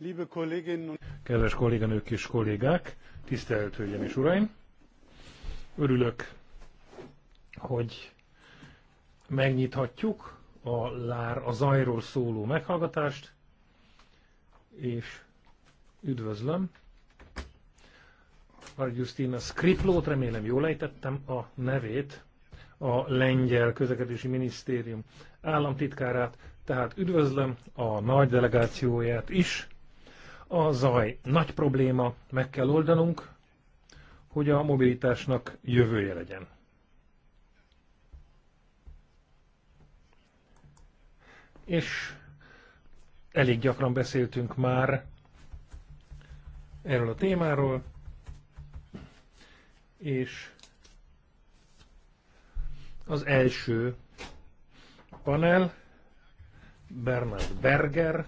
liebe Kolleginnen und Kedves kolléganők és kollégák, tisztelt Hölgyeim és Uraim! Örülök, hogy megnyithatjuk a lár a zajról szóló meghallgatást, és üdvözlöm Argyustina Skriplót, remélem jól ejtettem a nevét, a lengyel közlekedési minisztérium államtitkárát, tehát üdvözlöm a nagy delegációját is, a zaj nagy probléma, meg kell oldanunk, hogy a mobilitásnak jövője legyen. És elég gyakran beszéltünk már erről a témáról, és az első panel Bernard Berger,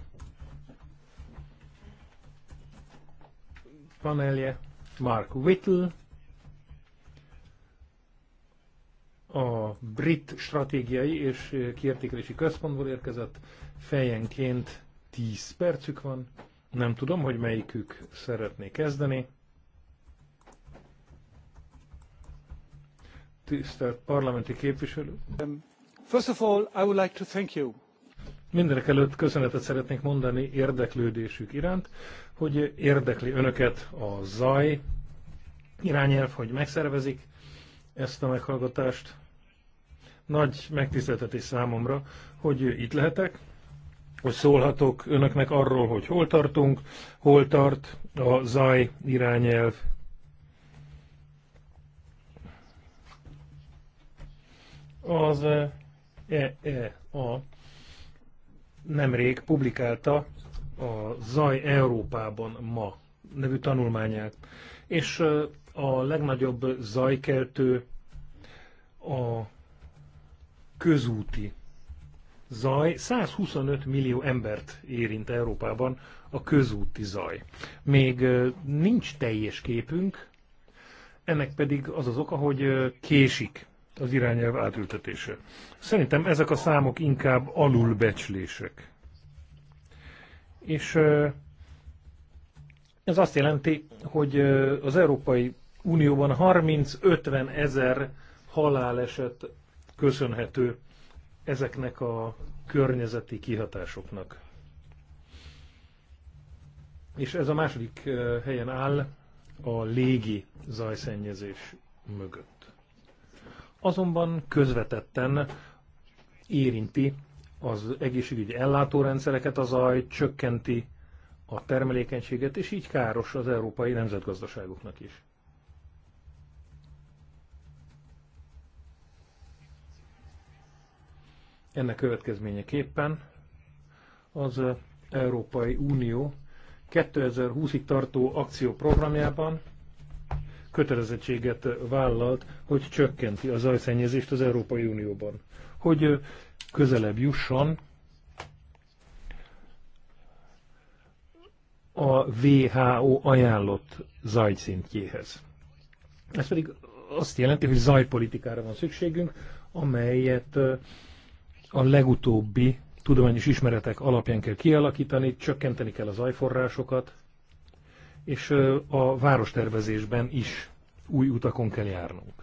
panelje, Mark Whittle, a Brit Stratégiai és Kiértékelési Központból érkezett, fejenként 10 percük van. Nem tudom, hogy melyikük szeretné kezdeni. Tisztelt parlamenti képviselő! Um, first of all, I would like to thank you. Mindenek előtt köszönetet szeretnék mondani érdeklődésük iránt hogy érdekli önöket a zaj irányelv, hogy megszervezik ezt a meghallgatást. Nagy megtiszteltetés számomra, hogy itt lehetek, hogy szólhatok önöknek arról, hogy hol tartunk, hol tart a zaj irányelv. Az EEA eh, eh, nemrég publikálta a Zaj Európában ma nevű tanulmányát. És a legnagyobb zajkeltő a közúti zaj. 125 millió embert érint Európában a közúti zaj. Még nincs teljes képünk, ennek pedig az az oka, hogy késik az irányelv átültetése. Szerintem ezek a számok inkább alulbecslések. És ez azt jelenti, hogy az Európai Unióban 30-50 ezer haláleset köszönhető ezeknek a környezeti kihatásoknak. És ez a második helyen áll a légi zajszennyezés mögött. Azonban közvetetten érinti az egészségügyi ellátórendszereket, a zaj csökkenti a termelékenységet, és így káros az európai nemzetgazdaságoknak is. Ennek következményeképpen az Európai Unió 2020-ig tartó akcióprogramjában kötelezettséget vállalt, hogy csökkenti a zajszennyezést az Európai Unióban. Hogy közelebb jusson a WHO ajánlott zajszintjéhez. Ez pedig azt jelenti, hogy zajpolitikára van szükségünk, amelyet a legutóbbi tudományos ismeretek alapján kell kialakítani, csökkenteni kell a zajforrásokat, és a várostervezésben is új utakon kell járnunk.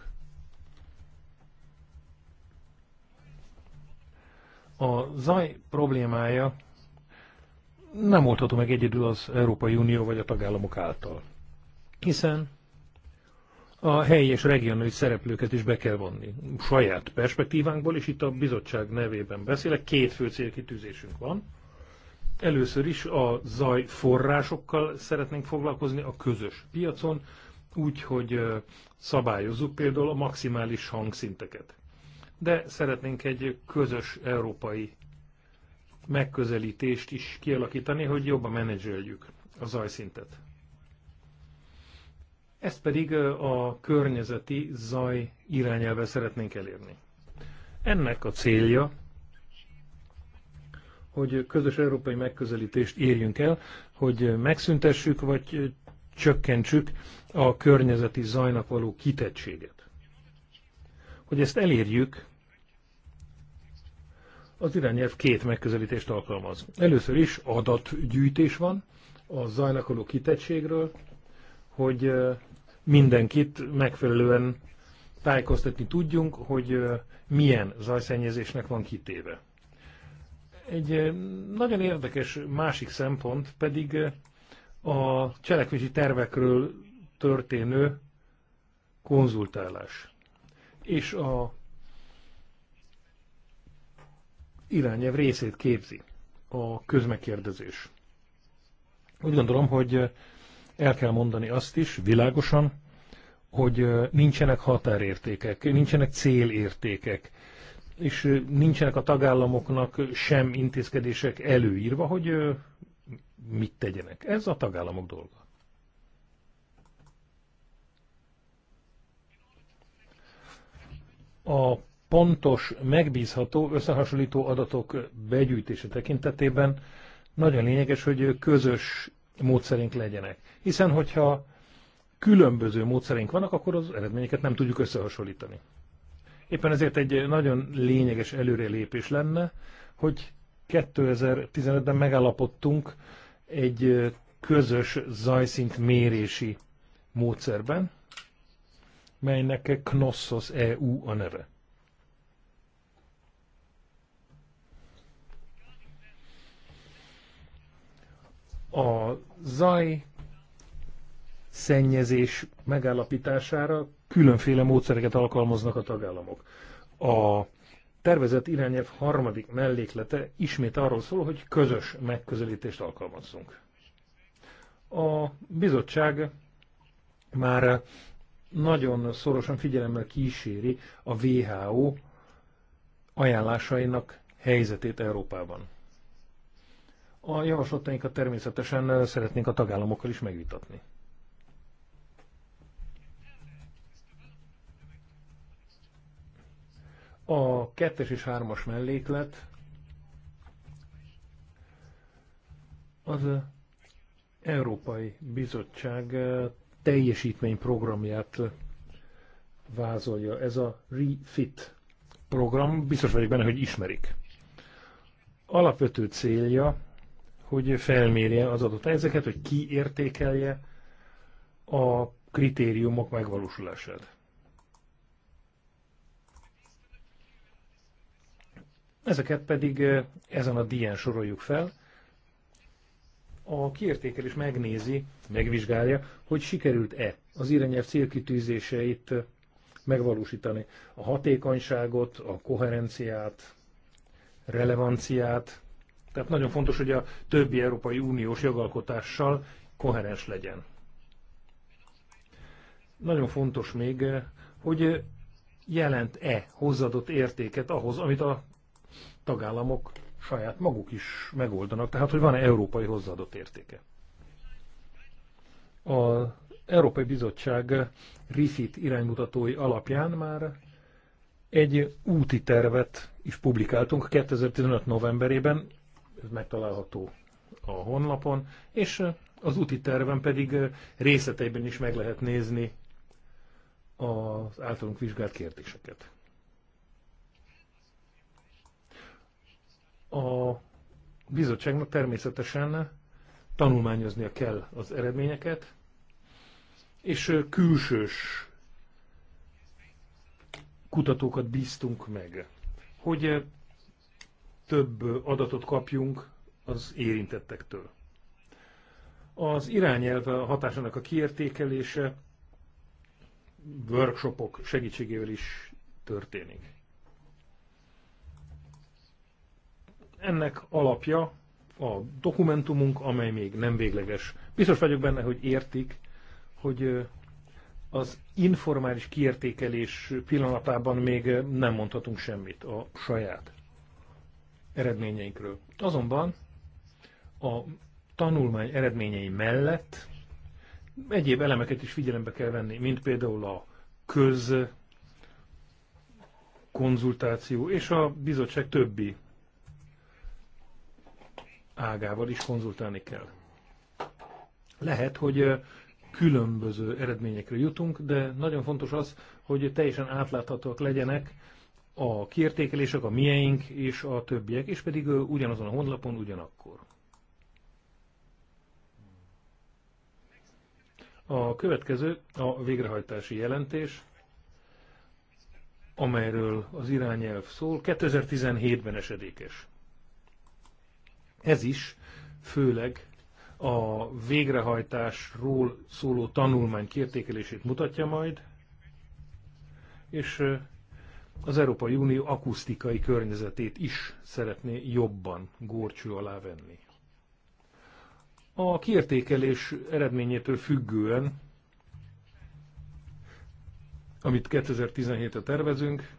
A zaj problémája nem oldható meg egyedül az Európai Unió vagy a tagállamok által, hiszen a helyi és regionális szereplőket is be kell vonni. Saját perspektívánkból, és itt a bizottság nevében beszélek, két fő célkitűzésünk van. Először is a zaj forrásokkal szeretnénk foglalkozni a közös piacon, úgy, hogy szabályozzuk például a maximális hangszinteket de szeretnénk egy közös európai megközelítést is kialakítani, hogy jobban menedzseljük a zajszintet. Ezt pedig a környezeti zaj irányelve szeretnénk elérni. Ennek a célja, hogy közös európai megközelítést érjünk el, hogy megszüntessük vagy csökkentsük a környezeti zajnak való kitettséget. Hogy ezt elérjük, az irányelv két megközelítést alkalmaz. Először is adatgyűjtés van a zajlakoló kitettségről, hogy mindenkit megfelelően tájékoztatni tudjunk, hogy milyen zajszennyezésnek van kitéve. Egy nagyon érdekes másik szempont pedig a cselekvési tervekről történő konzultálás és a irányelv részét képzi a közmegkérdezés. Úgy gondolom, hogy el kell mondani azt is világosan, hogy nincsenek határértékek, nincsenek célértékek, és nincsenek a tagállamoknak sem intézkedések előírva, hogy mit tegyenek. Ez a tagállamok dolga. A pontos, megbízható, összehasonlító adatok begyűjtése tekintetében nagyon lényeges, hogy közös módszerink legyenek. Hiszen, hogyha különböző módszerink vannak, akkor az eredményeket nem tudjuk összehasonlítani. Éppen ezért egy nagyon lényeges előrelépés lenne, hogy 2015-ben megállapodtunk egy közös zajszint mérési módszerben, melynek Knossos EU a neve. a zaj szennyezés megállapítására különféle módszereket alkalmaznak a tagállamok. A tervezett irányelv harmadik melléklete ismét arról szól, hogy közös megközelítést alkalmazzunk. A bizottság már nagyon szorosan figyelemmel kíséri a WHO ajánlásainak helyzetét Európában. A javaslatainkat természetesen szeretnénk a tagállamokkal is megvitatni. A kettes és hármas melléklet az Európai Bizottság teljesítményprogramját vázolja. Ez a REFIT program, biztos vagyok benne, hogy ismerik. Alapvető célja hogy felmérje az adott helyzeket, hogy ki értékelje a kritériumok megvalósulását. Ezeket pedig eh, ezen a dián soroljuk fel. A kiértékelés megnézi, megvizsgálja, hogy sikerült-e az irányelv célkitűzéseit eh, megvalósítani. A hatékonyságot, a koherenciát, relevanciát, tehát nagyon fontos, hogy a többi Európai Uniós jogalkotással koherens legyen. Nagyon fontos még, hogy jelent-e hozzáadott értéket ahhoz, amit a tagállamok saját maguk is megoldanak, tehát hogy van-e európai hozzáadott értéke. Az Európai Bizottság RIFIT iránymutatói alapján már egy úti tervet is publikáltunk 2015. novemberében, ez megtalálható a honlapon, és az úti terven pedig részleteiben is meg lehet nézni az általunk vizsgált kérdéseket. A bizottságnak természetesen tanulmányoznia kell az eredményeket, és külsős kutatókat bíztunk meg, hogy több adatot kapjunk az érintettektől. Az irányelv hatásának a kiértékelése workshopok segítségével is történik. Ennek alapja a dokumentumunk, amely még nem végleges. Biztos vagyok benne, hogy értik, hogy az informális kiértékelés pillanatában még nem mondhatunk semmit a saját eredményeinkről. Azonban a tanulmány eredményei mellett egyéb elemeket is figyelembe kell venni, mint például a köz konzultáció és a bizottság többi ágával is konzultálni kell. Lehet, hogy különböző eredményekre jutunk, de nagyon fontos az, hogy teljesen átláthatóak legyenek a kiértékelések, a mieink és a többiek, és pedig ugyanazon a honlapon ugyanakkor. A következő a végrehajtási jelentés, amelyről az irányelv szól, 2017-ben esedékes. Ez is főleg a végrehajtásról szóló tanulmány kiértékelését mutatja majd, és az Európai Unió akusztikai környezetét is szeretné jobban górcső alá venni. A kiértékelés eredményétől függően, amit 2017-re tervezünk,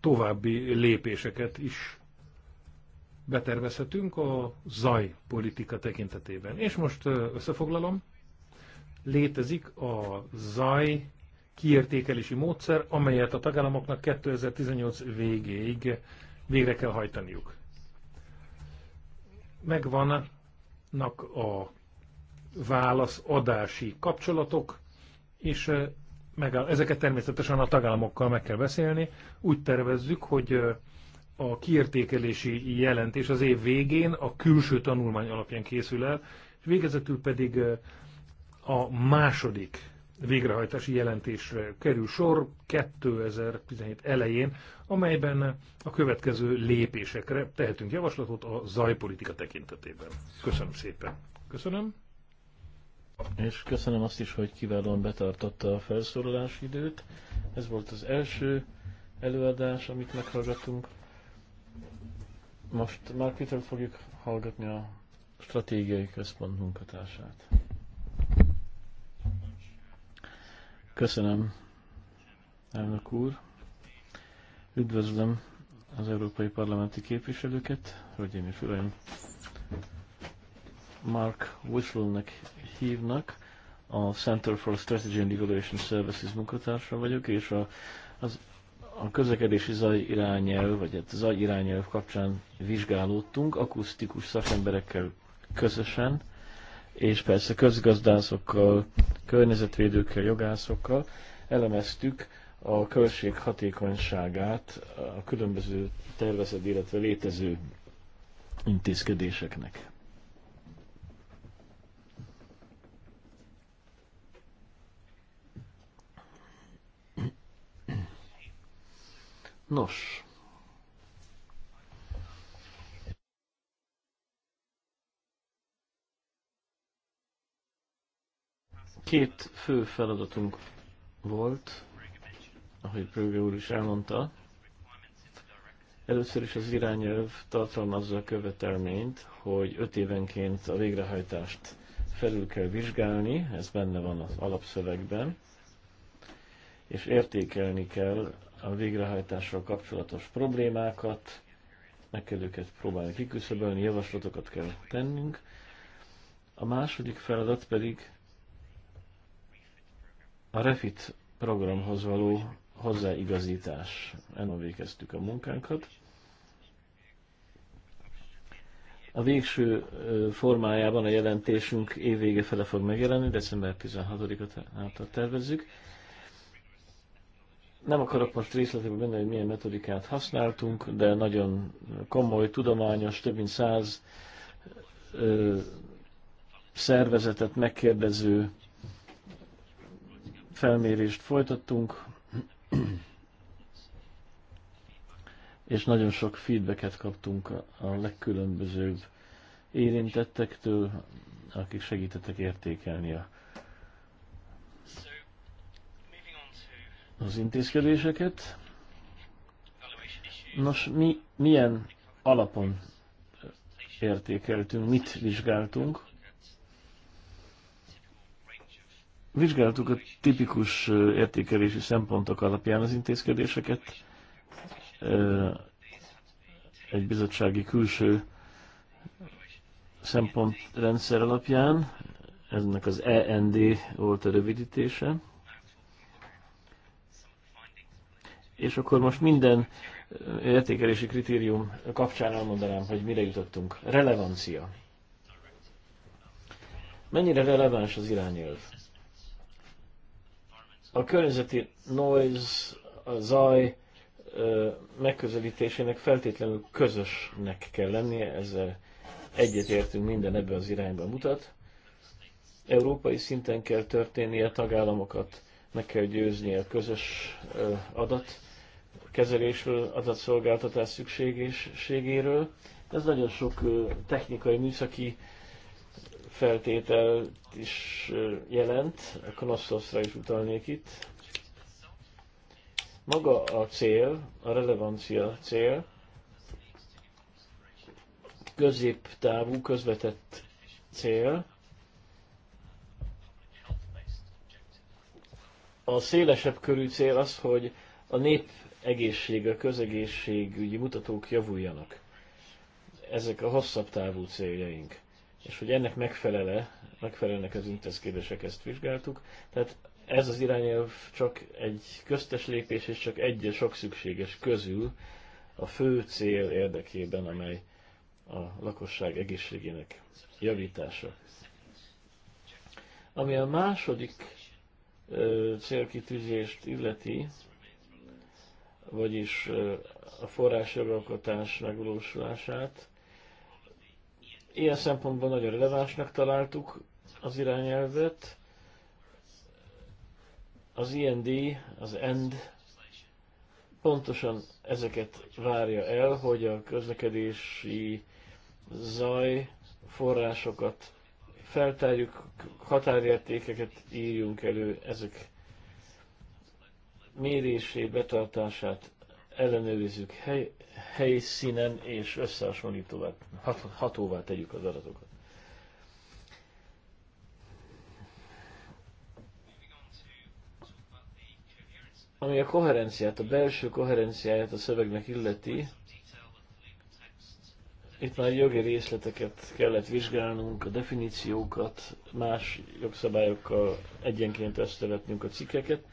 további lépéseket is betervezhetünk a politika tekintetében. És most összefoglalom, létezik a zaj kiértékelési módszer, amelyet a tagállamoknak 2018 végéig végre kell hajtaniuk. Megvannak a válaszadási kapcsolatok, és ezeket természetesen a tagállamokkal meg kell beszélni. Úgy tervezzük, hogy a kiértékelési jelentés az év végén a külső tanulmány alapján készül el, és végezetül pedig a második végrehajtási jelentésre kerül sor 2017 elején, amelyben a következő lépésekre tehetünk javaslatot a zajpolitika tekintetében. Köszönöm szépen. Köszönöm. És köszönöm azt is, hogy kiválóan betartotta a felszólalás időt. Ez volt az első előadás, amit meghallgattunk. Most már Peter fogjuk hallgatni a stratégiai központ munkatársát. Köszönöm, elnök úr. Üdvözlöm az európai parlamenti képviselőket, hölgyeim és uraim. Mark Whistle-nek hívnak, a Center for Strategy and Evaluation Services munkatársa vagyok, és a, az, a közlekedési zaj irányelv, vagy hát zaj irányelv kapcsán vizsgálódtunk, akusztikus szakemberekkel közösen, és persze közgazdászokkal, környezetvédőkkel, jogászokkal elemeztük a költség hatékonyságát a különböző tervezett, illetve létező intézkedéseknek. Nos, Két fő feladatunk volt, ahogy Brüge úr is elmondta. Először is az irányelv tartalmazza a követelményt, hogy öt évenként a végrehajtást felül kell vizsgálni, ez benne van az alapszövegben, és értékelni kell a végrehajtással kapcsolatos problémákat, meg kell őket próbálni kiküszöbölni, javaslatokat kell tennünk. A második feladat pedig a REFIT programhoz való hozzáigazítás. Ennél végeztük a munkánkat. A végső formájában a jelentésünk évvége fele fog megjelenni, december 16 által tervezzük. Nem akarok most részletekbe menni, hogy milyen metodikát használtunk, de nagyon komoly, tudományos, több mint száz szervezetet megkérdező felmérést folytattunk, és nagyon sok feedbacket kaptunk a legkülönbözőbb érintettektől, akik segítettek értékelni a, az intézkedéseket. Nos, mi milyen alapon értékeltünk, mit vizsgáltunk? Vizsgáltuk a tipikus értékelési szempontok alapján az intézkedéseket. Egy bizottsági külső szempontrendszer alapján, ennek az END volt a rövidítése. És akkor most minden értékelési kritérium kapcsán elmondanám, hogy mire jutottunk. Relevancia. Mennyire releváns az irányelv? A környezeti noise, a zaj megközelítésének feltétlenül közösnek kell lennie, ezzel egyetértünk, minden ebbe az irányba mutat. Európai szinten kell történnie, a tagállamokat meg kell győzni a közös adat kezelésről, adatszolgáltatás szükségességéről. Ez nagyon sok technikai, műszaki feltételt is jelent, a Knossoszra is utalnék itt. Maga a cél, a relevancia cél, középtávú, közvetett cél, a szélesebb körű cél az, hogy a nép egészség, a közegészségügyi mutatók javuljanak. Ezek a hosszabb távú céljaink és hogy ennek megfelele, megfelelnek az intézkedések, ezt vizsgáltuk. Tehát ez az irányelv csak egy köztes lépés, és csak egy sok szükséges közül a fő cél érdekében, amely a lakosság egészségének javítása. Ami a második ö, célkitűzést illeti, vagyis ö, a forrásjogalkotás megvalósulását, Ilyen szempontból nagyon relevánsnak találtuk az irányelvet. Az IND, az END pontosan ezeket várja el, hogy a közlekedési zaj forrásokat feltárjuk, határértékeket írjunk elő, ezek mérésé, betartását ellenőrizzük hely, helyszínen, és összehasonlítóvá, hatóvá tegyük az adatokat. Ami a koherenciát, a belső koherenciáját a szövegnek illeti, itt már jogi részleteket kellett vizsgálnunk, a definíciókat, más jogszabályokkal egyenként összevetnünk a cikkeket.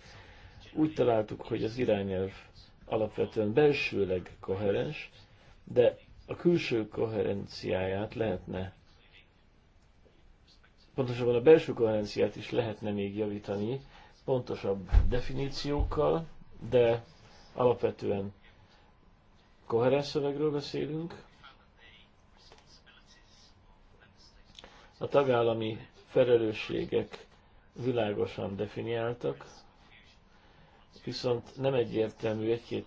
Úgy találtuk, hogy az irányelv alapvetően belsőleg koherens, de a külső koherenciáját lehetne, pontosabban a belső koherenciát is lehetne még javítani pontosabb definíciókkal, de alapvetően koherens szövegről beszélünk. A tagállami felelősségek világosan definiáltak, viszont nem egyértelmű egy-két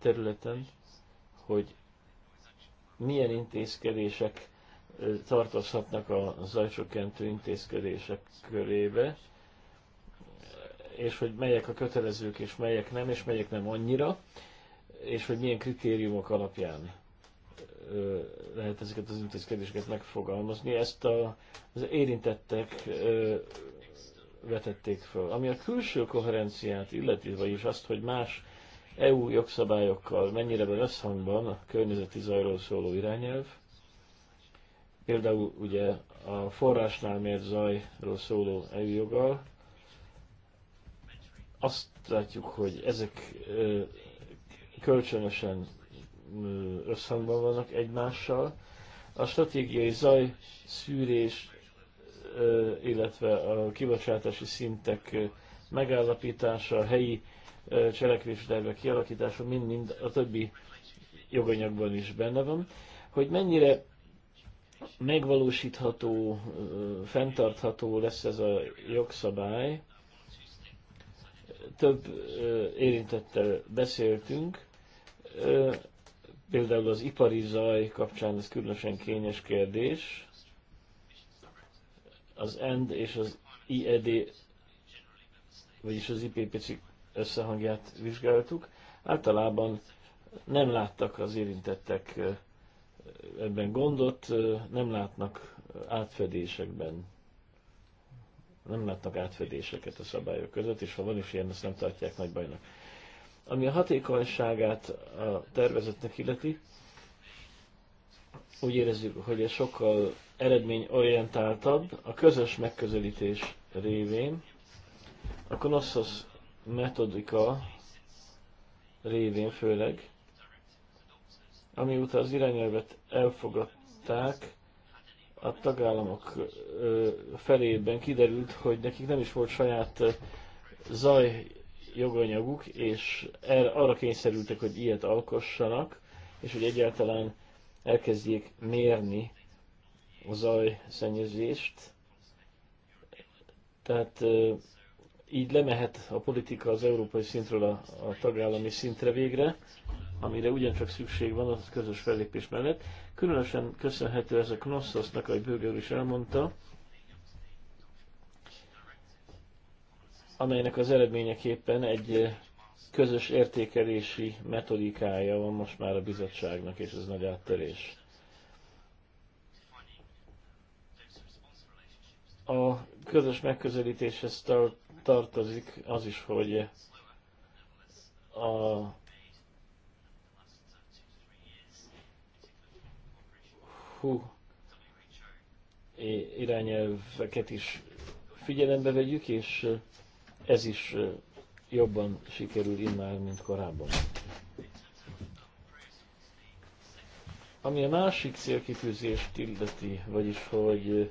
területen, hogy milyen intézkedések tartozhatnak a zajcsökkentő intézkedések körébe, és hogy melyek a kötelezők, és melyek nem, és melyek nem annyira, és hogy milyen kritériumok alapján lehet ezeket az intézkedéseket megfogalmazni. Ezt a, az érintettek vetették föl. Ami a külső koherenciát illeti, vagyis azt, hogy más EU jogszabályokkal mennyire van összhangban a környezeti zajról szóló irányelv, például ugye a forrásnál mért zajról szóló EU joggal, azt látjuk, hogy ezek kölcsönösen összhangban vannak egymással. A stratégiai zajszűrés szűrés illetve a kibocsátási szintek megállapítása, a helyi cselekvési tervek kialakítása mind-mind a többi joganyagban is benne van, hogy mennyire megvalósítható, fenntartható lesz ez a jogszabály. Több érintettel beszéltünk, például az ipari zaj kapcsán ez különösen kényes kérdés, az END és az IED, vagyis az IPPC összehangját vizsgáltuk. Általában nem láttak az érintettek ebben gondot, nem látnak átfedésekben, nem látnak átfedéseket a szabályok között, és ha van is ilyen, azt nem tartják nagy bajnak. Ami a hatékonyságát a tervezetnek illeti, úgy érezzük, hogy ez sokkal eredmény orientáltabb a közös megközelítés révén, a Knossos metodika révén főleg, amióta az irányelvet elfogadták, a tagállamok felében kiderült, hogy nekik nem is volt saját zaj joganyaguk, és erre, arra kényszerültek, hogy ilyet alkossanak, és hogy egyáltalán elkezdjék mérni zajszennyezést. Tehát így lemehet a politika az európai szintről a, a tagállami szintre végre, amire ugyancsak szükség van a közös fellépés mellett. Különösen köszönhető ez a Knossosnak, ahogy Bőger is elmondta, amelynek az eredményeképpen egy közös értékelési metodikája van most már a bizottságnak, és ez nagy áttörés. A közös megközelítéshez tartozik az is, hogy a hú, irányelveket is figyelembe vegyük, és ez is jobban sikerül immár, mint korábban. Ami a másik célkitűzést illeti, vagyis hogy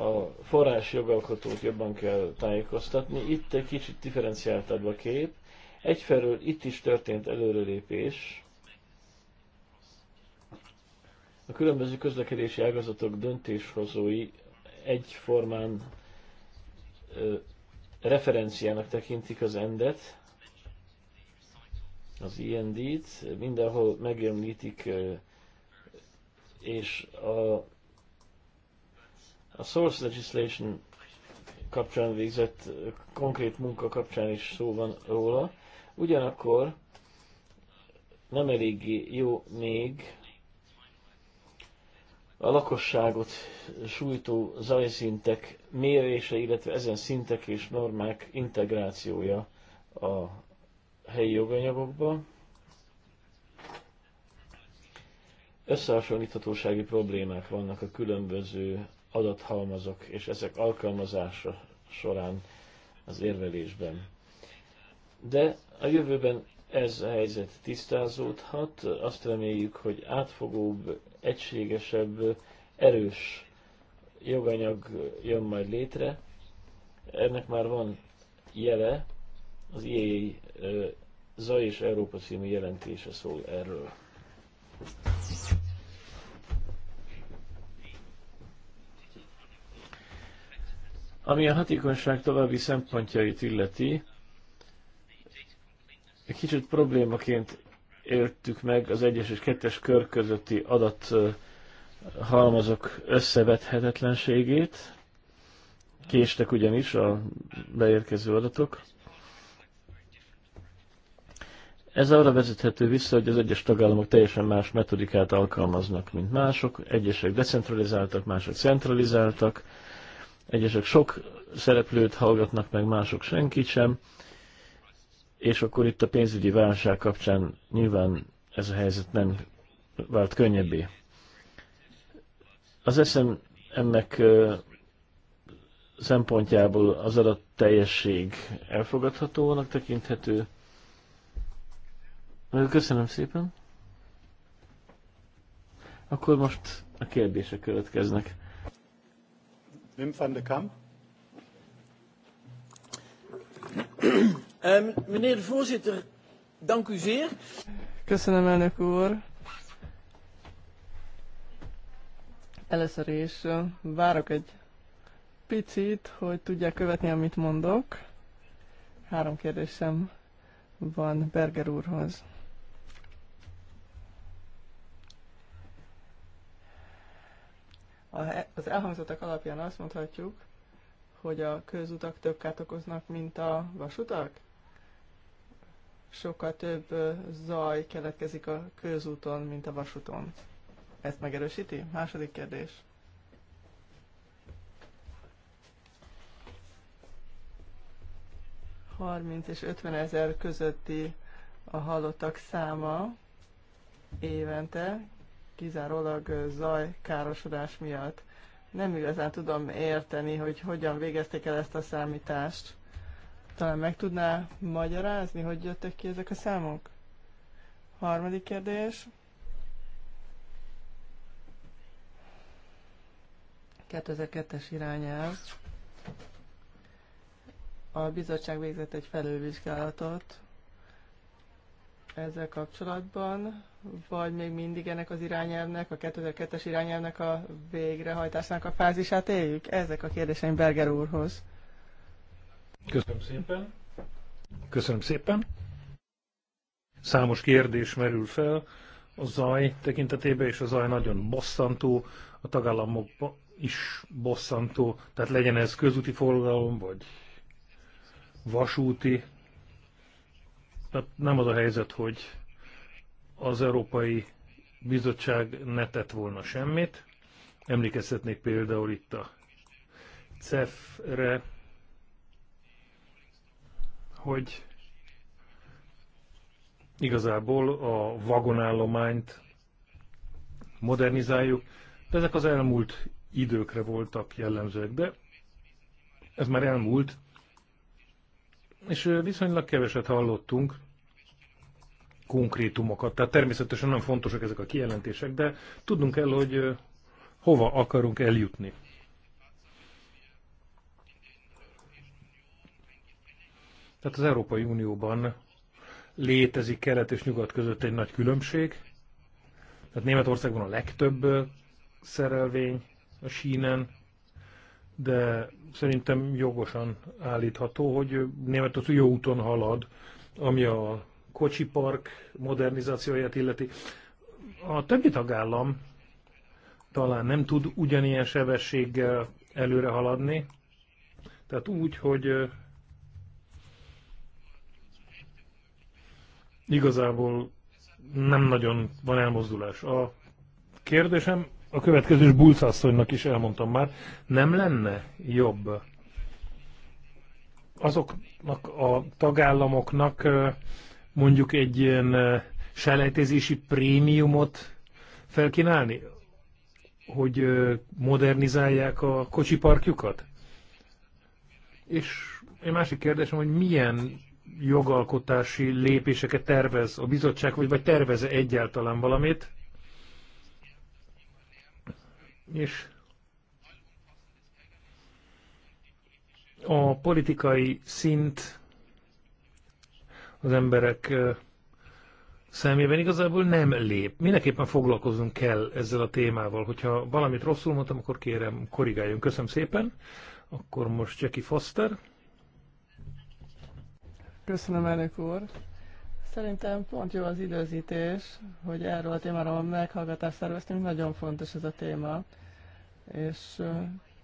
a forrás jogalkotót jobban kell tájékoztatni. Itt egy kicsit differenciáltabb a kép. Egyfelől itt is történt előrelépés. A különböző közlekedési ágazatok döntéshozói egyformán ö, referenciának tekintik az endet, az IND-t, mindenhol megemlítik, és a a source legislation kapcsán végzett konkrét munka kapcsán is szó van róla. Ugyanakkor nem elég jó még a lakosságot sújtó zajszintek mérése, illetve ezen szintek és normák integrációja a helyi joganyagokba. Összehasonlíthatósági problémák vannak a különböző adathalmazok, és ezek alkalmazása során az érvelésben. De a jövőben ez a helyzet tisztázódhat, azt reméljük, hogy átfogóbb, egységesebb, erős joganyag jön majd létre. Ennek már van jele, az IEA Zaj és Európa című jelentése szól erről. Ami a hatékonyság további szempontjait illeti, egy kicsit problémaként értük meg az egyes és kettes kör közötti adat halmazok összevethetetlenségét. Késtek ugyanis a beérkező adatok. Ez arra vezethető vissza, hogy az egyes tagállamok teljesen más metodikát alkalmaznak, mint mások. Egyesek decentralizáltak, mások centralizáltak Egyesek sok szereplőt hallgatnak meg, mások senkit sem, és akkor itt a pénzügyi válság kapcsán nyilván ez a helyzet nem vált könnyebbé. Az eszem ennek szempontjából az adat teljesség elfogadhatónak tekinthető. Köszönöm szépen. Akkor most a kérdések következnek. Wim van de Kamp. Um, meneer de voorzitter, dank u zeer. Köszönöm, elnök úr. Először is várok egy picit, hogy tudják követni, amit mondok. Három kérdésem van Berger úrhoz. az elhangzottak alapján azt mondhatjuk, hogy a közutak több kárt okoznak, mint a vasutak? Sokkal több zaj keletkezik a közúton, mint a vasúton. Ezt megerősíti? Második kérdés. Harminc és 50 ezer közötti a halottak száma évente, kizárólag zaj károsodás miatt nem igazán tudom érteni, hogy hogyan végezték el ezt a számítást. Talán meg tudná magyarázni, hogy jöttek ki ezek a számok? Harmadik kérdés. 2002-es irányelv. A bizottság végzett egy felülvizsgálatot ezzel kapcsolatban, vagy még mindig ennek az irányelvnek, a 2002-es irányelvnek a végrehajtásának a fázisát éljük? Ezek a kérdéseim Berger úrhoz. Köszönöm szépen. Köszönöm szépen. Számos kérdés merül fel a zaj tekintetében, és a zaj nagyon bosszantó, a tagállamok is bosszantó, tehát legyen ez közúti forgalom, vagy vasúti tehát nem az a helyzet, hogy az Európai Bizottság ne tett volna semmit. Emlékezhetnék például itt a CEF-re, hogy igazából a vagonállományt modernizáljuk, de ezek az elmúlt időkre voltak jellemzőek, de ez már elmúlt, és viszonylag keveset hallottunk konkrétumokat. Tehát természetesen nem fontosak ezek a kijelentések, de tudnunk kell, hogy hova akarunk eljutni. Tehát az Európai Unióban létezik kelet és nyugat között egy nagy különbség. Tehát Németországban a legtöbb szerelvény a sínen, de szerintem jogosan állítható, hogy Németország jó úton halad, ami a kocsipark modernizációját illeti. A többi tagállam talán nem tud ugyanilyen sebességgel előre haladni, tehát úgy, hogy igazából nem nagyon van elmozdulás. A kérdésem a következő bulcasszonynak is elmondtam már, nem lenne jobb azoknak a tagállamoknak mondjuk egy ilyen selejtezési prémiumot felkínálni, hogy modernizálják a kocsiparkjukat? És egy másik kérdésem, hogy milyen jogalkotási lépéseket tervez a bizottság, vagy, vagy tervez -e egyáltalán valamit, és a politikai szint az emberek szemében igazából nem lép. Mindenképpen foglalkozunk kell ezzel a témával. Hogyha valamit rosszul mondtam, akkor kérem, korrigáljon. Köszönöm szépen. Akkor most Jackie Foster. Köszönöm, elnök úr. Szerintem pont jó az időzítés, hogy erről a témáról meghallgatást szerveztünk, nagyon fontos ez a téma. És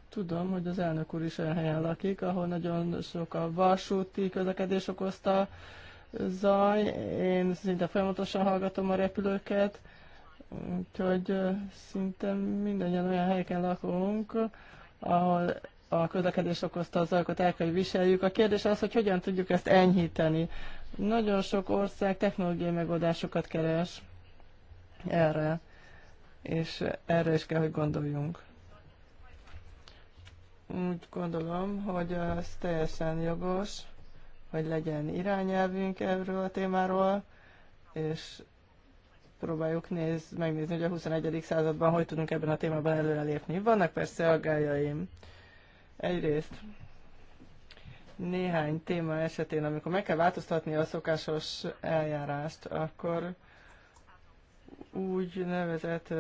tudom, hogy az elnök úr is olyan helyen lakik, ahol nagyon sok a vasúti közlekedés okozta zaj. Én szinte folyamatosan hallgatom a repülőket, úgyhogy szinte mindannyian olyan helyeken lakunk, ahol a közlekedés okozta a zajokat el kell, hogy viseljük. A kérdés az, hogy hogyan tudjuk ezt enyhíteni. Nagyon sok ország technológiai megoldásokat keres erre, és erre is kell, hogy gondoljunk. Úgy gondolom, hogy az teljesen jogos, hogy legyen irányelvünk erről a témáról, és próbáljuk néz, megnézni, hogy a 21. században hogy tudunk ebben a témában előrelépni. Vannak persze aggájaim. Egyrészt néhány téma esetén, amikor meg kell változtatni a szokásos eljárást, akkor úgy nevezett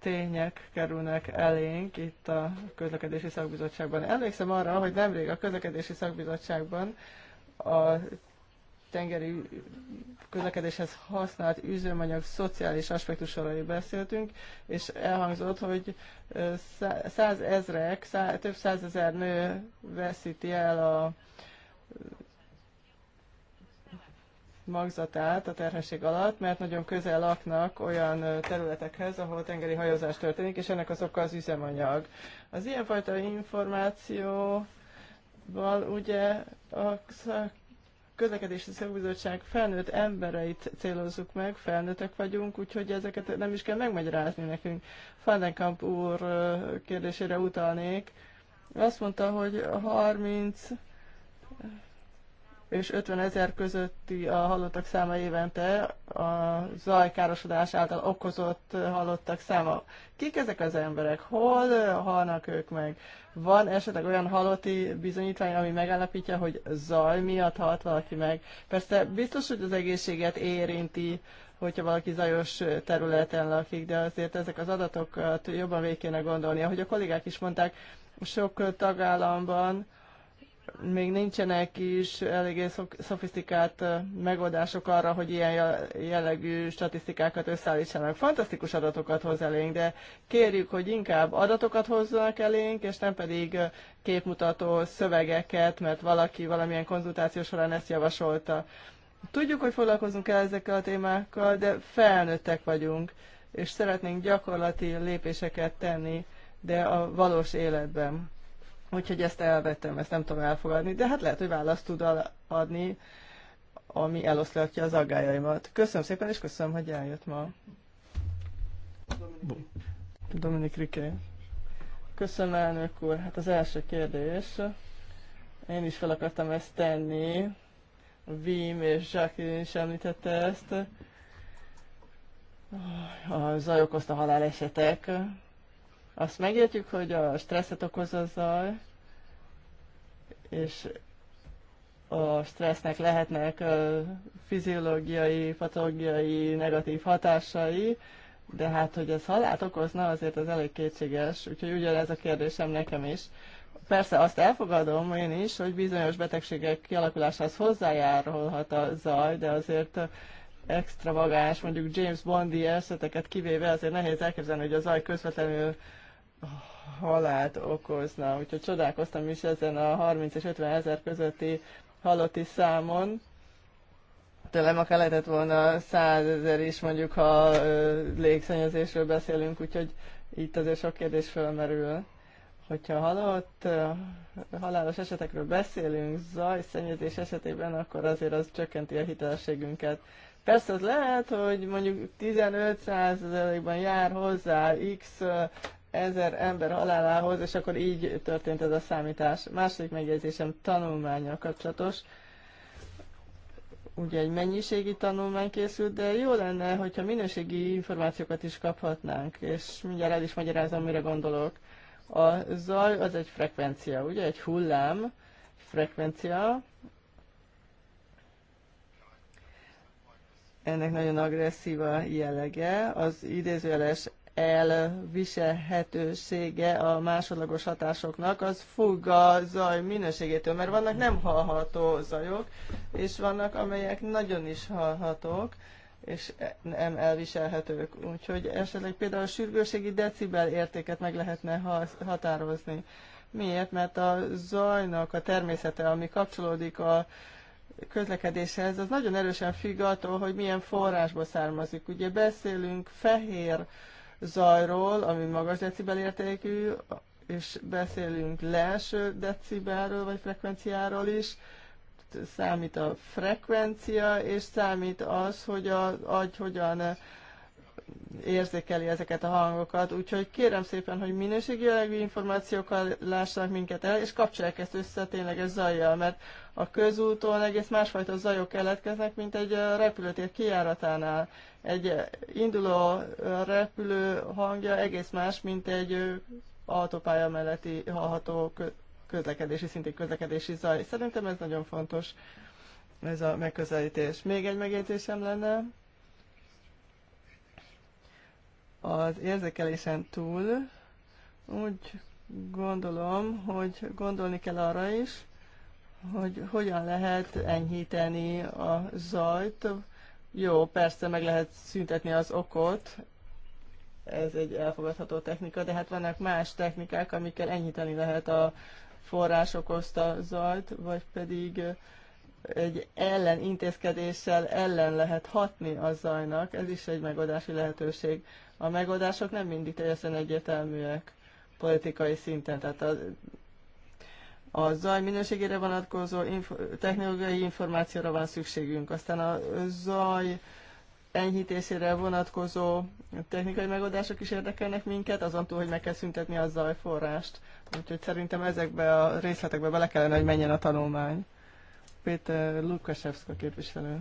tények kerülnek elénk itt a közlekedési szakbizottságban. Emlékszem arra, hogy nemrég a közlekedési szakbizottságban a tengeri közlekedéshez használt üzemanyag szociális aspektusról beszéltünk, és elhangzott, hogy százezrek, több százezer nő veszíti el a magzatát a terhesség alatt, mert nagyon közel laknak olyan területekhez, ahol tengeri hajózás történik, és ennek az oka az üzemanyag. Az ilyenfajta információval ugye a közlekedési szakbizottság felnőtt embereit célozzuk meg, felnőttek vagyunk, úgyhogy ezeket nem is kell megmagyarázni nekünk. Fandenkamp úr kérdésére utalnék. Azt mondta, hogy 30 és 50 ezer közötti a halottak száma évente a zajkárosodás által okozott halottak száma. Kik ezek az emberek? Hol halnak ők meg? Van esetleg olyan halotti bizonyítvány, ami megállapítja, hogy zaj miatt halt valaki meg? Persze biztos, hogy az egészséget érinti, hogyha valaki zajos területen lakik, de azért ezek az adatokat jobban végig kéne gondolni. Ahogy a kollégák is mondták, sok tagállamban még nincsenek is eléggé szofisztikált megoldások arra, hogy ilyen jellegű statisztikákat összeállítsanak. Fantasztikus adatokat hoz elénk, de kérjük, hogy inkább adatokat hozzanak elénk, és nem pedig képmutató szövegeket, mert valaki valamilyen konzultáció során ezt javasolta. Tudjuk, hogy foglalkozunk el ezekkel a témákkal, de felnőttek vagyunk, és szeretnénk gyakorlati lépéseket tenni, de a valós életben Úgyhogy ezt elvettem, ezt nem tudom elfogadni, de hát lehet, hogy választ tud adni, ami eloszlatja az aggájaimat. Köszönöm szépen, és köszönöm, hogy eljött ma. Dominik, Riké. Köszönöm, elnök úr. Hát az első kérdés. Én is fel akartam ezt tenni. Vím és Jacqueline is említette ezt. A zaj okozta halálesetek. Azt megértjük, hogy a stresszet okoz a zaj, és a stressznek lehetnek fiziológiai, patológiai, negatív hatásai, de hát, hogy ez halált okozna, azért az elég kétséges, úgyhogy ugyanez a kérdésem nekem is. Persze azt elfogadom én is, hogy bizonyos betegségek kialakulásához hozzájárulhat a zaj, de azért extravagáns, mondjuk James Bondi eseteket kivéve azért nehéz elképzelni, hogy a zaj közvetlenül halált okozna. Úgyhogy csodálkoztam is ezen a 30 és 50 ezer közötti halotti számon. Tőlem akár lehetett volna 100 ezer is, mondjuk, ha légszennyezésről beszélünk, úgyhogy itt azért sok kérdés felmerül. Hogyha halott, halálos esetekről beszélünk, zajszennyezés esetében, akkor azért az csökkenti a hitelességünket. Persze az lehet, hogy mondjuk 15%-ban jár hozzá X ezer ember halálához, és akkor így történt ez a számítás. Második megjegyzésem tanulmánya kapcsolatos. Ugye egy mennyiségi tanulmány készült, de jó lenne, hogyha minőségi információkat is kaphatnánk, és mindjárt el is magyarázom, mire gondolok. A zaj az egy frekvencia, ugye? Egy hullám frekvencia. Ennek nagyon agresszív a jellege. Az idézőjeles elviselhetősége a másodlagos hatásoknak, az függ a zaj minőségétől, mert vannak nem hallható zajok, és vannak, amelyek nagyon is hallhatók, és nem elviselhetők. Úgyhogy esetleg például a sürgőségi decibel értéket meg lehetne határozni. Miért? Mert a zajnak a természete, ami kapcsolódik a közlekedéshez, az nagyon erősen függ attól, hogy milyen forrásból származik. Ugye beszélünk fehér zajról, ami magas decibel értékű, és beszélünk leeső decibelről vagy frekvenciáról is, számít a frekvencia, és számít az, hogy az agy hogyan érzékeli ezeket a hangokat, úgyhogy kérem szépen, hogy minőségi jellegű információkkal lássanak minket el, és kapcsolják ezt össze tényleg ez zajjal, mert a közúton egész másfajta zajok keletkeznek, mint egy repülőtér kijáratánál. Egy induló repülő hangja egész más, mint egy autópálya melletti hallható közlekedési, szintén közlekedési zaj. Szerintem ez nagyon fontos, ez a megközelítés. Még egy megjegyzésem lenne az érzékelésen túl úgy gondolom, hogy gondolni kell arra is, hogy hogyan lehet enyhíteni a zajt. Jó, persze meg lehet szüntetni az okot, ez egy elfogadható technika, de hát vannak más technikák, amikkel enyhíteni lehet a forrás okozta zajt, vagy pedig egy ellen intézkedéssel ellen lehet hatni a zajnak, ez is egy megoldási lehetőség. A megoldások nem mindig teljesen egyértelműek politikai szinten, tehát a, a zaj minőségére vonatkozó inf- technológiai információra van szükségünk, aztán a zaj enyhítésére vonatkozó technikai megoldások is érdekelnek minket, azon túl, hogy meg kell szüntetni a zajforrást. Úgyhogy szerintem ezekbe a részletekbe bele kellene, hogy menjen a tanulmány. Péter Lukasevska képviselő.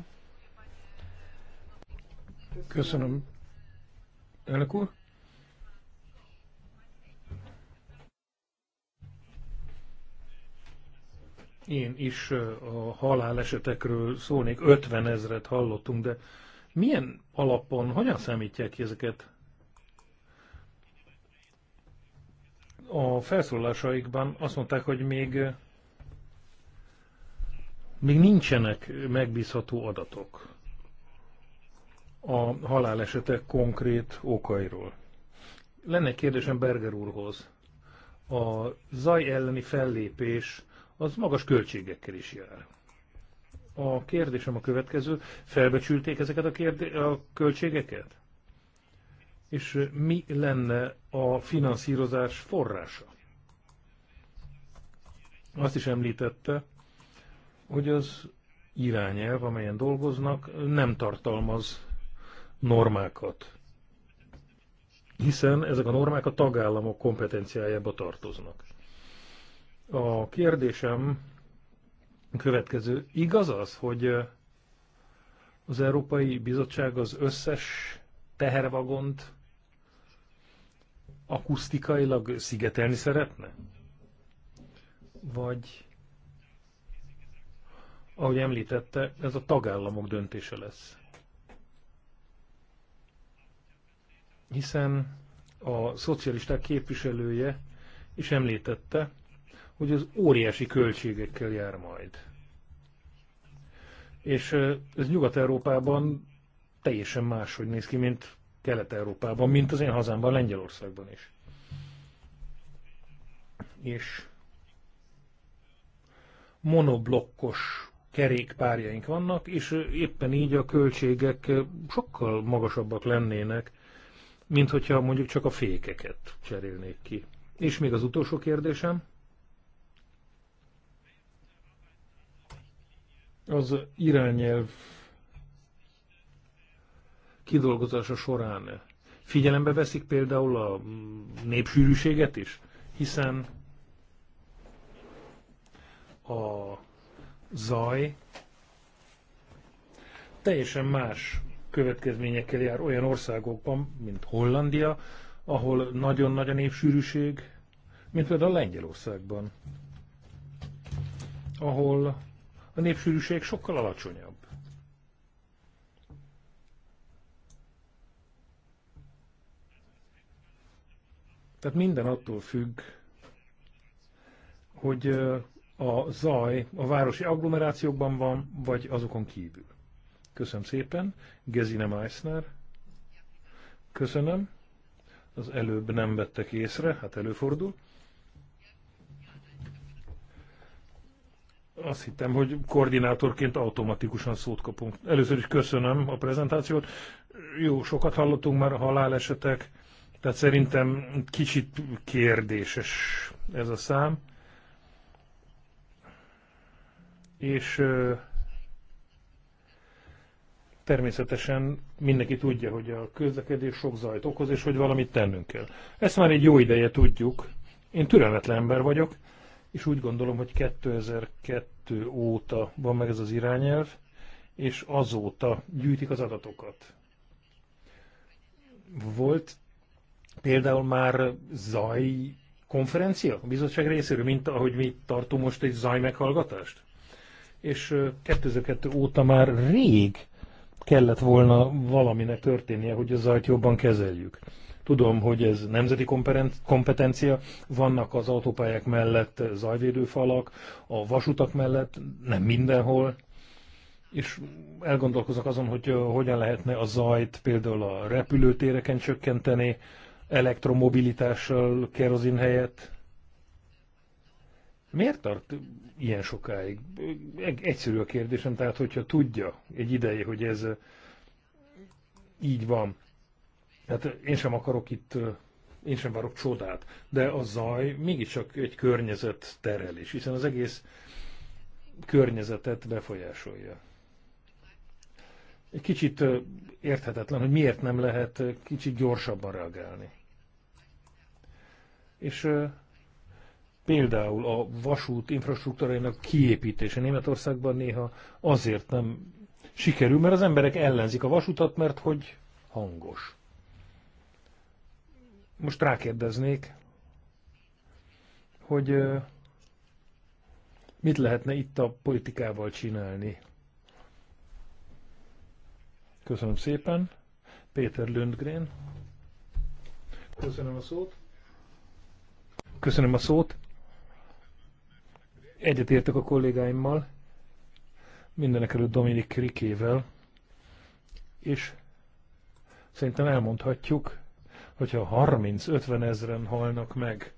Köszönöm. Elnök úr? Én is a halálesetekről szólnék, 50 ezret hallottunk, de milyen alapon, hogyan számítják ki ezeket? A felszólalásaikban azt mondták, hogy még még nincsenek megbízható adatok a halálesetek konkrét okairól. Lenne kérdésem Berger úrhoz. A zaj elleni fellépés az magas költségekkel is jár. A kérdésem a következő. Felbecsülték ezeket a, kérdé- a költségeket? És mi lenne a finanszírozás forrása? Azt is említette, hogy az irányelv, amelyen dolgoznak, nem tartalmaz normákat. Hiszen ezek a normák a tagállamok kompetenciájába tartoznak. A kérdésem következő. Igaz az, hogy az Európai Bizottság az összes tehervagont akusztikailag szigetelni szeretne? Vagy ahogy említette, ez a tagállamok döntése lesz. Hiszen a szocialisták képviselője is említette, hogy az óriási költségekkel jár majd. És ez Nyugat-Európában teljesen máshogy néz ki, mint Kelet-Európában, mint az én hazámban, Lengyelországban is. És monoblokkos kerékpárjaink vannak, és éppen így a költségek sokkal magasabbak lennének, mint hogyha mondjuk csak a fékeket cserélnék ki. És még az utolsó kérdésem. Az irányelv kidolgozása során figyelembe veszik például a népsűrűséget is, hiszen a zaj teljesen más következményekkel jár olyan országokban, mint Hollandia, ahol nagyon nagy a népsűrűség, mint például Lengyelországban, ahol a népsűrűség sokkal alacsonyabb. Tehát minden attól függ, hogy a zaj a városi agglomerációkban van, vagy azokon kívül? Köszönöm szépen. Gezine Meissner. Köszönöm. Az előbb nem vettek észre, hát előfordul. Azt hittem, hogy koordinátorként automatikusan szót kapunk. Először is köszönöm a prezentációt. Jó, sokat hallottunk már a halálesetek, tehát szerintem kicsit kérdéses ez a szám. és természetesen mindenki tudja, hogy a közlekedés sok zajt okoz, és hogy valamit tennünk kell. Ezt már egy jó ideje tudjuk. Én türelmetlen ember vagyok, és úgy gondolom, hogy 2002 óta van meg ez az irányelv, és azóta gyűjtik az adatokat. Volt például már zaj konferencia a bizottság részéről, mint ahogy mi tartunk most egy zaj meghallgatást? és 2002 óta már rég kellett volna valaminek történnie, hogy a zajt jobban kezeljük. Tudom, hogy ez nemzeti kompetencia, vannak az autópályák mellett zajvédőfalak, a vasutak mellett, nem mindenhol, és elgondolkozok azon, hogy hogyan lehetne a zajt például a repülőtéreken csökkenteni, elektromobilitással kerozin helyett, Miért tart ilyen sokáig? Egyszerű a kérdésem, tehát hogyha tudja egy ideje, hogy ez így van. Hát én sem akarok itt, én sem várok csodát, de a zaj mégiscsak egy környezet terelés, hiszen az egész környezetet befolyásolja. Egy kicsit érthetetlen, hogy miért nem lehet kicsit gyorsabban reagálni. És Például a vasút infrastruktúrájának kiépítése Németországban néha azért nem sikerül, mert az emberek ellenzik a vasutat, mert hogy hangos. Most rákérdeznék, hogy mit lehetne itt a politikával csinálni. Köszönöm szépen. Péter Lundgren. Köszönöm a szót. Köszönöm a szót. Egyetértek a kollégáimmal, mindenek előtt Dominik Rikével, és szerintem elmondhatjuk, hogyha 30-50 ezeren halnak meg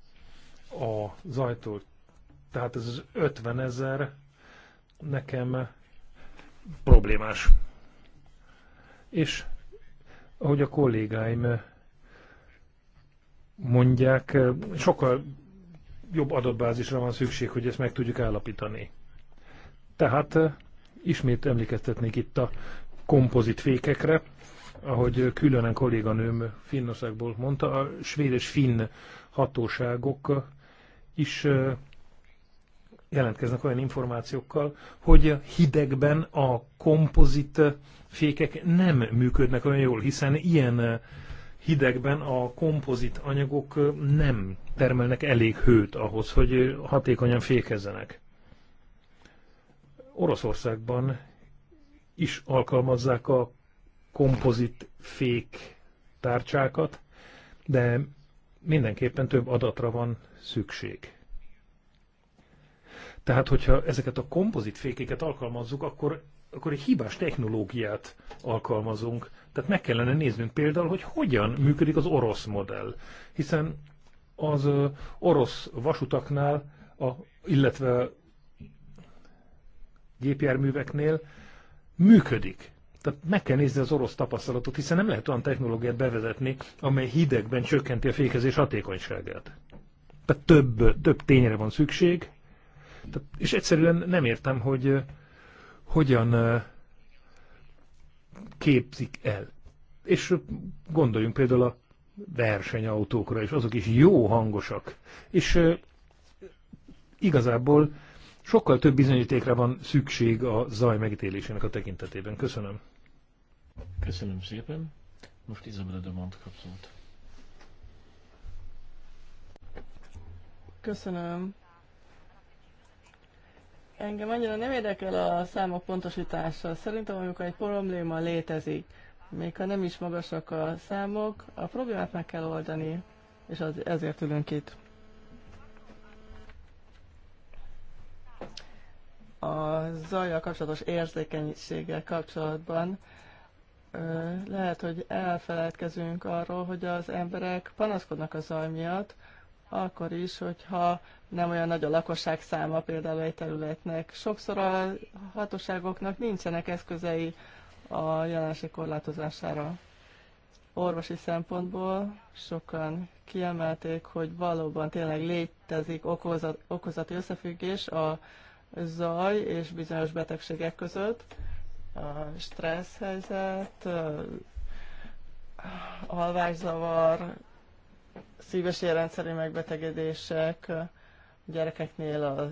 a zajtól, tehát ez az 50 ezer nekem problémás. És ahogy a kollégáim mondják, sokkal jobb adatbázisra van szükség, hogy ezt meg tudjuk állapítani. Tehát eh, ismét emlékeztetnék itt a kompozit fékekre, ahogy különen kolléganőm Finnországból mondta, a svéd és finn hatóságok is eh, jelentkeznek olyan információkkal, hogy hidegben a kompozit fékek nem működnek olyan jól, hiszen ilyen eh, hidegben a kompozit anyagok nem termelnek elég hőt ahhoz, hogy hatékonyan fékezzenek. Oroszországban is alkalmazzák a kompozit fék tárcsákat, de mindenképpen több adatra van szükség. Tehát, hogyha ezeket a kompozit fékéket alkalmazzuk, akkor akkor egy hibás technológiát alkalmazunk. Tehát meg kellene néznünk például, hogy hogyan működik az orosz modell. Hiszen az orosz vasutaknál, a, illetve gépjárműveknél működik. Tehát meg kell nézni az orosz tapasztalatot, hiszen nem lehet olyan technológiát bevezetni, amely hidegben csökkenti a fékezés hatékonyságát. Tehát több, több tényre van szükség, tehát, és egyszerűen nem értem, hogy hogyan képzik el. És gondoljunk például a versenyautókra, és azok is jó hangosak. És igazából sokkal több bizonyítékra van szükség a zaj megítélésének a tekintetében. Köszönöm. Köszönöm szépen. Most Izabela de Mont kapszolt. Köszönöm. Engem annyira nem érdekel a számok pontosítása. Szerintem, amikor egy probléma létezik, még ha nem is magasak a számok, a problémát meg kell oldani, és az, ezért ülünk itt. A zajjal kapcsolatos érzékenységgel kapcsolatban lehet, hogy elfeledkezünk arról, hogy az emberek panaszkodnak a zaj miatt, akkor is, hogyha nem olyan nagy a lakosság száma például egy területnek. Sokszor a hatóságoknak nincsenek eszközei a jelenség korlátozására. Orvosi szempontból sokan kiemelték, hogy valóban tényleg létezik okozat, okozati összefüggés a zaj és bizonyos betegségek között, a stressz helyzet, alvászavar, szíves érrendszeri megbetegedések, gyerekeknél a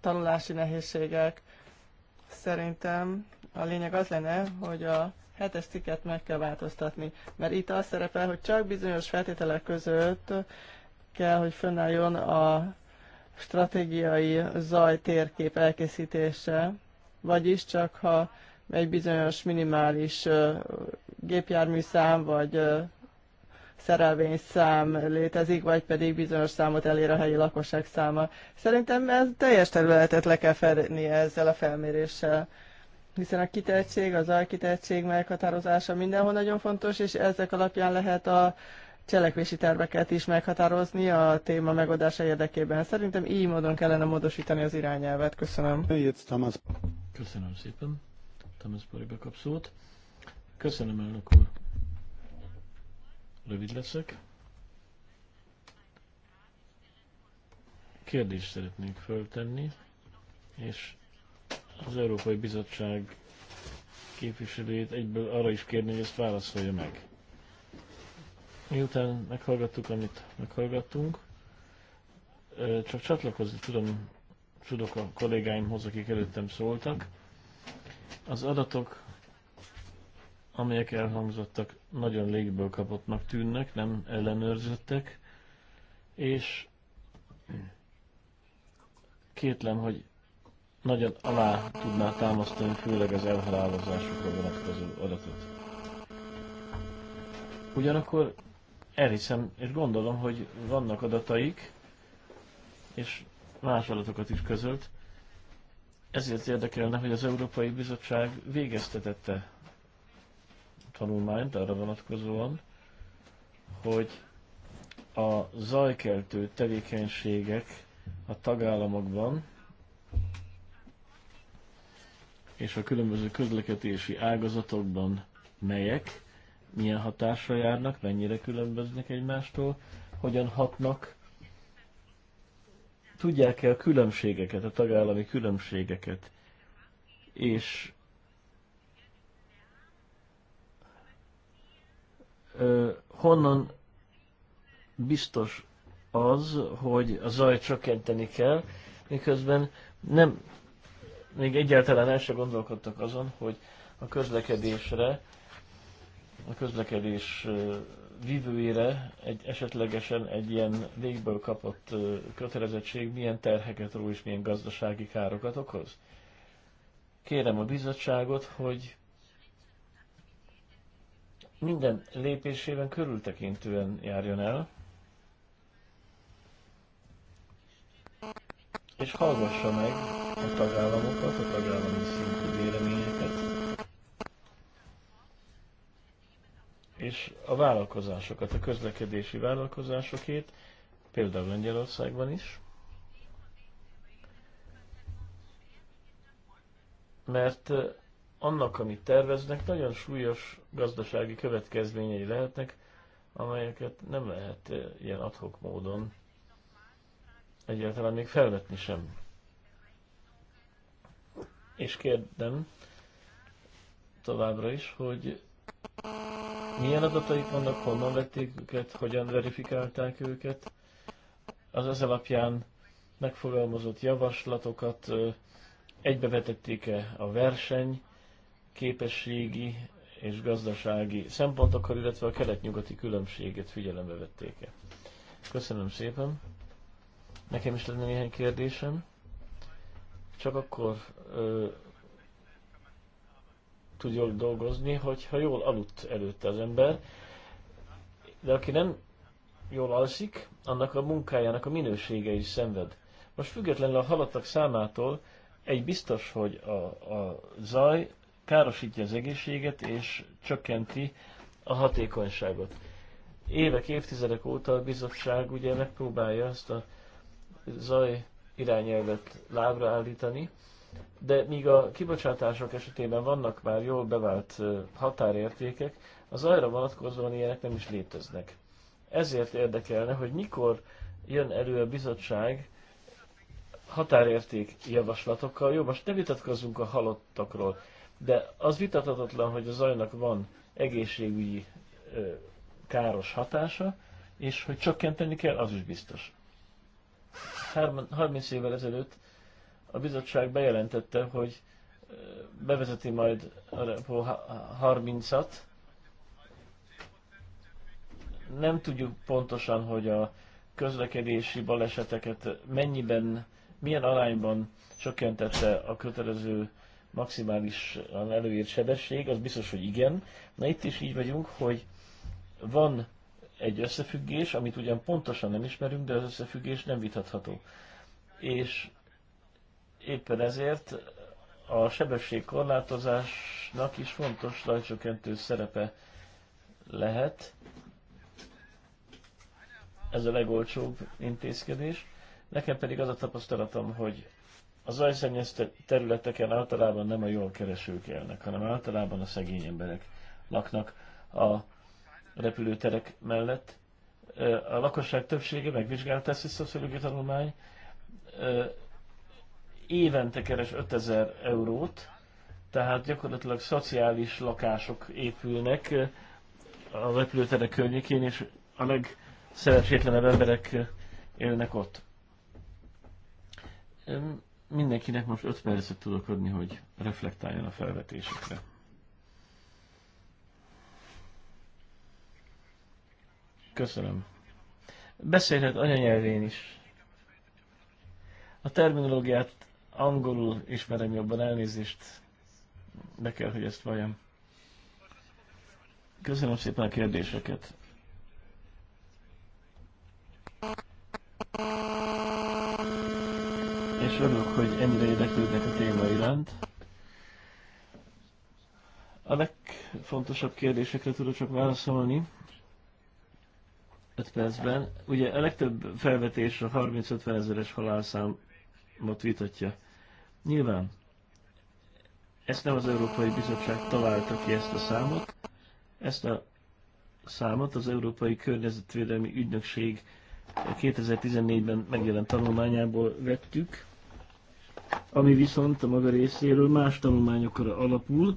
tanulási nehézségek. Szerintem a lényeg az lenne, hogy a hetes cikket meg kell változtatni, mert itt az szerepel, hogy csak bizonyos feltételek között kell, hogy fönnálljon a stratégiai zaj térkép elkészítése, vagyis csak ha egy bizonyos minimális gépjárműszám vagy szerelvényszám létezik, vagy pedig bizonyos számot elér a helyi lakosság száma. Szerintem ez teljes területet le kell fedni ezzel a felméréssel hiszen a kitettség, az alkitettség meghatározása mindenhol nagyon fontos, és ezek alapján lehet a cselekvési terveket is meghatározni a téma megoldása érdekében. Szerintem így módon kellene módosítani az irányelvet. Köszönöm. Köszönöm szépen. Thomas Boribe kap szót. Köszönöm, elnök úr. Rövid leszek. Kérdést szeretnék föltenni, és az Európai Bizottság képviselőjét egyből arra is kérni, hogy ezt válaszolja meg. Miután meghallgattuk, amit meghallgattunk, csak csatlakozni tudom, tudok a kollégáimhoz, akik előttem szóltak. Az adatok amelyek elhangzottak, nagyon légből kapottnak tűnnek, nem ellenőrzöttek, és kétlem, hogy nagyon alá tudná támasztani, főleg az elhalálozásokra vonatkozó adatot. Ugyanakkor elhiszem, és gondolom, hogy vannak adataik, és más adatokat is közölt, ezért érdekelne, hogy az Európai Bizottság végeztetette tanulmányt arra vonatkozóan, hogy a zajkeltő tevékenységek a tagállamokban és a különböző közlekedési ágazatokban melyek, milyen hatásra járnak, mennyire különböznek egymástól, hogyan hatnak, tudják-e a különbségeket, a tagállami különbségeket, és honnan biztos az, hogy a zaj csökkenteni kell, miközben nem, még egyáltalán el sem gondolkodtak azon, hogy a közlekedésre, a közlekedés vívőire egy esetlegesen egy ilyen légből kapott kötelezettség milyen terheket ró és milyen gazdasági károkat okoz. Kérem a bizottságot, hogy minden lépésében körültekintően járjon el, és hallgassa meg a tagállamokat, a tagállami szintű véleményeket, és a vállalkozásokat, a közlekedési vállalkozásokét, például Lengyelországban is, mert annak, amit terveznek, nagyon súlyos gazdasági következményei lehetnek, amelyeket nem lehet eh, ilyen adhok módon egyáltalán még felvetni sem. És kérdem továbbra is, hogy milyen adataik vannak, honnan vették őket, hogyan verifikálták őket, az ez alapján megfogalmazott javaslatokat eh, egybevetették-e a verseny képességi és gazdasági szempontokkal, illetve a kelet-nyugati különbséget figyelembe vették-e. Köszönöm szépen. Nekem is lenne néhány kérdésem. Csak akkor ö, tud jól dolgozni, hogyha jól aludt előtte az ember. De aki nem jól alszik, annak a munkájának a minősége is szenved. Most függetlenül a halottak számától egy biztos, hogy a, a zaj, károsítja az egészséget és csökkenti a hatékonyságot. Évek, évtizedek óta a bizottság ugye megpróbálja ezt a zaj irányelvet lábra állítani, de míg a kibocsátások esetében vannak már jól bevált határértékek, az zajra vonatkozóan ilyenek nem is léteznek. Ezért érdekelne, hogy mikor jön elő a bizottság határérték javaslatokkal. Jó, most ne vitatkozzunk a halottakról. De az vitathatatlan, hogy a zajnak van egészségügyi ö, káros hatása, és hogy csökkenteni kell, az is biztos. 30 évvel ezelőtt a bizottság bejelentette, hogy bevezeti majd a 30-at. Nem tudjuk pontosan, hogy a közlekedési baleseteket mennyiben, milyen arányban csökkentette a kötelező maximálisan előírt sebesség, az biztos, hogy igen. Na itt is így vagyunk, hogy van egy összefüggés, amit ugyan pontosan nem ismerünk, de az összefüggés nem vitatható. És éppen ezért a sebességkorlátozásnak is fontos lajcsökkentő szerepe lehet. Ez a legolcsóbb intézkedés. Nekem pedig az a tapasztalatom, hogy a zajszennyezte területeken általában nem a jól keresők élnek, hanem általában a szegény emberek laknak a repülőterek mellett. A lakosság többsége, megvizsgálta ezt a szociológiai tanulmány, évente keres 5000 eurót, tehát gyakorlatilag szociális lakások épülnek a repülőterek környékén, és a legszerencsétlenebb emberek élnek ott. Mindenkinek most 5 percet tudok adni, hogy reflektáljon a felvetésekre. Köszönöm. Beszélhet anyanyelvén is. A terminológiát angolul ismerem jobban, elnézést. Be kell, hogy ezt valljam. Köszönöm szépen a kérdéseket és örülök, hogy ennyire érdeklődnek a téma iránt. A legfontosabb kérdésekre tudok csak válaszolni. 5 percben. Ugye a legtöbb felvetés a 30-50 ezeres halálszámot vitatja. Nyilván, ezt nem az Európai Bizottság találta ki ezt a számot, ezt a számot az Európai Környezetvédelmi Ügynökség 2014-ben megjelent tanulmányából vettük ami viszont a maga részéről más tanulmányokra alapul,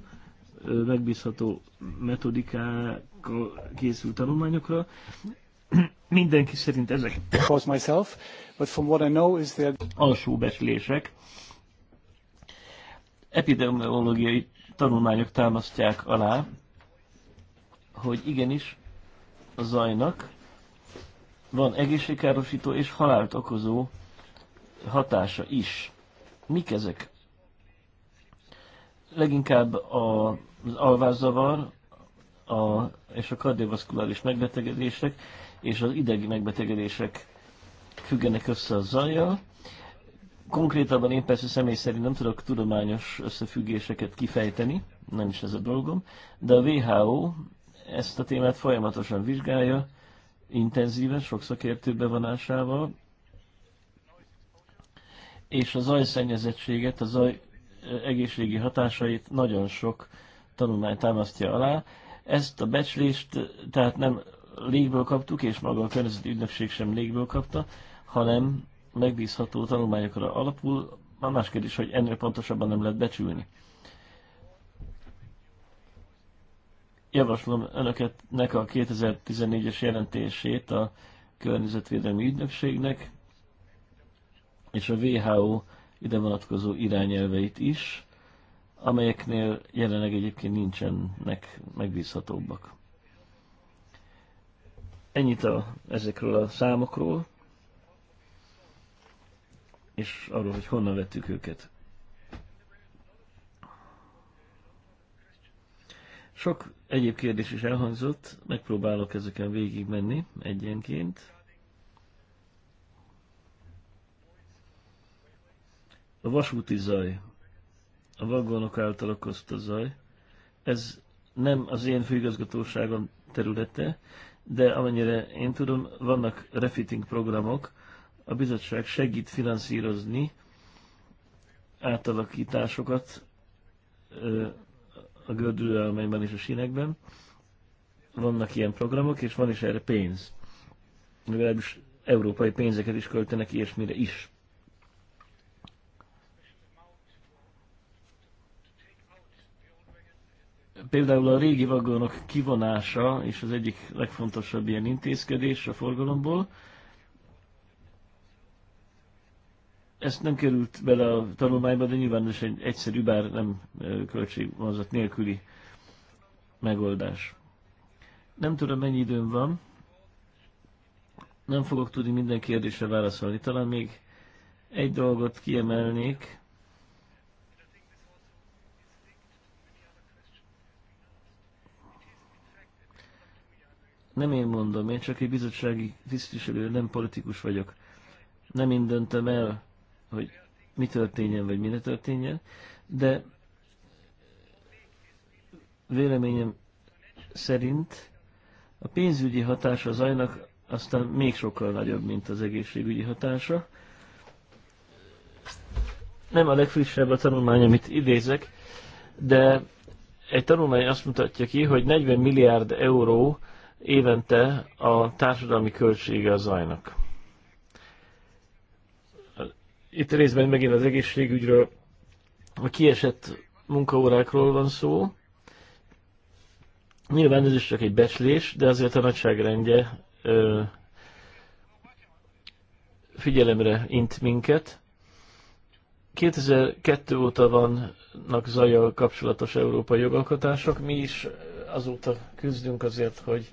megbízható metodikákkal készült tanulmányokra. Mindenki szerint ezek myself, but from what I know is that... alsó becslések, epidemiológiai tanulmányok támasztják alá, hogy igenis a zajnak van egészségkárosító és halált okozó hatása is. Mik ezek? Leginkább a, az alvászavar a, és a kardiovaszkuláris megbetegedések és az idegi megbetegedések függenek össze a zajjal. Konkrétabban én persze személy szerint nem tudok tudományos összefüggéseket kifejteni, nem is ez a dolgom, de a WHO ezt a témát folyamatosan vizsgálja, intenzíven, sok szakértő bevonásával, és a zajszennyezettséget, a zaj egészségi hatásait nagyon sok tanulmány támasztja alá. Ezt a becslést tehát nem légből kaptuk, és maga a környezeti ügynökség sem légből kapta, hanem megbízható tanulmányokra alapul. Már más kérdés, hogy ennél pontosabban nem lehet becsülni. Javaslom önöketnek a 2014-es jelentését a környezetvédelmi ügynökségnek, és a WHO ide vonatkozó irányelveit is, amelyeknél jelenleg egyébként nincsenek megbízhatóbbak. Ennyit a, ezekről a számokról, és arról, hogy honnan vettük őket. Sok egyéb kérdés is elhangzott, megpróbálok ezeken végigmenni egyenként. A vasúti zaj, a vagonok által okozta zaj, ez nem az én főigazgatóságom területe, de amennyire én tudom, vannak refitting programok, a bizottság segít finanszírozni átalakításokat a gördülőállományban és a sínekben. Vannak ilyen programok, és van is erre pénz. Legalábbis európai pénzeket is költenek ilyesmire is. Például a régi vagonok kivonása és az egyik legfontosabb ilyen intézkedés a forgalomból. Ezt nem került bele a tanulmányba, de nyilván ez egy egyszerű, bár nem költségvonzat nélküli megoldás. Nem tudom, mennyi időm van. Nem fogok tudni minden kérdésre válaszolni. Talán még egy dolgot kiemelnék, Nem én mondom, én csak egy bizottsági tisztviselő, nem politikus vagyok. Nem én döntöm el, hogy mi történjen, vagy mi ne történjen, de véleményem szerint a pénzügyi hatása zajnak aztán még sokkal nagyobb, mint az egészségügyi hatása. Nem a legfrissebb a tanulmány, amit idézek, de egy tanulmány azt mutatja ki, hogy 40 milliárd euró évente a társadalmi költsége a zajnak. Itt részben megint az egészségügyről, a kiesett munkaórákról van szó. Nyilván ez is csak egy becslés, de azért a nagyságrendje ö, figyelemre int minket. 2002 óta vannak zajjal kapcsolatos európai jogalkotások. Mi is azóta küzdünk azért, hogy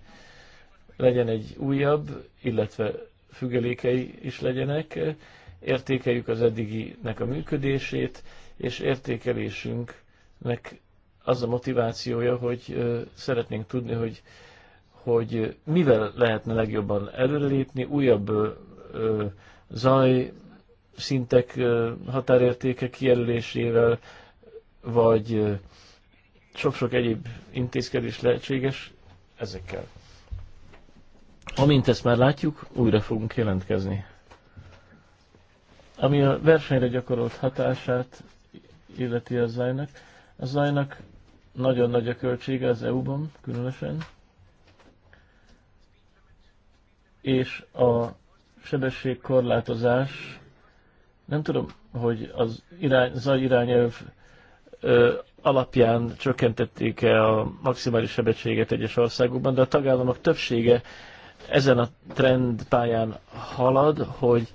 legyen egy újabb, illetve függelékei is legyenek, értékeljük az eddiginek a működését, és értékelésünknek az a motivációja, hogy szeretnénk tudni, hogy, hogy mivel lehetne legjobban előrelépni, újabb zaj szintek határértékek kijelölésével, vagy sok-sok egyéb intézkedés lehetséges ezekkel. Amint ezt már látjuk, újra fogunk jelentkezni. Ami a versenyre gyakorolt hatását illeti a zajnak, a zajnak nagyon nagy a költsége az EU-ban különösen, és a sebességkorlátozás, nem tudom, hogy az irány, zaj irányelv ö, alapján csökkentették-e a maximális sebességet egyes országokban, de a tagállamok többsége ezen a trend pályán halad, hogy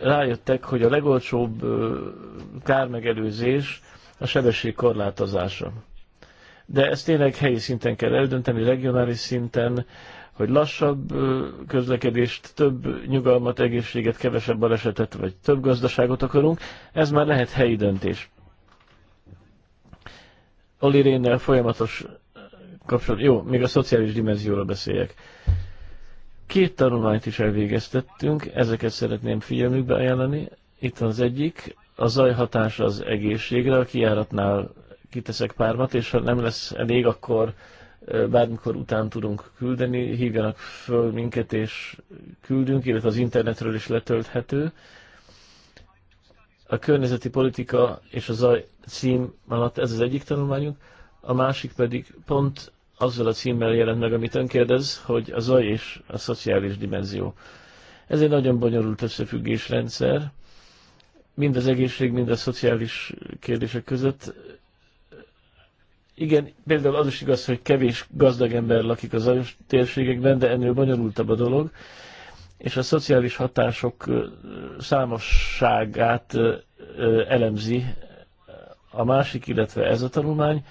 rájöttek, hogy a legolcsóbb kármegelőzés a sebesség korlátozása. De ezt tényleg helyi szinten kell eldönteni, regionális szinten, hogy lassabb közlekedést, több nyugalmat, egészséget, kevesebb balesetet, vagy több gazdaságot akarunk, ez már lehet helyi döntés. Oli Rénnel folyamatos kapcsolat. Jó, még a szociális dimenzióról beszéljek. Két tanulmányt is elvégeztettünk, ezeket szeretném figyelmükbe ajánlani. Itt az egyik, a zajhatás az egészségre, a kiáratnál kiteszek pármat, és ha nem lesz elég, akkor bármikor után tudunk küldeni, hívjanak föl minket, és küldünk, illetve az internetről is letölthető a környezeti politika és a zaj cím alatt ez az egyik tanulmányunk, a másik pedig pont azzal a címmel jelent meg, amit ön kérdez, hogy a zaj és a szociális dimenzió. Ez egy nagyon bonyolult összefüggésrendszer, mind az egészség, mind a szociális kérdések között. Igen, például az is igaz, hogy kevés gazdag ember lakik a zajos térségekben, de ennél bonyolultabb a dolog és a szociális hatások számosságát elemzi a másik, illetve ez a tanulmány.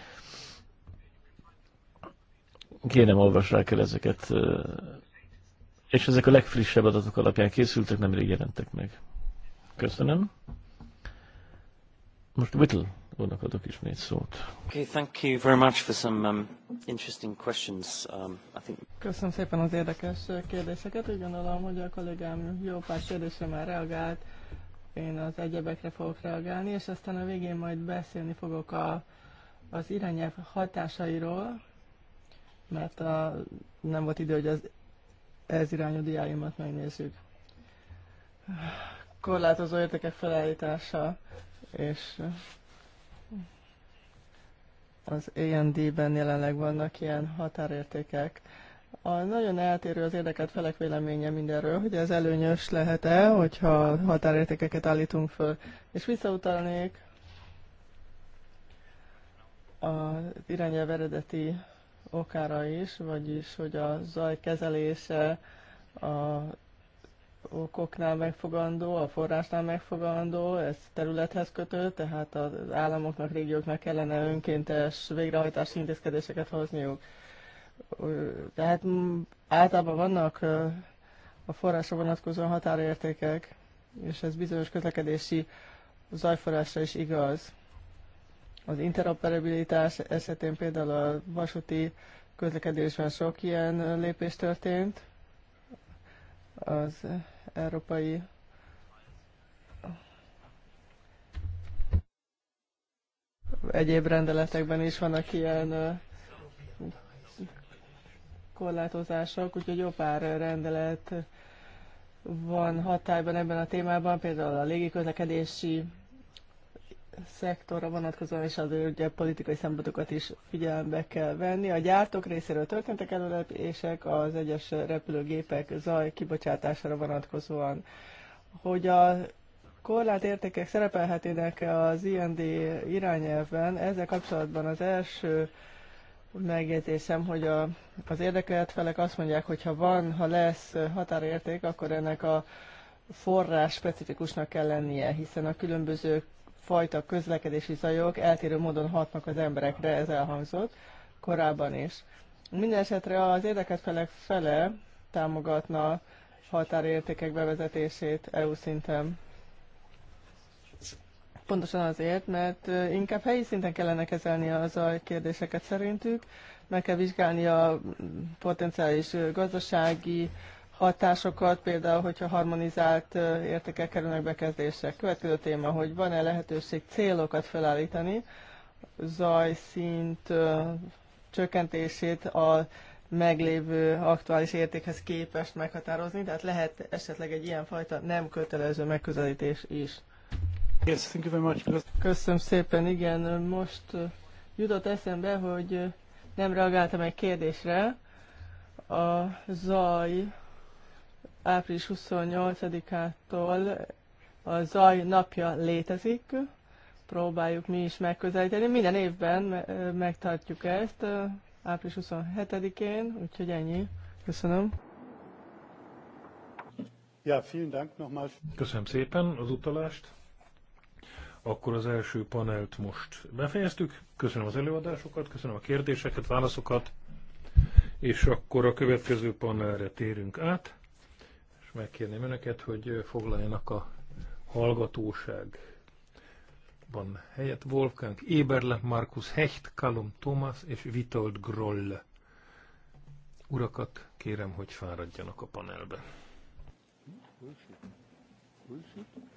Kéne olvassák el ezeket. És ezek a legfrissebb adatok alapján készültek, nemrég jelentek meg. Köszönöm. Most Whittle úrnak adok ismét szót. Okay, thank you very much for some um, interesting questions. Um, I think... Köszönöm szépen az érdekes kérdéseket. Úgy gondolom, hogy a kollégám jó pár kérdésre már reagált. Én az egyebekre fogok reagálni, és aztán a végén majd beszélni fogok a, az irányelv hatásairól, mert a, nem volt idő, hogy az ez irányú diáimat megnézzük. Korlátozó értékek felállítása és az END-ben jelenleg vannak ilyen határértékek. A nagyon eltérő az érdekelt felek véleménye mindenről, hogy ez előnyös lehet-e, hogyha határértékeket állítunk föl. És visszautalnék a irányelv eredeti okára is, vagyis hogy a zaj kezelése, a okoknál megfogandó, a forrásnál megfogandó, ez területhez kötő, tehát az államoknak, régióknak kellene önkéntes végrehajtási intézkedéseket hozniuk. Tehát általában vannak a forrásra vonatkozó határértékek, és ez bizonyos közlekedési zajforrásra is igaz. Az interoperabilitás esetén például a vasúti közlekedésben sok ilyen lépés történt, az európai egyéb rendeletekben is vannak ilyen korlátozások, úgyhogy jó pár rendelet van hatályban ebben a témában, például a légiközlekedési szektorra vonatkozóan és az ugye politikai szempontokat is figyelembe kell venni. A gyártók részéről történtek előlepések az egyes repülőgépek zaj kibocsátására vonatkozóan. Hogy a értékek szerepelhetének az IND irányelven, ezzel kapcsolatban az első megjegyzésem, hogy a, az érdekelt felek azt mondják, hogy ha van, ha lesz határérték, akkor ennek a forrás specifikusnak kell lennie, hiszen a különböző fajta közlekedési zajok eltérő módon hatnak az emberekre, ez elhangzott korábban is. Minden esetre az érdeket felek fele támogatna határértékek bevezetését EU szinten. Pontosan azért, mert inkább helyi szinten kellene kezelni a kérdéseket szerintük, meg kell vizsgálni a potenciális gazdasági, hatásokat, például, hogyha harmonizált értékek kerülnek bekezdésre. Következő téma, hogy van-e lehetőség célokat felállítani, zajszint csökkentését a meglévő aktuális értékhez képest meghatározni, tehát lehet esetleg egy ilyen fajta nem kötelező megközelítés is. Yes, thank you very much. Köszönöm szépen, igen, most jutott eszembe, hogy nem reagáltam egy kérdésre. A zaj április 28-ától a zaj napja létezik, próbáljuk mi is megközelíteni. Minden évben megtartjuk ezt, április 27-én, úgyhogy ennyi. Köszönöm. Ja, vielen Dank nochmal. Köszönöm szépen az utalást. Akkor az első panelt most befejeztük. Köszönöm az előadásokat, köszönöm a kérdéseket, válaszokat, és akkor a következő panelre térünk át és megkérném önöket, hogy foglaljanak a hallgatóságban helyet. Wolfgang Eberle, Markus Hecht, Kalum Thomas és Vitold Groll. Urakat kérem, hogy fáradjanak a panelbe. Bullshit. Bullshit.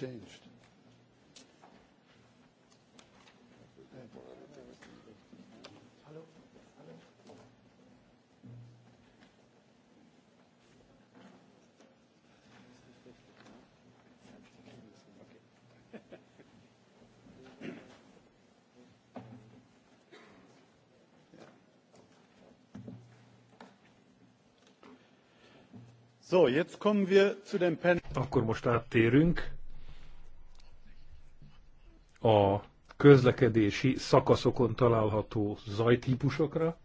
changed. So, jetzt kommen wir zu dem Panel. Akkor most áttérünk a közlekedési szakaszokon található zajtípusokra.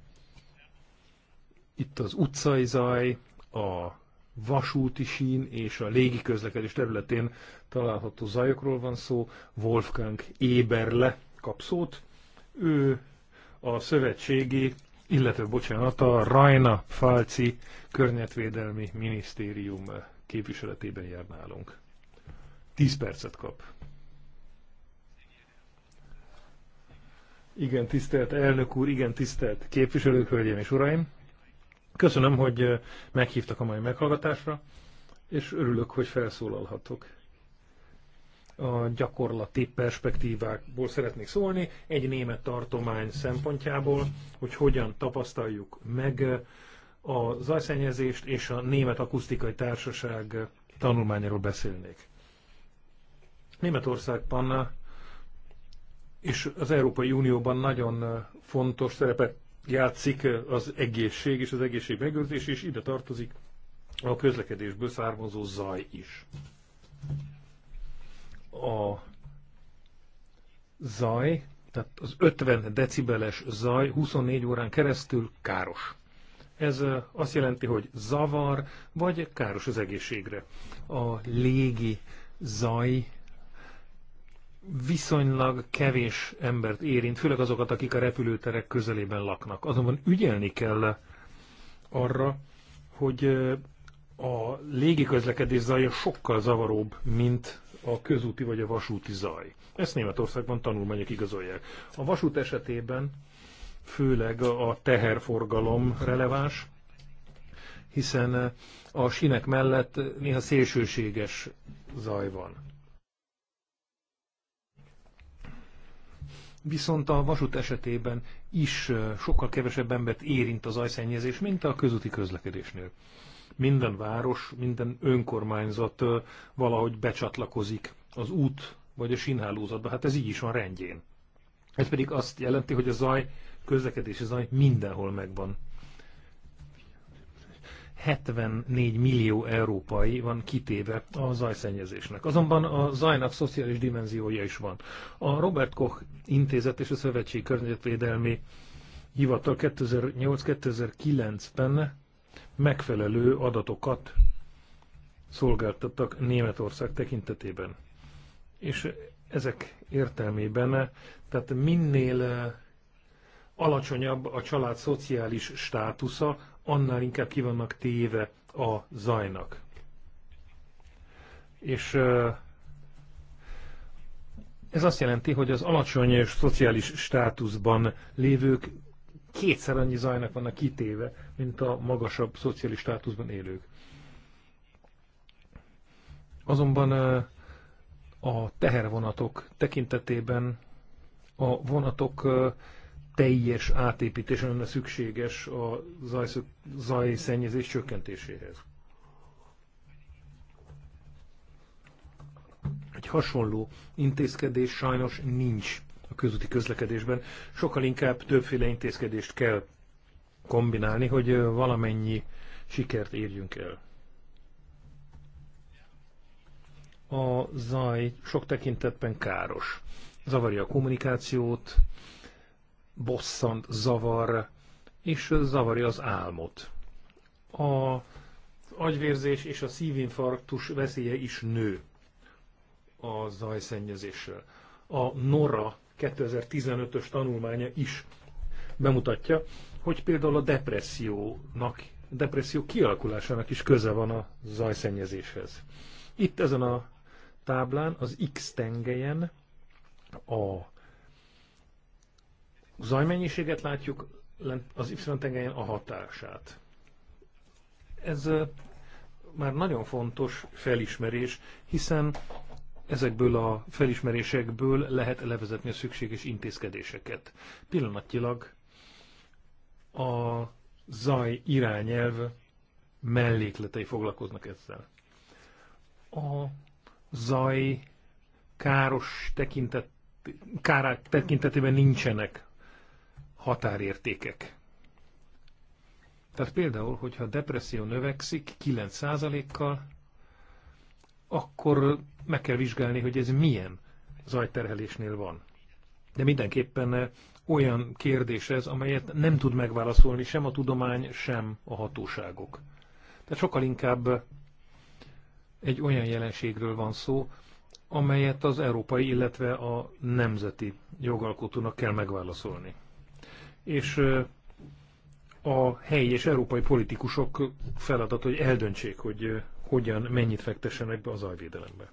Itt az utcai zaj, a vasúti sín és a légi közlekedés területén található zajokról van szó. Wolfgang Éberle kapszót. Ő a szövetségi, illetve bocsánat, a Rajna Falci Környezetvédelmi Minisztérium képviseletében jár nálunk. 10 percet kap. Igen, tisztelt elnök úr, igen, tisztelt képviselők, hölgyeim és uraim. Köszönöm, hogy meghívtak a mai meghallgatásra, és örülök, hogy felszólalhatok. A gyakorlati perspektívákból szeretnék szólni, egy német tartomány szempontjából, hogy hogyan tapasztaljuk meg a zajszennyezést, és a Német Akusztikai Társaság tanulmányáról beszélnék. Németországban és az Európai Unióban nagyon fontos szerepet játszik az egészség és az egészség megőrzés, és ide tartozik a közlekedésből származó zaj is. A zaj, tehát az 50 decibeles zaj 24 órán keresztül káros. Ez azt jelenti, hogy zavar, vagy káros az egészségre. A légi zaj viszonylag kevés embert érint, főleg azokat, akik a repülőterek közelében laknak. Azonban ügyelni kell arra, hogy eh, a közlekedés zajja sokkal zavaróbb, mint a közúti vagy a vasúti zaj. Ezt Németországban tanulmányok igazolják. A vasút esetében főleg a teherforgalom releváns, hiszen eh, a sinek mellett néha szélsőséges zaj van. viszont a vasút esetében is sokkal kevesebb embert érint az ajszennyezés, mint a közúti közlekedésnél. Minden város, minden önkormányzat valahogy becsatlakozik az út vagy a sínhálózatba, hát ez így is van rendjén. Ez pedig azt jelenti, hogy a zaj, közlekedési zaj mindenhol megvan. 74 millió európai van kitéve a zajszennyezésnek. Azonban a zajnak szociális dimenziója is van. A Robert Koch Intézet és a Szövetségi Környezetvédelmi Hivatal 2008-2009-ben megfelelő adatokat szolgáltattak Németország tekintetében. És ezek értelmében, tehát minél eh, alacsonyabb a család szociális státusza, annál inkább ki vannak téve a zajnak. És ez azt jelenti, hogy az alacsony szociális státuszban lévők kétszer annyi zajnak vannak kitéve, mint a magasabb szociális státuszban élők. Azonban a tehervonatok tekintetében a vonatok teljes átépítés lenne szükséges a zajszennyezés csökkentéséhez. Egy hasonló intézkedés sajnos nincs a közúti közlekedésben. Sokkal inkább többféle intézkedést kell kombinálni, hogy valamennyi sikert érjünk el. A zaj sok tekintetben káros. Zavarja a kommunikációt, bosszant, zavar, és zavarja az álmot. A agyvérzés és a szívinfarktus veszélye is nő a zajszennyezéssel. A NORA 2015-ös tanulmánya is bemutatja, hogy például a depressziónak, depresszió kialakulásának is köze van a zajszennyezéshez. Itt ezen a táblán az X tengelyen a zajmennyiséget látjuk, az Y-tengelyen a hatását. Ez már nagyon fontos felismerés, hiszen ezekből a felismerésekből lehet levezetni a szükséges intézkedéseket. Pillanatilag a zaj irányelv mellékletei foglalkoznak ezzel. A zaj káros tekintet, kárák tekintetében nincsenek határértékek. Tehát például, hogyha a depresszió növekszik 9%-kal, akkor meg kell vizsgálni, hogy ez milyen zajterhelésnél van. De mindenképpen olyan kérdés ez, amelyet nem tud megválaszolni sem a tudomány, sem a hatóságok. Tehát sokkal inkább egy olyan jelenségről van szó, amelyet az európai, illetve a nemzeti jogalkotónak kell megválaszolni és a helyi és európai politikusok feladat, hogy eldöntsék, hogy hogyan, mennyit fektessenek be az ajvédelembe.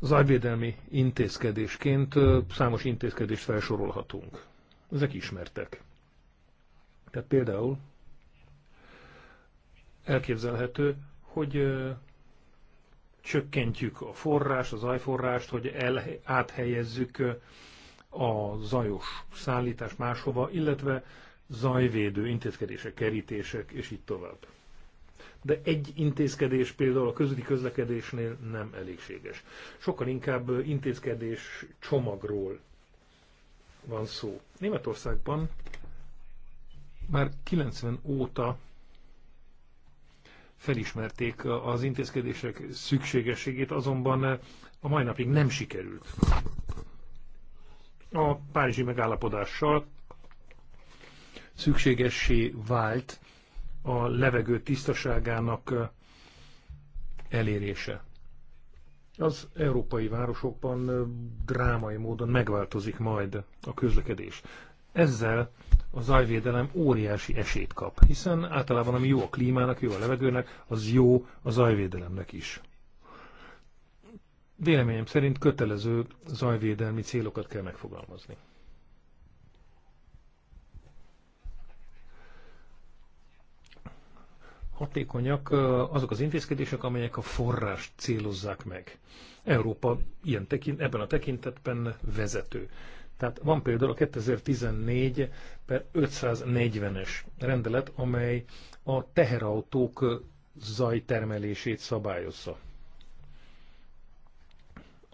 Zajvédelmi intézkedésként számos intézkedést felsorolhatunk. Ezek ismertek. Tehát például elképzelhető, hogy csökkentjük a forrást, az ajforrást, hogy el, áthelyezzük a zajos szállítás máshova, illetve zajvédő intézkedések, kerítések, és így tovább. De egy intézkedés például a közüli közlekedésnél nem elégséges. Sokkal inkább intézkedés csomagról van szó. Németországban már 90 óta felismerték az intézkedések szükségességét, azonban a mai napig nem sikerült a párizsi megállapodással szükségessé vált a levegő tisztaságának elérése. Az európai városokban drámai módon megváltozik majd a közlekedés. Ezzel a zajvédelem óriási esélyt kap, hiszen általában ami jó a klímának, jó a levegőnek, az jó a zajvédelemnek is. Véleményem szerint kötelező zajvédelmi célokat kell megfogalmazni. Hatékonyak azok az intézkedések, amelyek a forrást célozzák meg. Európa ilyen tekint, ebben a tekintetben vezető. Tehát van például a 2014 per 540-es rendelet, amely a teherautók zajtermelését szabályozza.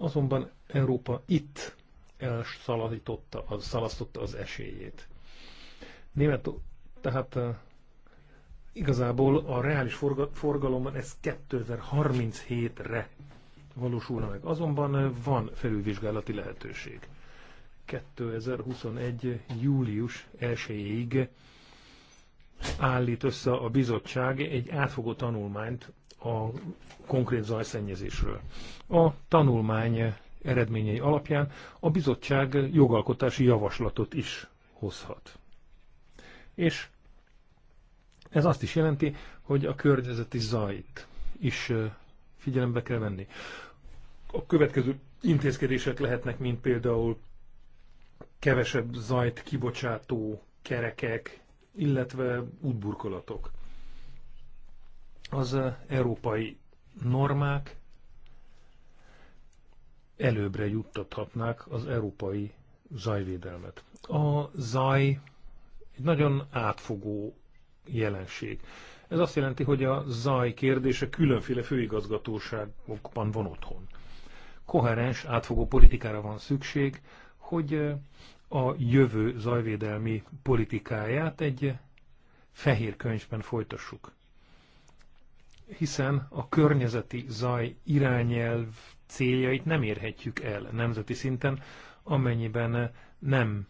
Azonban Európa itt elszalasztotta az, szalasztotta az esélyét. Német, tehát eh, igazából a reális forgalomban ez 2037-re valósulna meg. Azonban eh, van felülvizsgálati lehetőség. 2021. július 1-ig állít össze a bizottság egy átfogó tanulmányt a konkrét zajszennyezésről. A tanulmány eredményei alapján a bizottság jogalkotási javaslatot is hozhat. És ez azt is jelenti, hogy a környezeti zajt is figyelembe kell venni. A következő intézkedések lehetnek, mint például kevesebb zajt kibocsátó kerekek, illetve útburkolatok az európai normák előbbre juttathatnák az európai zajvédelmet. A zaj egy nagyon átfogó jelenség. Ez azt jelenti, hogy a zaj kérdése különféle főigazgatóságokban van otthon. Koherens, átfogó politikára van szükség, hogy a jövő zajvédelmi politikáját egy fehér könyvben folytassuk hiszen a környezeti zaj irányelv céljait nem érhetjük el nemzeti szinten, amennyiben nem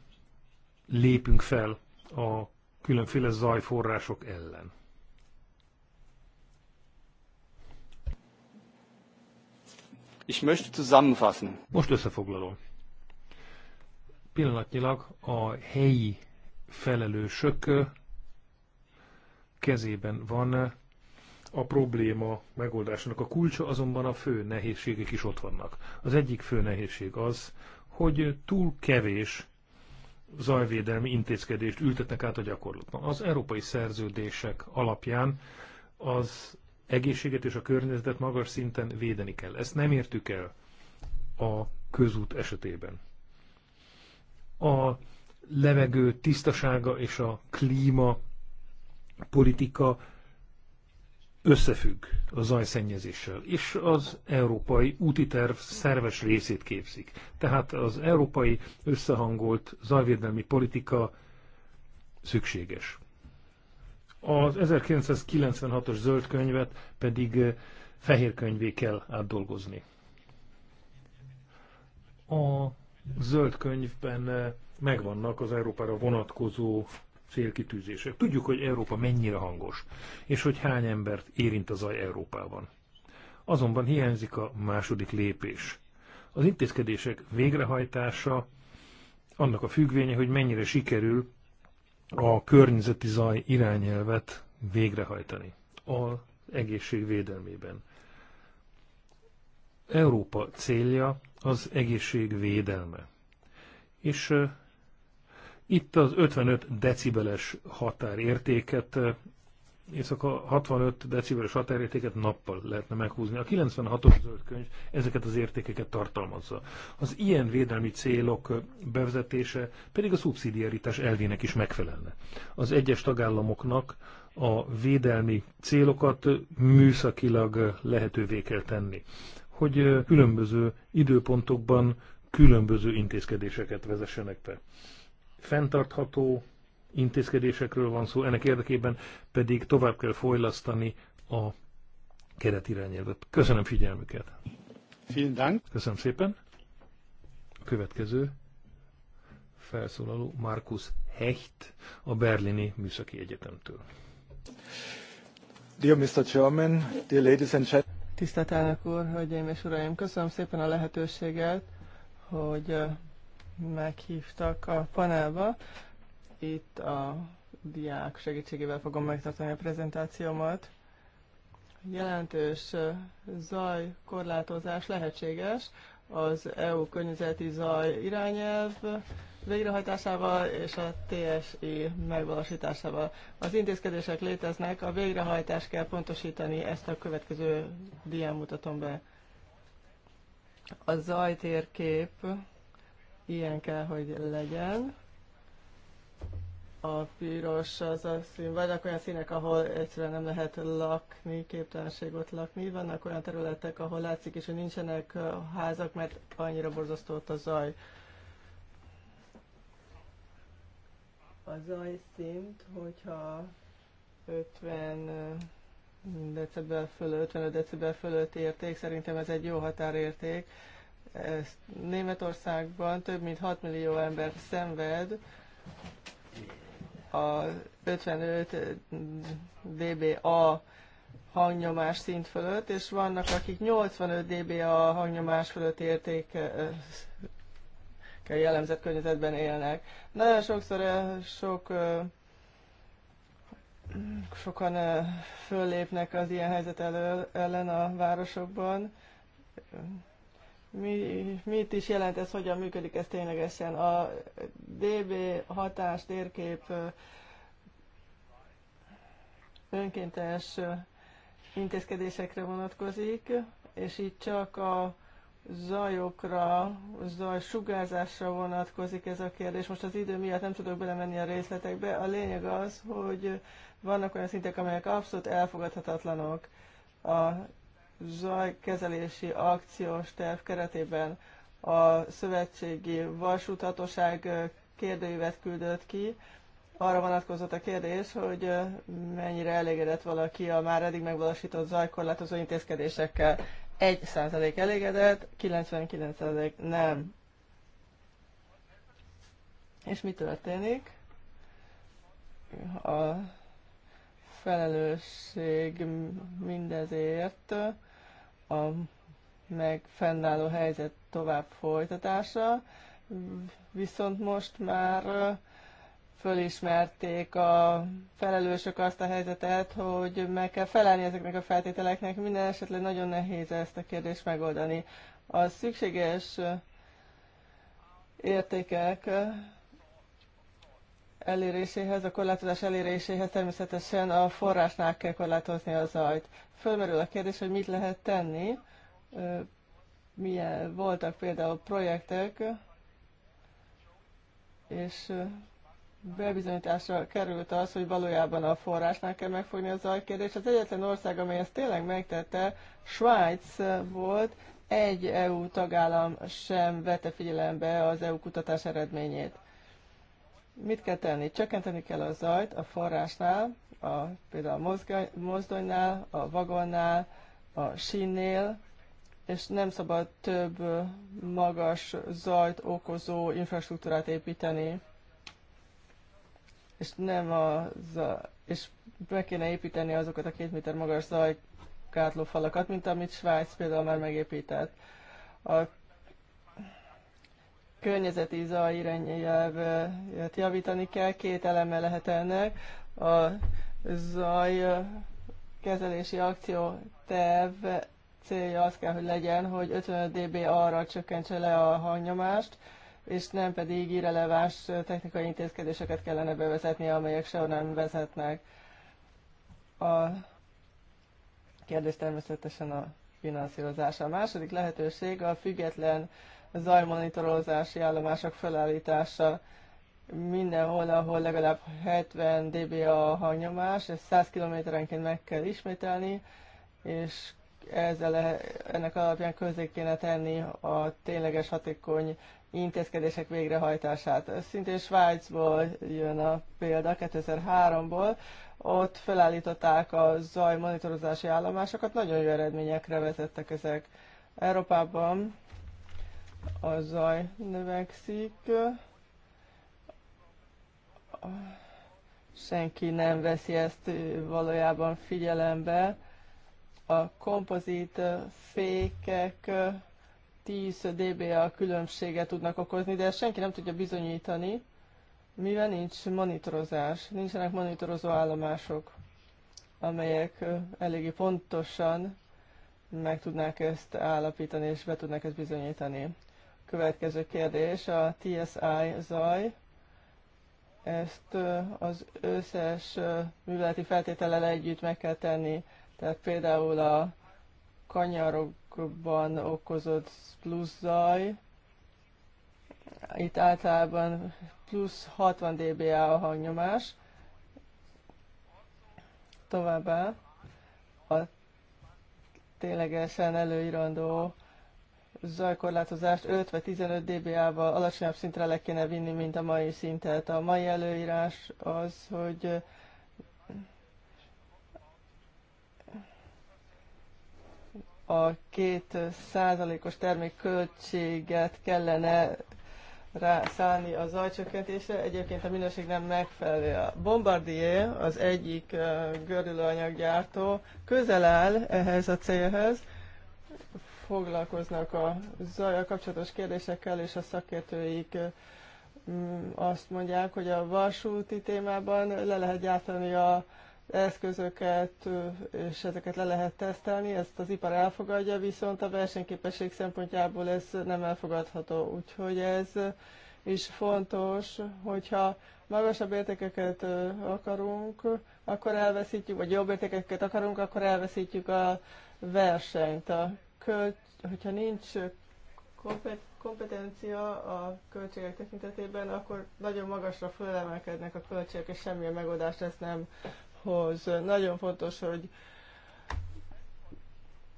lépünk fel a különféle zajforrások ellen. Ich möchte zusammenfassen. Most összefoglalom. Pillanatnyilag a helyi felelősök kezében van a probléma megoldásának. A kulcsa azonban a fő nehézségek is ott vannak. Az egyik fő nehézség az, hogy túl kevés zajvédelmi intézkedést ültetnek át a gyakorlatban. Az európai szerződések alapján az egészséget és a környezetet magas szinten védeni kell. Ezt nem értük el a közút esetében. A levegő tisztasága és a klíma politika összefügg a zajszennyezéssel, és az európai úti terv szerves részét képzik. Tehát az európai összehangolt zajvédelmi politika szükséges. Az 1996-os zöld könyvet pedig eh, fehér könyvé kell átdolgozni. A zöld könyvben eh, megvannak az Európára vonatkozó célkitűzések. Tudjuk, hogy Európa mennyire hangos, és hogy hány embert érint a zaj Európában. Azonban hiányzik a második lépés. Az intézkedések végrehajtása annak a függvénye, hogy mennyire sikerül a környezeti zaj irányelvet végrehajtani az egészség védelmében. Európa célja az egészség védelme. És itt az 55 decibeles határértéket, és a 65 decibeles határértéket nappal lehetne meghúzni. A 96-os zöld könyv ezeket az értékeket tartalmazza. Az ilyen védelmi célok bevezetése pedig a szubszidiaritás elvének is megfelelne. Az egyes tagállamoknak a védelmi célokat műszakilag lehetővé kell tenni, hogy eh, különböző időpontokban különböző intézkedéseket vezessenek be. Fenntartható intézkedésekről van szó, ennek érdekében pedig tovább kell folylasztani a keretirányelvet. Köszönöm figyelmüket! Vielen Dank. Köszönöm szépen! A következő felszólaló Markus Hecht a Berlini Műszaki Egyetemtől. Dear Mr. Chairman, dear ladies and gentlemen. Tisztelt elnök úr, hölgyeim és uraim, köszönöm szépen a lehetőséget, hogy meghívtak a panelba. Itt a diák segítségével fogom megtartani a prezentációmat. Jelentős zaj korlátozás lehetséges az EU környezeti zaj irányelv végrehajtásával és a TSI megvalósításával. Az intézkedések léteznek, a végrehajtást kell pontosítani, ezt a következő dián mutatom be. A zajtérkép ilyen kell, hogy legyen. A piros az a szín, vannak olyan színek, ahol egyszerűen nem lehet lakni, képtelenség ott lakni. Vannak olyan területek, ahol látszik is, hogy nincsenek házak, mert annyira borzasztó ott a zaj. A zaj szint, hogyha 50 decibel fölött, 55 decibel fölött érték, szerintem ez egy jó határérték Németországban több mint 6 millió ember szenved a 55 mm, dBA hangnyomás szint fölött, és vannak, akik 85 dBA hangnyomás fölött értékkel jellemzett környezetben élnek. Nagyon sokszor eh, sok eh, sokan eh, föllépnek az ilyen helyzet elől, ellen a városokban, mi, mit is jelent ez, hogyan működik ez ténylegesen. A DB hatás térkép önkéntes intézkedésekre vonatkozik, és itt csak a zajokra, zaj sugárzásra vonatkozik ez a kérdés. Most az idő miatt nem tudok belemenni a részletekbe. A lényeg az, hogy vannak olyan szintek, amelyek abszolút elfogadhatatlanok. A zajkezelési akciós terv keretében a Szövetségi Vasúthatóság kérdőívet küldött ki. Arra vonatkozott a kérdés, hogy mennyire elégedett valaki a már eddig megvalósított zajkorlátozó intézkedésekkel. 1% elégedett, 99% nem. És mi történik? A felelősség mindezért a meg fennálló helyzet tovább folytatása, viszont most már fölismerték a felelősök azt a helyzetet, hogy meg kell felelni ezeknek a feltételeknek, minden esetleg nagyon nehéz ezt a kérdést megoldani. A szükséges értékek eléréséhez, a korlátozás eléréséhez természetesen a forrásnál kell korlátozni a zajt. Fölmerül a kérdés, hogy mit lehet tenni. Milyen voltak például projektek, és bebizonyításra került az, hogy valójában a forrásnál kell megfogni a zajkérdést. Az egyetlen ország, amely ezt tényleg megtette, Svájc volt, egy EU tagállam sem vette figyelembe az EU kutatás eredményét. Mit kell tenni? Csökkenteni kell a zajt a forrásnál, a, például a mozdonynál, a vagonnál, a sínnél, és nem szabad több magas zajt okozó infrastruktúrát építeni, és nem a, és be kéne építeni azokat a két méter magas falakat, mint amit Svájc például már megépített. A környezeti zaj irányelvet javítani kell, két eleme lehet ennek. A zaj kezelési akció terv célja az kell, hogy legyen, hogy 55 dB arra csökkentse le a hangnyomást, és nem pedig irreleváns technikai intézkedéseket kellene bevezetni, amelyek sehol nem vezetnek. A kérdés természetesen a finanszírozás. A második lehetőség a független zajmonitorozási állomások felállítása mindenhol, ahol legalább 70 db a hangnyomás, ezt 100 km-enként meg kell ismételni, és ezzel ennek alapján közé kéne tenni a tényleges hatékony intézkedések végrehajtását. Szintén Svájcból jön a példa, 2003-ból, ott felállították a zaj monitorozási állomásokat, nagyon jó eredményekre vezettek ezek. Európában a zaj növekszik, senki nem veszi ezt valójában figyelembe. A kompozit fékek 10 a különbséget tudnak okozni, de senki nem tudja bizonyítani, mivel nincs monitorozás, nincsenek monitorozó állomások, amelyek eléggé pontosan meg tudnák ezt állapítani és be tudnák ezt bizonyítani. Következő kérdés, a TSI zaj. Ezt az összes műveleti feltétellel együtt meg kell tenni, tehát például a kanyarokban okozott plusz zaj, itt általában plusz 60 dBA a hangnyomás. Továbbá a ténylegesen előírandó zajkorlátozást 5 vagy 15 dBA-val alacsonyabb szintre le kéne vinni, mint a mai szintet. A mai előírás az, hogy a két százalékos termékköltséget kellene rászállni a zajcsökkentésre. Egyébként a minőség nem megfelelő. A Bombardier, az egyik eh, görülőanyaggyártó, közel áll ehhez a célhez, foglalkoznak a zajjal kapcsolatos kérdésekkel, és a szakértőik mm, azt mondják, hogy a vasúti témában le lehet gyártani a eszközöket, és ezeket le lehet tesztelni, ezt az ipar elfogadja, viszont a versenyképesség szempontjából ez nem elfogadható. Úgyhogy ez is fontos, hogyha magasabb értékeket akarunk, akkor elveszítjük, vagy jobb értékeket akarunk, akkor elveszítjük a versenyt, a költ, hogyha nincs kompetencia a költségek tekintetében, akkor nagyon magasra fölemelkednek a költségek, és semmilyen megoldást ezt nem hoz. Nagyon fontos, hogy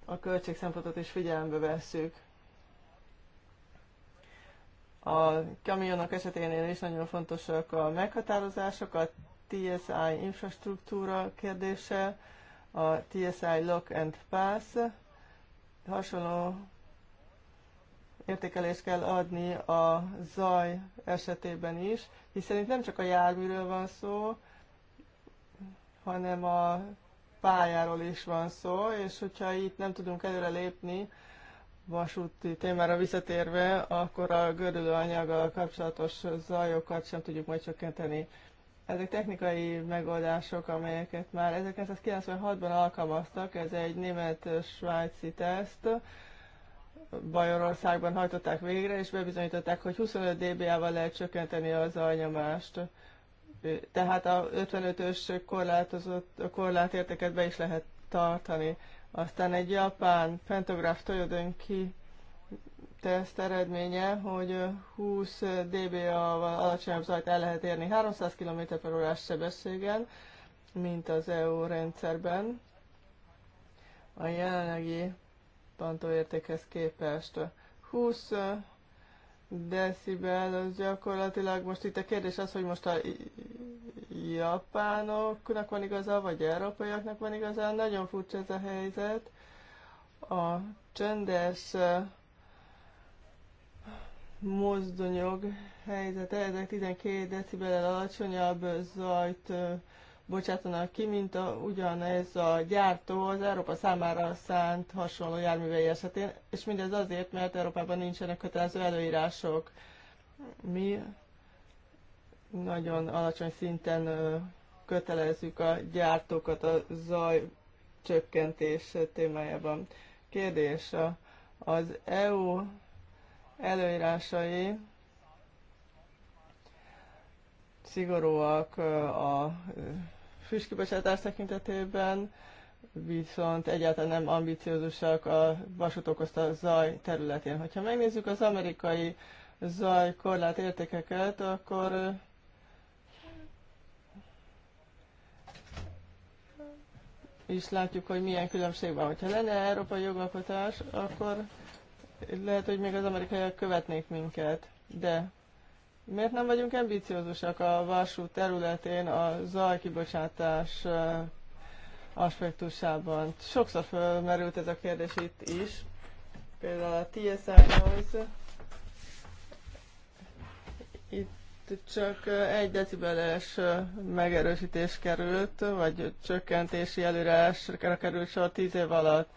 a költségszempontot szempontot is figyelembe vesszük. A kamionok eseténél is nagyon fontosak a meghatározások, a TSI infrastruktúra kérdése, a TSI Lock and Pass, hasonló értékelést kell adni a zaj esetében is, hiszen itt nem csak a járműről van szó, hanem a pályáról is van szó, és hogyha itt nem tudunk előre lépni, vasúti témára visszatérve, akkor a anyaggal kapcsolatos zajokat sem tudjuk majd csökkenteni. Ezek technikai megoldások, amelyeket már 1996-ban alkalmaztak, ez egy német-svájci teszt, Bajorországban hajtották végre, és bebizonyították, hogy 25 dBA-val lehet csökkenteni az anyamást Tehát a 55-ös korlátozott, korlátértéket be is lehet tartani. Aztán egy japán pentograf Toyodon ki teszt eredménye, hogy 20 dBA-val alacsonyabb zajt el lehet érni 300 km h órás sebességen, mint az EU rendszerben a jelenlegi pantóértékhez képest. 20 decibel, az gyakorlatilag most itt a kérdés az, hogy most a japánoknak van igaza, vagy európaiaknak van igaza, nagyon furcsa ez a helyzet. A csendes mozdonyog helyzete, ezek 12 decibellel alacsonyabb zajt bocsátanak ki, mint a, ugyanez a gyártó az Európa számára szánt hasonló járművei esetén, és mindez azért, mert Európában nincsenek kötelező előírások. Mi nagyon alacsony szinten kötelezzük a gyártókat a zaj csökkentés témájában. Kérdés, az EU előírásai szigorúak a füstkibocsátás tekintetében, viszont egyáltalán nem ambiciózusak a vasút okozta zaj területén. Ha megnézzük az amerikai korlát értékeket, akkor is látjuk, hogy milyen különbség van. ha lenne európai jogalkotás, akkor lehet, hogy még az amerikaiak követnék minket, de miért nem vagyunk ambiciózusak a Varsó területén a zajkibocsátás aspektusában? Sokszor felmerült ez a kérdés itt is, például a TSI-hoz. Itt csak egy decibeles megerősítés került, vagy csökkentési előre került sor tíz év alatt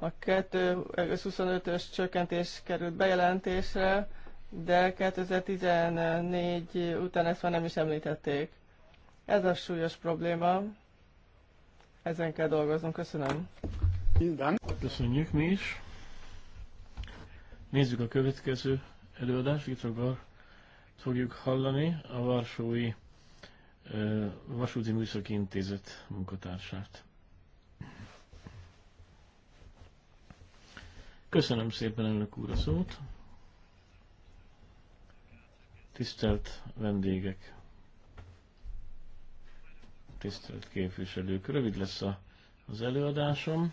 a 2025 ös csökkentés került bejelentésre, de 2014 után ezt már nem is említették. Ez a súlyos probléma. Ezen kell dolgoznunk. Köszönöm. Köszönjük mi is. Nézzük a következő előadást. Vitrogar fogjuk hallani a Varsói Vasúti Műszaki Intézet munkatársát. Köszönöm szépen elnök úr a szót. Tisztelt vendégek, tisztelt képviselők, rövid lesz a, az előadásom.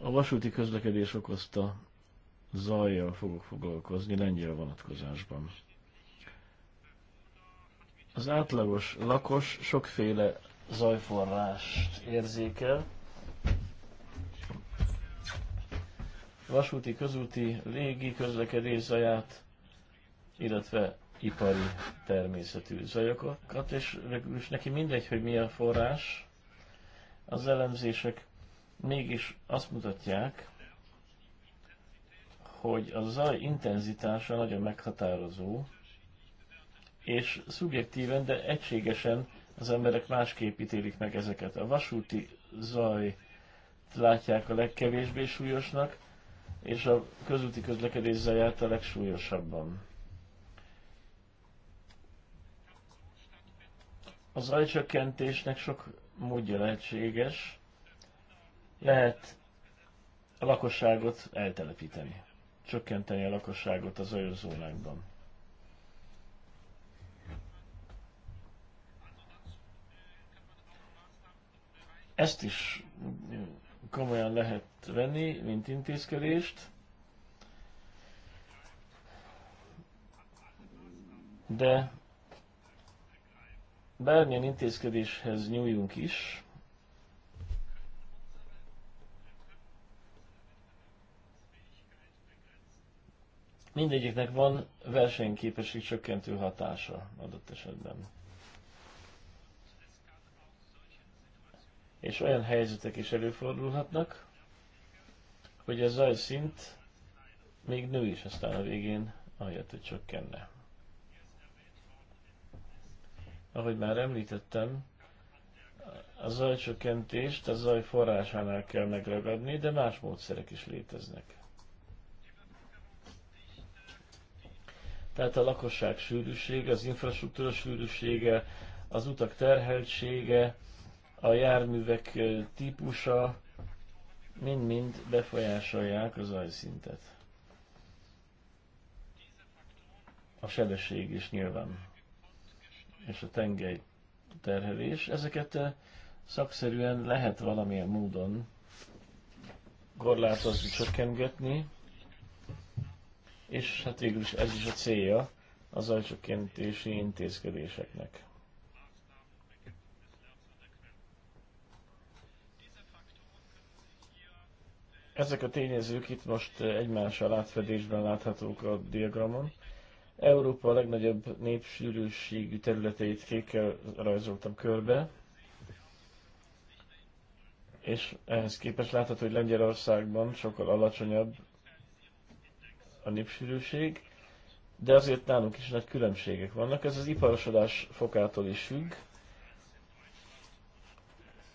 A vasúti közlekedés okozta zajjal fogok foglalkozni lengyel vonatkozásban. Az átlagos lakos sokféle zajforrást érzékel. Vasúti, közúti, légi közlekedés zaját, illetve ipari természetű zajokat, és végül is neki mindegy, hogy milyen forrás. Az elemzések mégis azt mutatják, hogy a zaj intenzitása nagyon meghatározó, és szubjektíven, de egységesen az emberek másképp ítélik meg ezeket. A vasúti zaj látják a legkevésbé súlyosnak, és a közúti közlekedés zaját a legsúlyosabban. A zajcsökkentésnek sok módja lehetséges. Lehet a lakosságot eltelepíteni, csökkenteni a lakosságot az zajos zónákban. Ezt is komolyan lehet venni, mint intézkedést, de bármilyen intézkedéshez nyúljunk is, mindegyiknek van versenyképesség csökkentő hatása adott esetben. és olyan helyzetek is előfordulhatnak, hogy a zajszint még nő is aztán a végén, ahelyett, hogy csökkenne. Ahogy már említettem, a zajcsökkentést a zaj forrásánál kell megragadni, de más módszerek is léteznek. Tehát a lakosság sűrűsége, az infrastruktúra sűrűsége, az utak terheltsége, a járművek típusa mind-mind befolyásolják az ajszintet. A sebesség is nyilván, és a tengely terhelés. Ezeket szakszerűen lehet valamilyen módon korlátozni, csökkentgetni, és hát végül is ez is a célja az ajcsökkentési intézkedéseknek. Ezek a tényezők itt most egymással átfedésben láthatók a diagramon. Európa a legnagyobb népsűrűségű területeit kékkel rajzoltam körbe, és ehhez képest látható, hogy Lengyelországban sokkal alacsonyabb a népsűrűség, de azért nálunk is nagy különbségek vannak. Ez az iparosodás fokától is függ.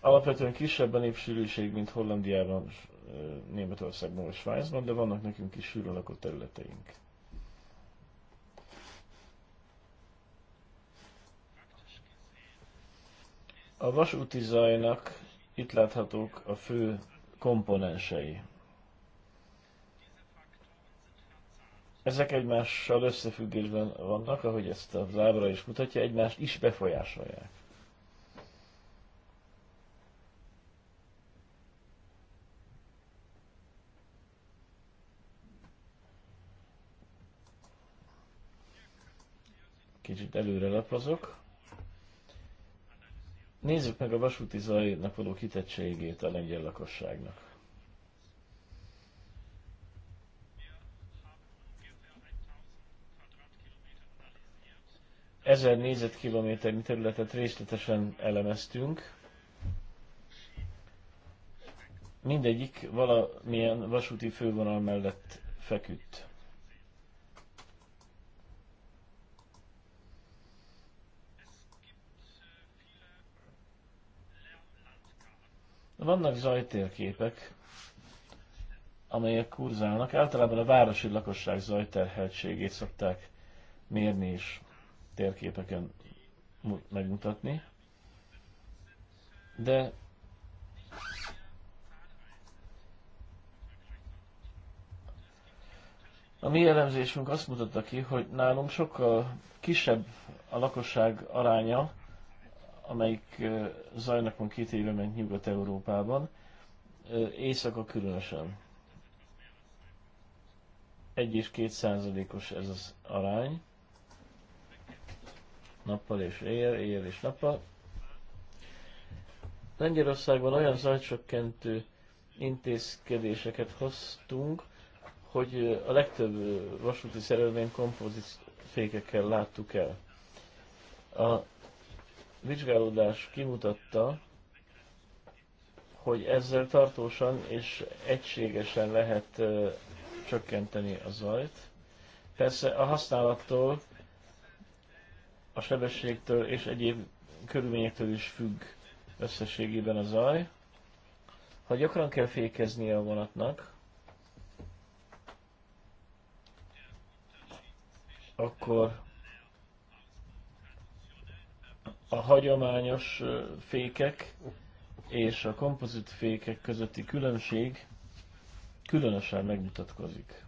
Alapvetően kisebb a népsűrűség, mint Hollandiában, Németországban vagy Svájcban, de vannak nekünk is sűrűn lakott területeink. A vasúti zajnak itt láthatók a fő komponensei. Ezek egymással összefüggésben vannak, ahogy ezt az ábra is mutatja, egymást is befolyásolják. Kicsit előre lapozok. Nézzük meg a vasúti zajnak való kitettségét a lengyel lakosságnak. Ezer négyzetkilométernyi területet részletesen elemeztünk. Mindegyik valamilyen vasúti fővonal mellett feküdt. Vannak zajtérképek, amelyek kurzálnak. Általában a városi lakosság zajterheltségét szokták mérni és térképeken megmutatni. De a mi elemzésünk azt mutatta ki, hogy nálunk sokkal kisebb a lakosság aránya, amelyik zajnak van két éve ment Nyugat-Európában, éjszaka különösen. 1 és 2 százalékos ez az arány, nappal és éjjel, éjjel és nappal. Lengyelországban olyan zajcsökkentő intézkedéseket hoztunk, hogy a legtöbb vasúti szerelvény kompozit fékekkel láttuk el. A vizsgálódás kimutatta, hogy ezzel tartósan és egységesen lehet csökkenteni a zajt. Persze a használattól, a sebességtől és egyéb körülményektől is függ összességében a zaj. Ha gyakran kell fékeznie a vonatnak, akkor a hagyományos fékek és a kompozit fékek közötti különbség különösen megmutatkozik.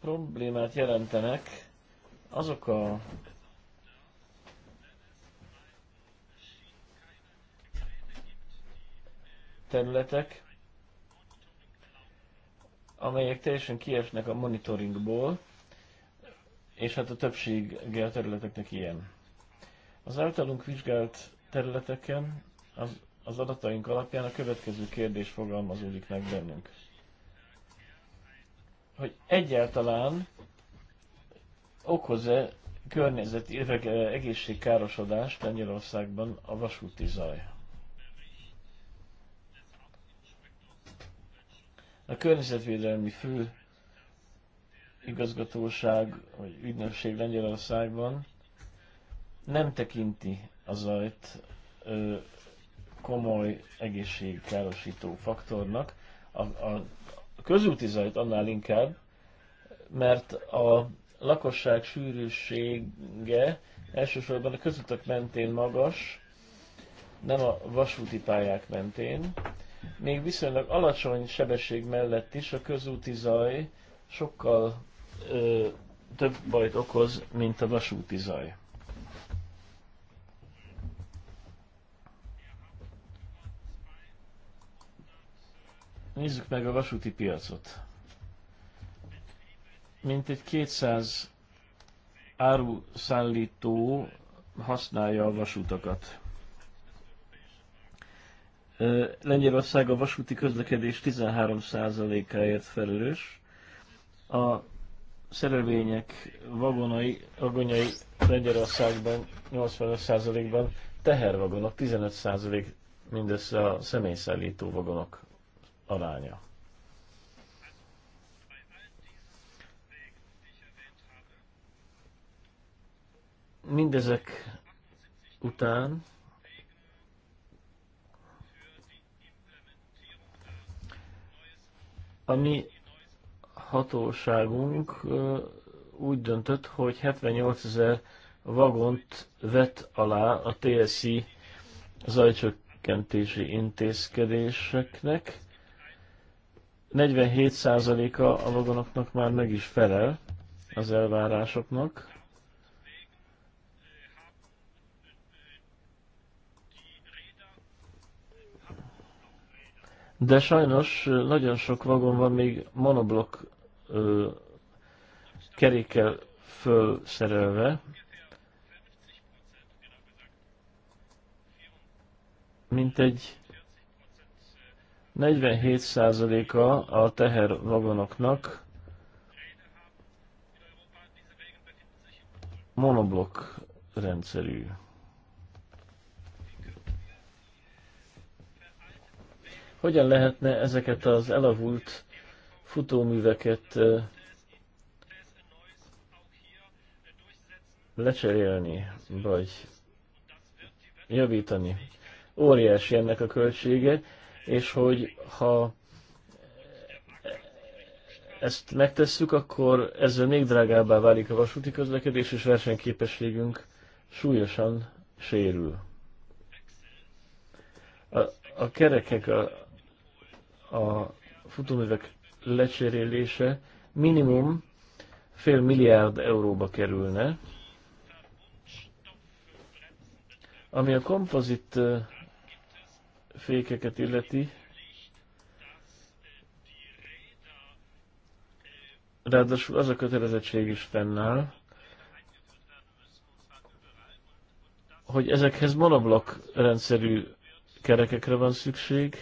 problémát jelentenek azok a területek, amelyek teljesen kiesnek a monitoringból, és hát a többsége a területeknek ilyen. Az általunk vizsgált területeken az, az adataink alapján a következő kérdés fogalmazódik meg bennünk. Hogy egyáltalán okoz-e környezet, illetve egészségkárosodást Lengyelországban a vasúti zaj? A környezetvédelmi fő igazgatóság vagy ügynökség Lengyelországban nem tekinti a zajt ö, komoly egészségkárosító faktornak, a, a közúti zajt annál inkább, mert a lakosság sűrűsége elsősorban a közutak mentén magas, nem a vasúti pályák mentén, még viszonylag alacsony sebesség mellett is a közúti zaj sokkal ö, több bajt okoz, mint a vasúti zaj. Nézzük meg a vasúti piacot. Mint egy 200 áruszállító használja a vasutakat. Lengyelország a vasúti közlekedés 13%-áért felelős. A szerelvények vagonai, vagonyai Lengyelországban 85%-ban tehervagonok, 15% mindössze a személyszállító vagonok aránya. Mindezek után A mi hatóságunk úgy döntött, hogy 78 ezer vagont vet alá a TSI zajcsökkentési intézkedéseknek. 47%-a a vagonoknak már meg is felel az elvárásoknak. de sajnos nagyon sok vagon van még monoblok ö, kerékkel fölszerelve. Mint egy 47%-a a tehervagonoknak monoblok rendszerű. Hogyan lehetne ezeket az elavult futóműveket lecserélni, vagy javítani? Óriási ennek a költsége, és hogy ha ezt megtesszük, akkor ezzel még drágábbá válik a vasúti közlekedés, és versenyképességünk súlyosan sérül. A, a kerekek, a, a futóművek lecserélése minimum fél milliárd euróba kerülne, ami a kompozit fékeket illeti, ráadásul az a kötelezettség is fennáll, hogy ezekhez monoblok rendszerű kerekekre van szükség,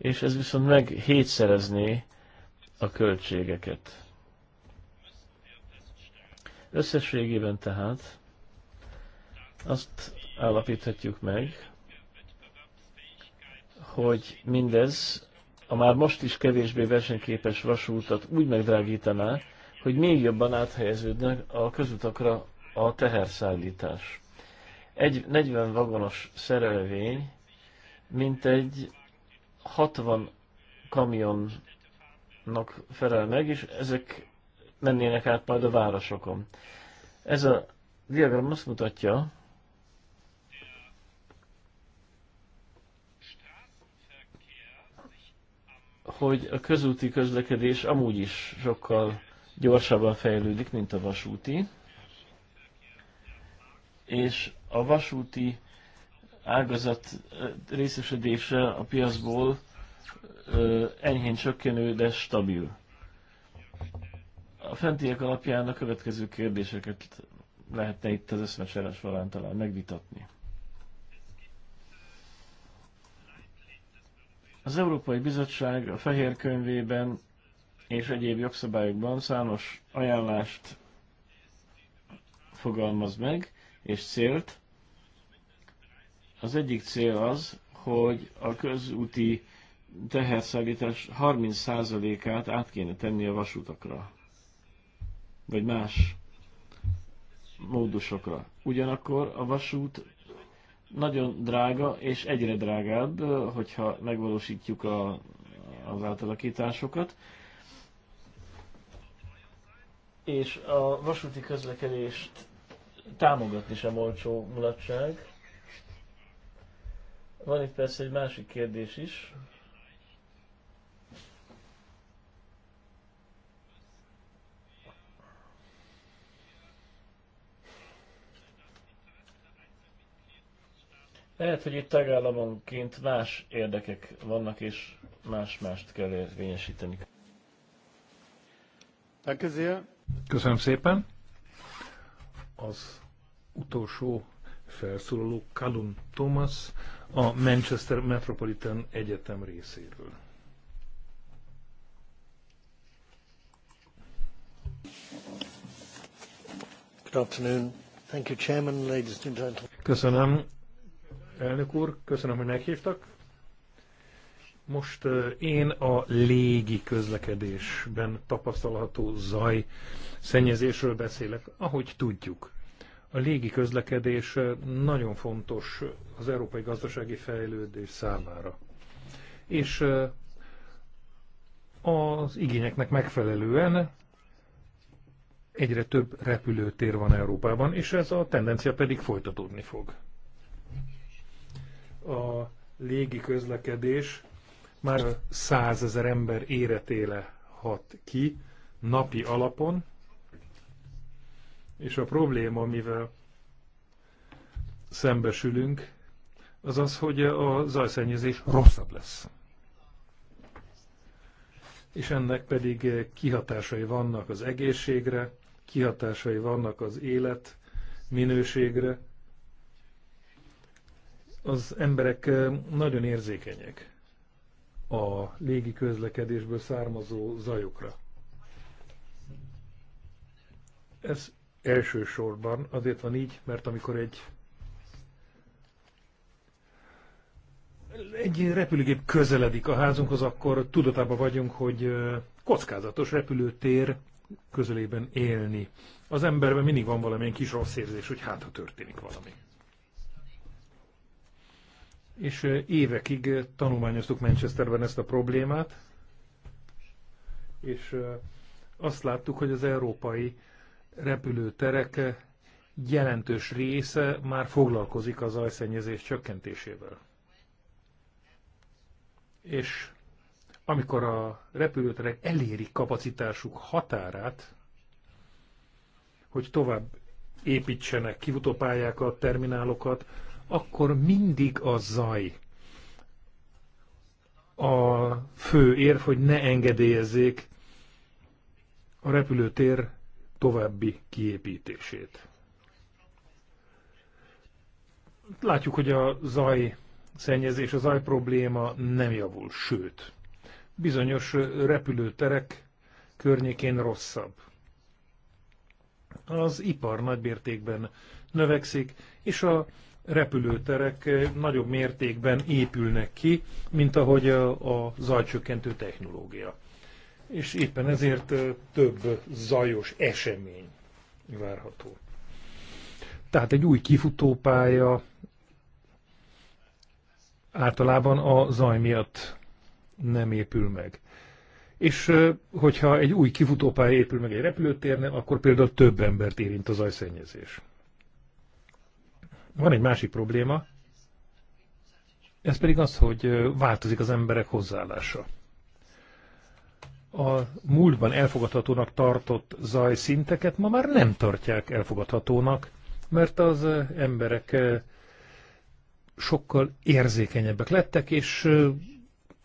és ez viszont meg hétszerezné a költségeket. Összességében tehát azt állapíthatjuk meg, hogy mindez a már most is kevésbé versenyképes vasútat úgy megdrágítaná, hogy még jobban áthelyeződnek a közutakra a teherszállítás. Egy 40 vagonos szerelvény mint egy 60 kamionnak felel meg, és ezek mennének át majd a városokon. Ez a diagram azt mutatja, hogy a közúti közlekedés amúgy is sokkal gyorsabban fejlődik, mint a vasúti, és a vasúti ágazat részesedése a piacból enyhén csökkenő, de stabil. A fentiek alapján a következő kérdéseket lehetne itt az eszmecsere során talán megvitatni. Az Európai Bizottság a fehér könyvében és egyéb jogszabályokban számos ajánlást fogalmaz meg, és célt, az egyik cél az, hogy a közúti teherszállítás 30%-át át kéne tenni a vasutakra, vagy más módusokra. Ugyanakkor a vasút nagyon drága, és egyre drágább, hogyha megvalósítjuk a, az átalakításokat. És a vasúti közlekedést támogatni sem olcsó mulatság. Van itt persze egy másik kérdés is. Lehet, hogy itt tagállamonként más érdekek vannak, és más-mást kell érvényesíteni. Köszönöm szépen. Az utolsó felszólaló Kalun Thomas, a Manchester Metropolitan Egyetem részéről. Good afternoon. Thank you, Chairman, ladies and gentlemen. Köszönöm, elnök úr, köszönöm, hogy meghívtak. Most én a légi közlekedésben tapasztalható zaj szennyezésről beszélek, ahogy tudjuk. A légi közlekedés nagyon fontos az európai gazdasági fejlődés számára. És az igényeknek megfelelően egyre több repülőtér van Európában, és ez a tendencia pedig folytatódni fog. A légi közlekedés már százezer ember éretéle hat ki napi alapon, és a probléma, amivel szembesülünk, az az, hogy a zajszennyezés rosszabb lesz. És ennek pedig kihatásai vannak az egészségre, kihatásai vannak az élet minőségre. Az emberek nagyon érzékenyek a légi közlekedésből származó zajokra. Ez elsősorban azért van így, mert amikor egy egy repülőgép közeledik a házunkhoz, akkor tudatában vagyunk, hogy kockázatos repülőtér közelében élni. Az emberben mindig van valamilyen kis rossz érzés, hogy hát, ha történik valami. És évekig tanulmányoztuk Manchesterben ezt a problémát, és azt láttuk, hogy az európai repülőtereke jelentős része már foglalkozik a zajszennyezés csökkentésével. És amikor a repülőterek eléri kapacitásuk határát, hogy tovább építsenek kivutópályákat, terminálokat, akkor mindig a zaj a fő érv, hogy ne engedélyezzék a repülőtér további kiépítését. Látjuk, hogy a zaj szennyezés, a zaj probléma nem javul, sőt, bizonyos repülőterek környékén rosszabb. Az ipar nagymértékben növekszik, és a repülőterek nagyobb mértékben épülnek ki, mint ahogy a, a zajcsökkentő technológia és éppen ezért több zajos esemény várható. Tehát egy új kifutópálya általában a zaj miatt nem épül meg. És hogyha egy új kifutópálya épül meg egy repülőtérnél, akkor például több embert érint a zajszennyezés. Van egy másik probléma, ez pedig az, hogy változik az emberek hozzáállása a múltban elfogadhatónak tartott zajszinteket ma már nem tartják elfogadhatónak, mert az eh, emberek eh, sokkal érzékenyebbek lettek, és eh,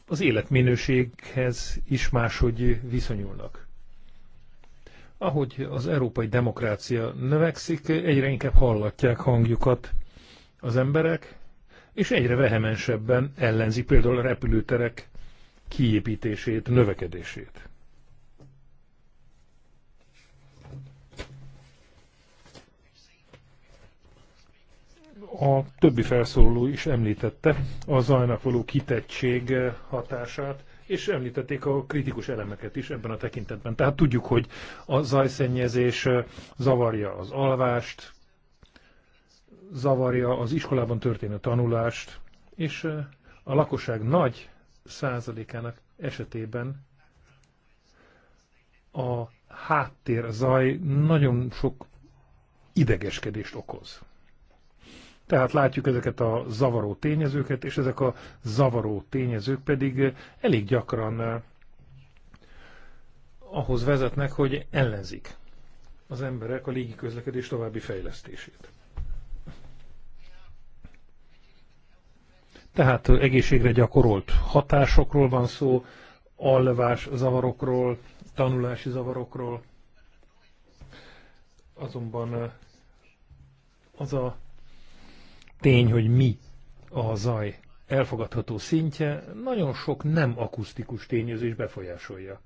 az életminőséghez is máshogy viszonyulnak. Ahogy az európai demokrácia növekszik, egyre inkább hallatják hangjukat az emberek, és egyre vehemensebben ellenzi például a repülőterek kiépítését, növekedését. A többi felszóló is említette a zajnak való kitettség hatását, és említették a kritikus elemeket is ebben a tekintetben. Tehát tudjuk, hogy a zajszennyezés zavarja az alvást, zavarja az iskolában történő tanulást, és a lakosság nagy százalékának esetében a háttér zaj nagyon sok idegeskedést okoz. Tehát látjuk ezeket a zavaró tényezőket, és ezek a zavaró tényezők pedig elég gyakran eh, ahhoz vezetnek, hogy ellenzik az emberek a közlekedés további fejlesztését. Tehát egészségre gyakorolt hatásokról van szó, alvás zavarokról, tanulási zavarokról. Azonban eh, az a tény, hogy mi a zaj elfogadható szintje, nagyon sok nem akusztikus tényezés befolyásolja.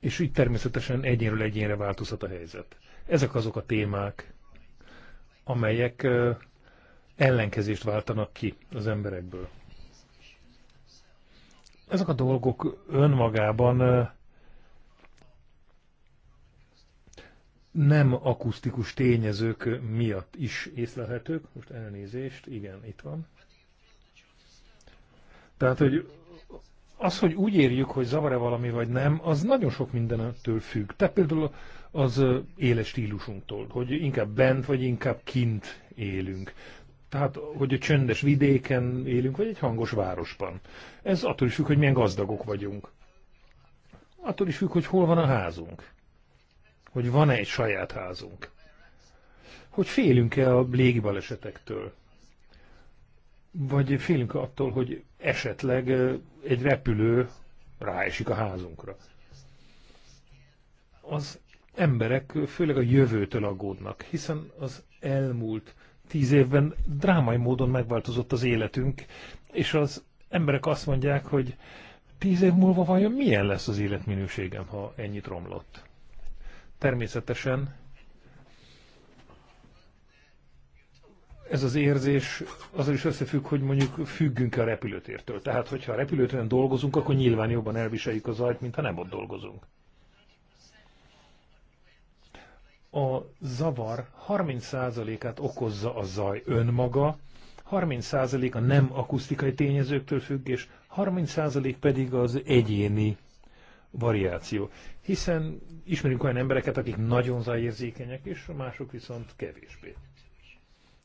És így természetesen egyénről egyénre változhat a helyzet. Ezek azok a témák, amelyek eh, ellenkezést váltanak ki az emberekből. Ezek a dolgok önmagában nem akusztikus tényezők miatt is észlelhetők. Most elnézést, igen, itt van. Tehát, hogy az, hogy úgy érjük, hogy zavar-e valami vagy nem, az nagyon sok mindentől függ. Te például az éles stílusunktól, hogy inkább bent vagy inkább kint élünk. Tehát, hogy egy csöndes vidéken élünk, vagy egy hangos városban. Ez attól is függ, hogy milyen gazdagok vagyunk. Attól is függ, hogy hol van a házunk. Hogy van-e egy saját házunk. Hogy félünk-e a légibalesetektől. Vagy félünk -e attól, hogy esetleg egy repülő ráesik a házunkra. Az emberek főleg a jövőtől aggódnak, hiszen az elmúlt tíz évben drámai módon megváltozott az életünk, és az emberek azt mondják, hogy tíz év múlva vajon milyen lesz az életminőségem, ha ennyit romlott. Természetesen ez az érzés azzal is összefügg, hogy mondjuk függünk a repülőtértől. Tehát, hogyha a repülőtéren dolgozunk, akkor nyilván jobban elviseljük a zajt, mint ha nem ott dolgozunk. a zavar 30%-át okozza a zaj önmaga, 30% a nem akusztikai tényezőktől függ, és 30% pedig az egyéni variáció. Hiszen ismerünk olyan embereket, akik nagyon zajérzékenyek, és mások viszont kevésbé.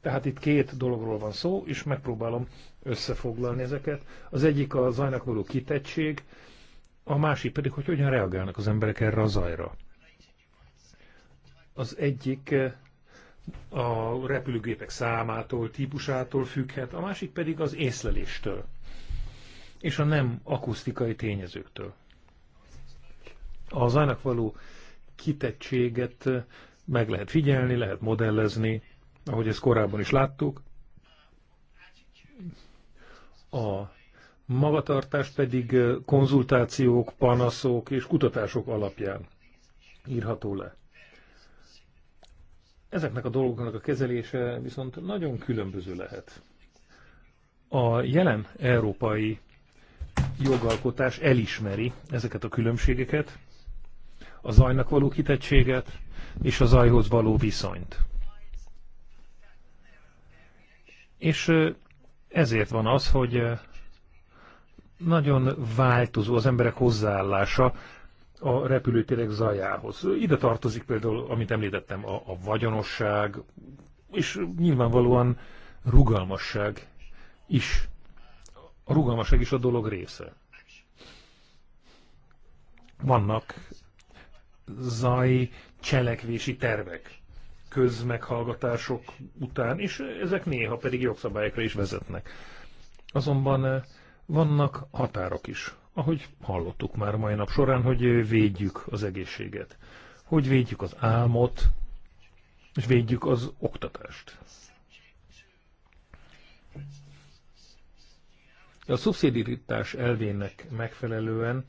Tehát itt két dologról van szó, és megpróbálom összefoglalni ezeket. Az egyik a zajnak való kitettség, a másik pedig, hogy hogyan reagálnak az emberek erre a zajra. Az egyik eh, a repülőgépek számától, típusától függhet, a másik pedig az észleléstől és a nem akusztikai tényezőktől. A zajnak való kitettséget eh, meg lehet figyelni, lehet modellezni, ahogy ezt korábban is láttuk. A magatartást pedig eh, konzultációk, panaszok és kutatások alapján írható le. Ezeknek a dolgoknak a kezelése viszont nagyon különböző lehet. A jelen európai jogalkotás elismeri ezeket a különbségeket, a zajnak való kitettséget és a zajhoz való viszonyt. És ezért van az, hogy nagyon változó az emberek hozzáállása a repülőtérek zajához. Ide tartozik például, amit említettem, a, a vagyonosság, és nyilvánvalóan rugalmasság is. A rugalmasság is a dolog része. Vannak zaj cselekvési tervek közmeghallgatások után, és ezek néha pedig jogszabályokra is vezetnek. Azonban eh, vannak határok is ahogy hallottuk már mai nap során, hogy védjük az egészséget, hogy védjük az álmot, és védjük az oktatást. A szubszidiaritás elvének megfelelően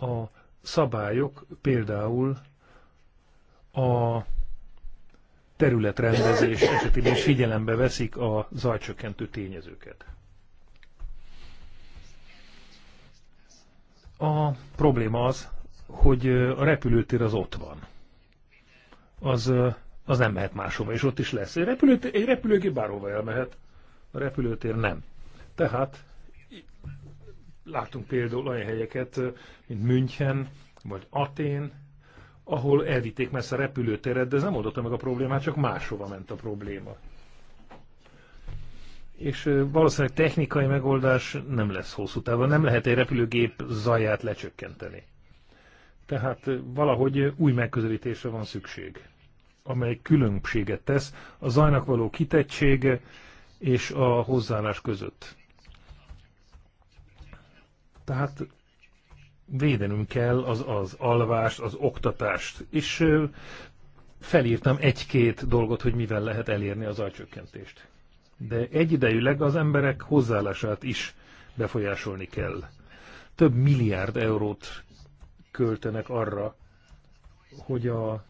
a szabályok például a területrendezés esetében figyelembe veszik a zajcsökkentő tényezőket. A probléma az, hogy a repülőtér az ott van. Az, az nem mehet máshova, és ott is lesz. Egy, repülőtér, egy repülőgép bárhova elmehet, a repülőtér nem. Tehát látunk például olyan helyeket, mint München, vagy Atén, ahol elvitték messze a repülőteret, de ez nem oldotta meg a problémát, csak máshova ment a probléma és valószínűleg technikai megoldás nem lesz hosszú távon, nem lehet egy repülőgép zaját lecsökkenteni. Tehát valahogy új megközelítésre van szükség, amely különbséget tesz a zajnak való kitettsége és a hozzáállás között. Tehát védenünk kell az, az alvást, az oktatást, és felírtam egy-két dolgot, hogy mivel lehet elérni az zajcsökkentést de egyidejűleg az emberek hozzáállását is befolyásolni kell. Több milliárd eurót költenek arra, hogy, a,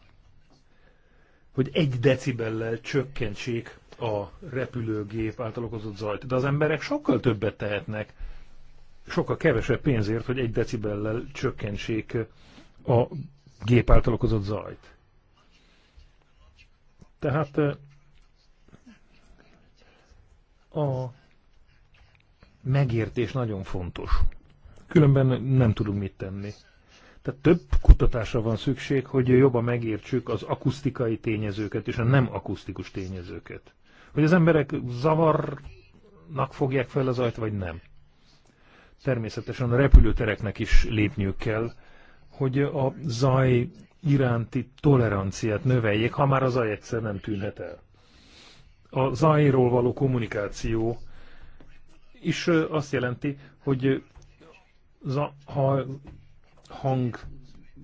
hogy egy decibellel csökkentsék a repülőgép által okozott zajt. De az emberek sokkal többet tehetnek, sokkal kevesebb pénzért, hogy egy decibellel csökkentsék a gép által okozott zajt. Tehát eh, a megértés nagyon fontos. Különben nem tudunk mit tenni. Tehát több kutatásra van szükség, hogy jobban megértsük az akusztikai tényezőket és a nem akusztikus tényezőket. Hogy az emberek zavarnak fogják fel az ajt, vagy nem. Természetesen a repülőtereknek is lépniük kell, hogy a zaj iránti toleranciát növeljék, ha már az zaj egyszer nem tűnhet el a zajról való kommunikáció is azt jelenti, hogy ha hang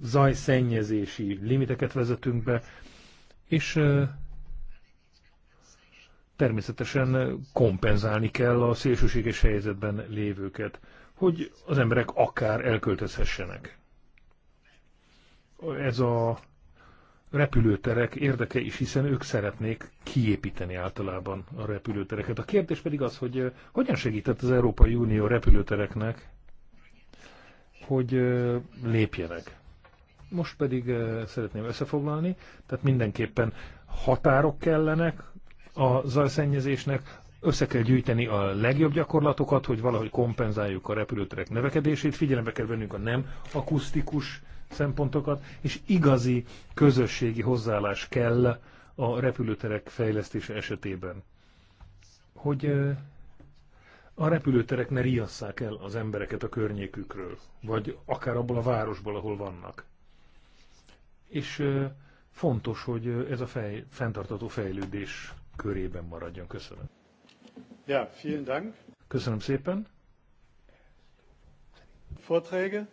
zajszennyezési limiteket vezetünk be, és természetesen kompenzálni kell a szélsőséges helyzetben lévőket, hogy az emberek akár elköltözhessenek. Ez a repülőterek érdeke is, hiszen ők szeretnék kiépíteni általában a repülőtereket. A kérdés pedig az, hogy hogyan segített az Európai Unió repülőtereknek, hogy lépjenek. Most pedig szeretném összefoglalni, tehát mindenképpen határok kellenek a zajszennyezésnek, össze kell gyűjteni a legjobb gyakorlatokat, hogy valahogy kompenzáljuk a repülőterek növekedését, figyelembe kell vennünk a nem akusztikus szempontokat, és igazi közösségi hozzáállás kell a repülőterek fejlesztése esetében. Hogy a repülőterek ne riasszák el az embereket a környékükről, vagy akár abból a városból, ahol vannak. És fontos, hogy ez a fej, fenntartató fejlődés körében maradjon. Köszönöm. Ja, vielen Dank. Köszönöm szépen. Vorträge?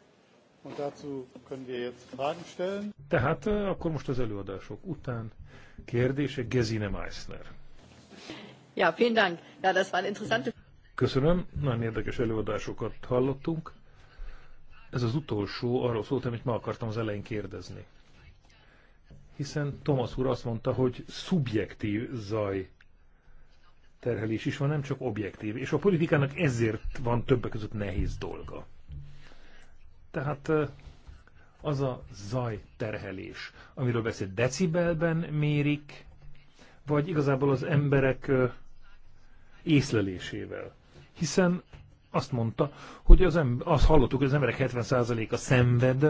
Tehát eh, akkor most az előadások után kérdése Gesine Meissner. Ja, vielen Dank. Ja, das war interessant. Köszönöm, nagyon érdekes előadásokat hallottunk. Ez az utolsó arról szólt, amit ma akartam az elején kérdezni. Hiszen Thomas úr azt mondta, hogy szubjektív zaj terhelés is van, nem csak objektív. És a politikának ezért van többek között nehéz dolga. Tehát az a zajterhelés, amiről beszél, decibelben mérik, vagy igazából az emberek észlelésével. Hiszen azt mondta, hogy az em- azt hallottuk, hogy az emberek 70%-a szenved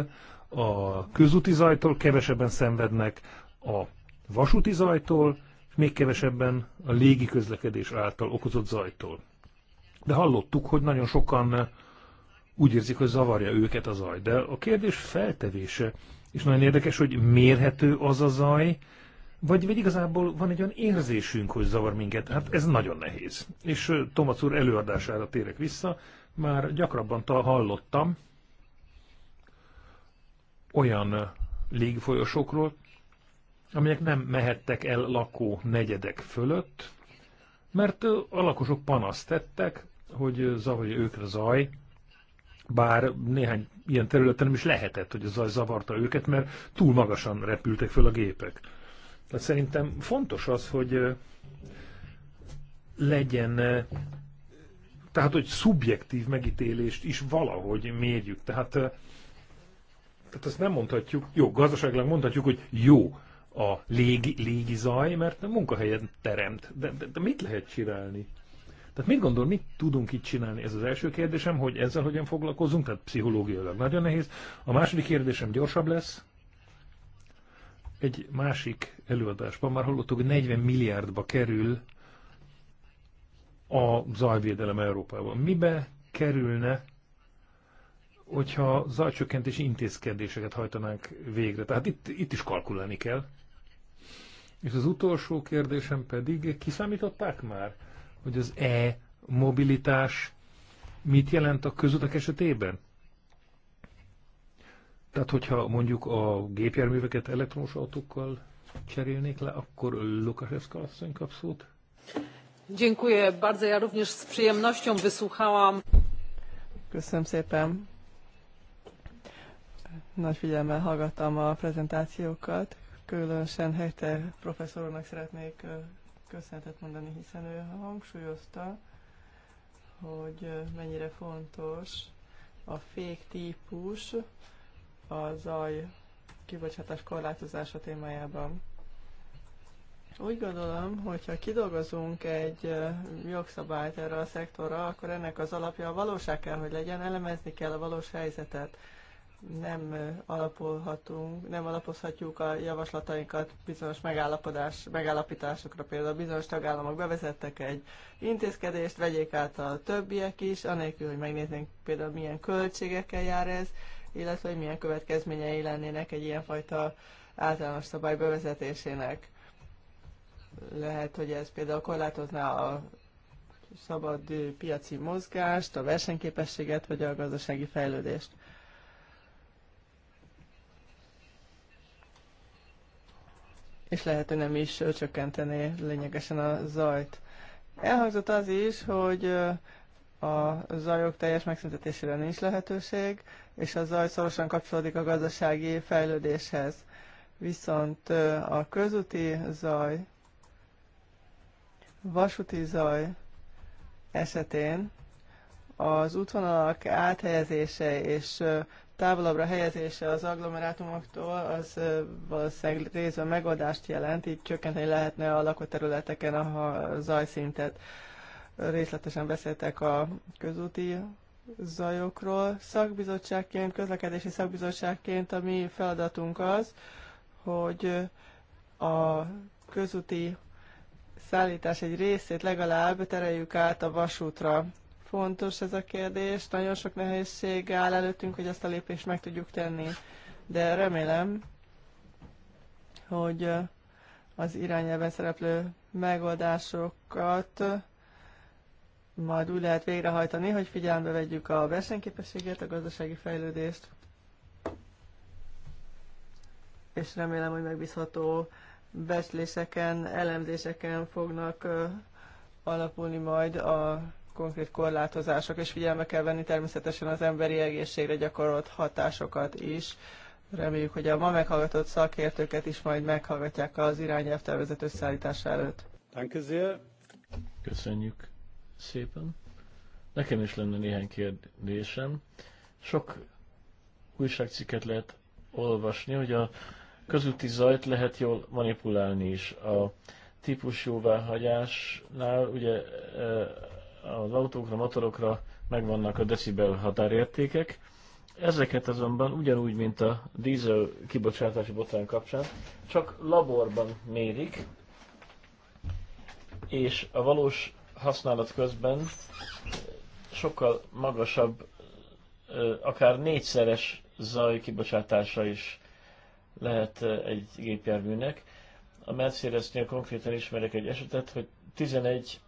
a közúti zajtól, kevesebben szenvednek a vasúti zajtól, és még kevesebben a légi közlekedés által okozott zajtól. De hallottuk, hogy nagyon sokan úgy érzik, hogy zavarja őket a zaj. De a kérdés feltevése, és nagyon érdekes, hogy mérhető az a zaj, vagy, vagy igazából van egy olyan érzésünk, hogy zavar minket. Hát ez nagyon nehéz. És Tomac úr előadására térek vissza, már gyakrabban hallottam olyan légfolyosokról, amelyek nem mehettek el lakó negyedek fölött, mert a lakosok panaszt tettek, hogy zavarja őket a zaj, bár néhány ilyen területen nem is lehetett, hogy a zaj zavarta őket, mert túl magasan repültek föl a gépek. Tehát szerintem fontos az, hogy legyen, tehát hogy szubjektív megítélést is valahogy mérjük. Tehát, tehát azt nem mondhatjuk, jó, gazdaságilag mondhatjuk, hogy jó a légi, légi zaj, mert a munkahelyen teremt. De, de, de mit lehet csinálni? Tehát mit gondol, mit tudunk itt csinálni? Ez az első kérdésem, hogy ezzel hogyan foglalkozunk, tehát pszichológiailag nagyon nehéz. A második kérdésem gyorsabb lesz. Egy másik előadásban már hallottuk, hogy 40 milliárdba kerül a zajvédelem Európában. Mibe kerülne, hogyha zajcsökkentési intézkedéseket hajtanánk végre? Tehát itt, itt is kalkulálni kell. És az utolsó kérdésem pedig, kiszámították már? hogy az e-mobilitás mit jelent a közutak esetében? Tehát, hogyha mondjuk a gépjárműveket elektromos autókkal cserélnék le, akkor Lukaszewska asszony kap szót. Dziękuję bardzo. Ja również z przyjemnością wysłuchałam. Köszönöm szépen. Nagy figyelmel hallgattam a prezentációkat. Különösen helyte professzornak szeretnék köszönetet mondani, hiszen ő hangsúlyozta, hogy mennyire fontos a fék típus a zaj kibocsátás korlátozása témájában. Úgy gondolom, hogyha kidolgozunk egy jogszabályt erre a szektorra, akkor ennek az alapja a valóság kell, hogy legyen, elemezni kell a valós helyzetet nem alapolhatunk, nem alapozhatjuk a javaslatainkat bizonyos megállapodás, megállapításokra. Például bizonyos tagállamok bevezettek egy intézkedést, vegyék át a többiek is, anélkül, hogy megnéznénk például milyen költségekkel jár ez, illetve hogy milyen következményei lennének egy ilyenfajta általános szabály bevezetésének. Lehet, hogy ez például korlátozná a szabad piaci mozgást, a versenyképességet vagy a gazdasági fejlődést. és lehet, hogy nem is csökkentené lényegesen a zajt. Elhangzott az is, hogy a zajok teljes megszüntetésére nincs lehetőség, és a zaj szorosan kapcsolódik a gazdasági fejlődéshez. Viszont a közúti zaj, vasúti zaj esetén az útvonalak áthelyezése és távolabbra helyezése az agglomerátumoktól, az valószínűleg részben megoldást jelent, így csökkenteni lehetne a lakóterületeken a zajszintet. Részletesen beszéltek a közúti zajokról. Szakbizottságként, közlekedési szakbizottságként a mi feladatunk az, hogy a közúti szállítás egy részét legalább tereljük át a vasútra fontos ez a kérdés. Nagyon sok nehézség áll előttünk, hogy ezt a lépést meg tudjuk tenni. De remélem, hogy uh, az irányelven szereplő megoldásokat uh, majd úgy lehet végrehajtani, hogy figyelembe vegyük a versenyképességet, a gazdasági fejlődést, és remélem, hogy megbízható becsléseken, elemzéseken fognak uh, alapulni majd a konkrét korlátozások, és figyelme kell venni természetesen az emberi egészségre gyakorolt hatásokat is. Reméljük, hogy a ma meghallgatott szakértőket is majd meghallgatják az irányelv tervezet összeállítása előtt. Köszönjük szépen. Nekem is lenne néhány kérdésem. Sok újságcikket lehet olvasni, hogy a közúti zajt lehet jól manipulálni is. A típus jóváhagyásnál ugye eh, az autókra, motorokra megvannak a decibel határértékek. Ezeket azonban ugyanúgy, mint a dízel kibocsátási botrány kapcsán, csak laborban mérik, és a valós használat közben sokkal magasabb, akár négyszeres zaj kibocsátása is lehet egy gépjárműnek. A Mercedesnél konkrétan ismerek egy esetet, hogy 11